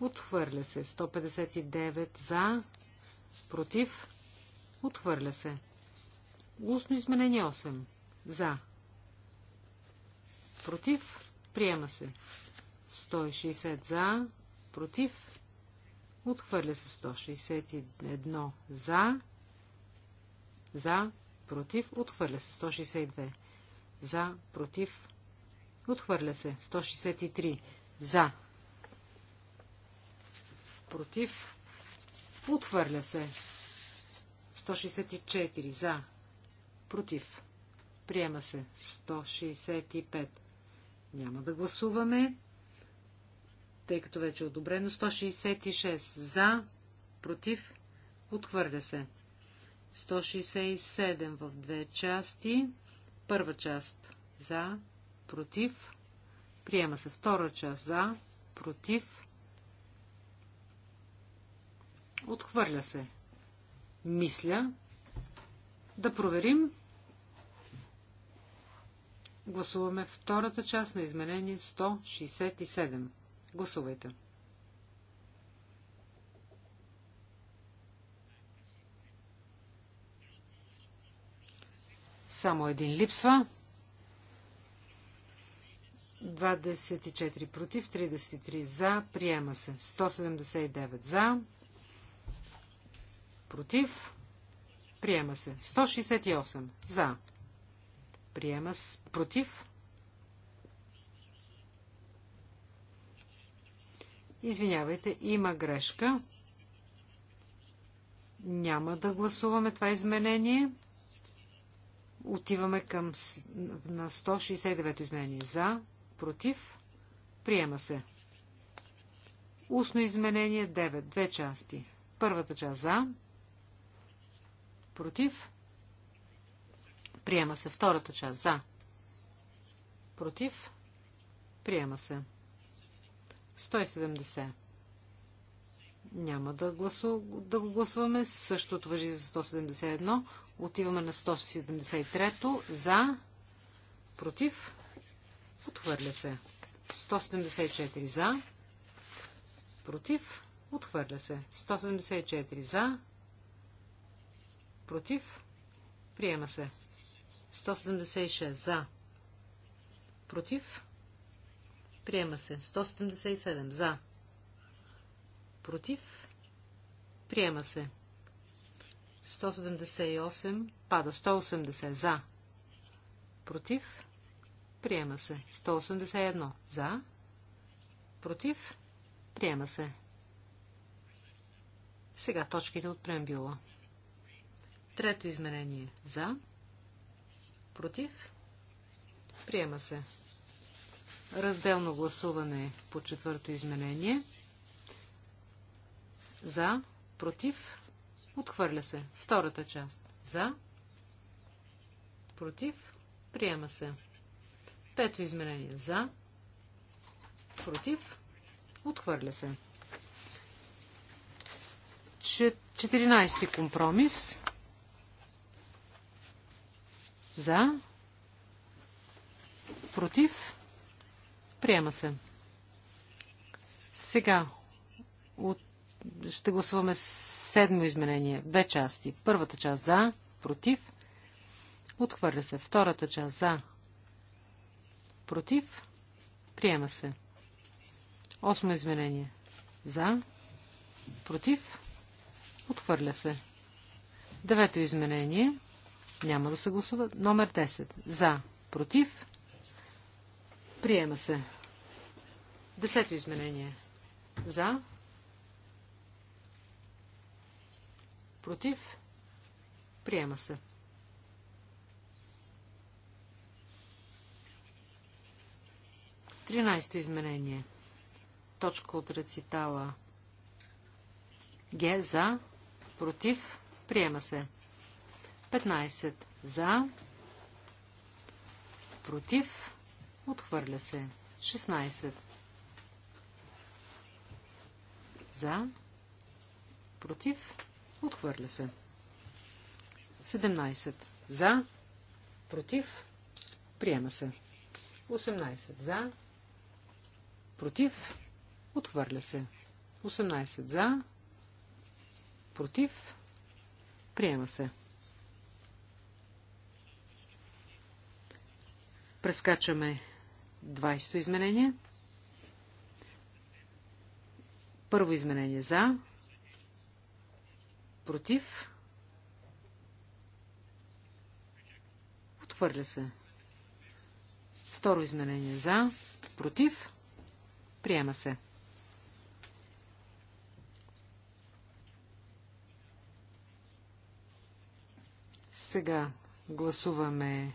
Отхвърля се. 159 за. Против. Отхвърля се. Устно изменение 8. За. Против. Приема се. 160 за. Против. Отхвърля се 161 за. За. Против. Отхвърля се 162. За. Против. Отхвърля се 163. За. Против. Отхвърля се. 164. За. Против. Приема се. 165. Няма да гласуваме, тъй като вече е одобрено. 166. За. Против. Отхвърля се. 167 в две части. Първа част. За. Против. Приема се. Втора част. За. Против. Отхвърля се. Мисля. Да проверим. Гласуваме втората част на изменение 167. Гласувайте. Само един липсва. 24 против, 33 за. Приема се. 179 за. Против. Приема се. 168 за. Приема с... Против? Извинявайте, има грешка. Няма да гласуваме това изменение. Отиваме към на 169 изменение. За, против, приема се. Устно изменение 9. Две части. Първата част за, против, Приема се втората част. За. Против. Приема се. 170. Няма да, гласу, да го гласуваме. Същото въжи за 171. Отиваме на 173 За. Против. Отхвърля се. 174 за. Против. Отхвърля се. 174 за. Против. Приема се. 176 за. Против. Приема се. 177 за. Против. Приема се. 178 пада. 180 за. Против. Приема се. 181 за. Против. Приема се. Сега точките от преамбюла. Трето измерение. За. Против? Приема се. Разделно гласуване по четвърто изменение. За. Против? Отхвърля се. Втората част. За. Против? Приема се. Пето изменение. За. Против? Отхвърля се. 14 компромис. За. Против. Приема се. Сега от... ще гласуваме седмо изменение. Две части. Първата част за, против. Отхвърля се. Втората част за, против. Приема се. Осмо изменение. За, против. Отхвърля се. Девето изменение. Няма да се гласува. Номер 10. За. Против. Приема се. Десето изменение. За. Против. Приема се. Тринайсто изменение. Точка от рецитала. Ге. за. Против. Приема се. 15 за, против, отхвърля се. 16 за, против, отхвърля се. 17 за, против, приема се. 18 за, против, отхвърля се. 18 за, против, приема се. Прескачаме 20-то изменение. Първо изменение за. Против. Отхвърля се. Второ изменение за. Против. Приема се. Сега гласуваме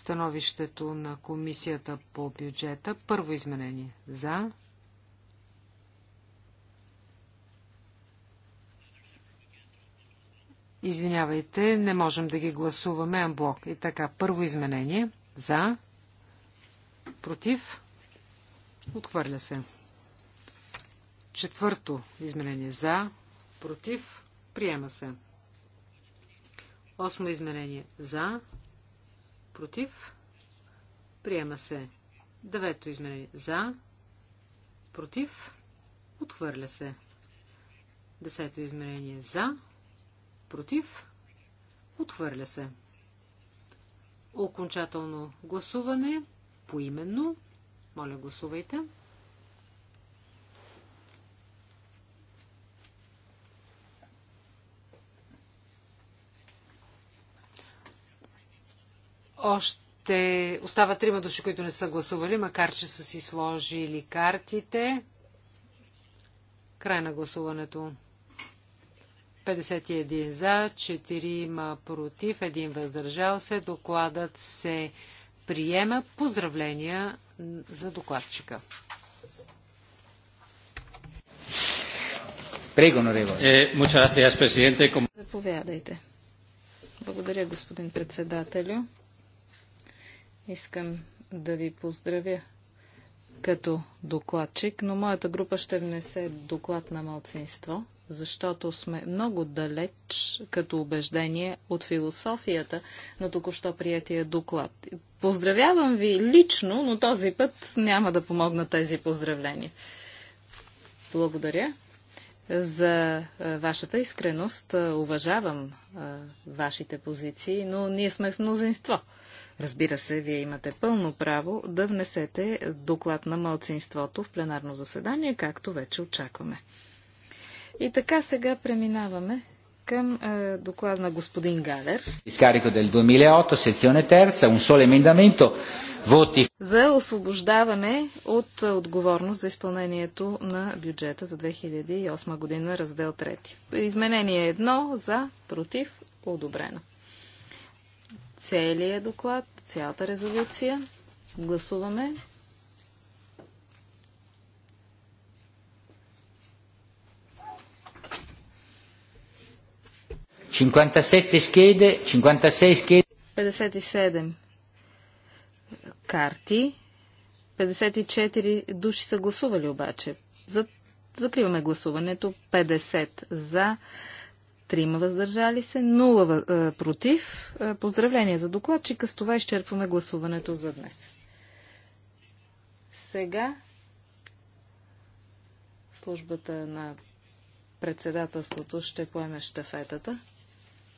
становището на комисията по бюджета. Първо изменение. За. Извинявайте, не можем да ги гласуваме амблок. И така, първо изменение. За. Против. Отхвърля се. Четвърто изменение. За. Против. Приема се. Осмо изменение. За. Против. Приема се. Девето изменение. За. Против. Отхвърля се. Десето измерение за. Против. Отхвърля се. Окончателно гласуване. Поименно. Моля, гласувайте. Още остава трима души, които не са гласували, макар че са си сложили картите. Край на гласуването. 51 за, 4 против, 1 въздържал се. Докладът се приема. Поздравления за докладчика. Е, Заповядайте. Благодаря, господин председателю. Искам да ви поздравя като докладчик, но моята група ще внесе доклад на малцинство, защото сме много далеч като убеждение от философията на току-що приятия доклад. Поздравявам ви лично, но този път няма да помогна тези поздравления. Благодаря за вашата искреност. Уважавам вашите позиции, но ние сме в мнозинство. Разбира се, вие имате пълно право да внесете доклад на мълцинството в пленарно заседание, както вече очакваме. И така сега преминаваме към е, доклад на господин Галер. Изкарико дел 2008, секционе терца, un solo emendamento, voti. За освобождаване от отговорност за изпълнението на бюджета за 2008 година, раздел 3. Изменение 1 за, против, одобрено целият доклад, цялата резолюция. Гласуваме. Schede, 56 schede. 57 карти. 54 души са гласували обаче. Закриваме гласуването. 50 за, Трима въздържали се, нула е, против. Е, Поздравление за докладчика. С това изчерпваме гласуването за днес. Сега службата на председателството ще поеме штафетата.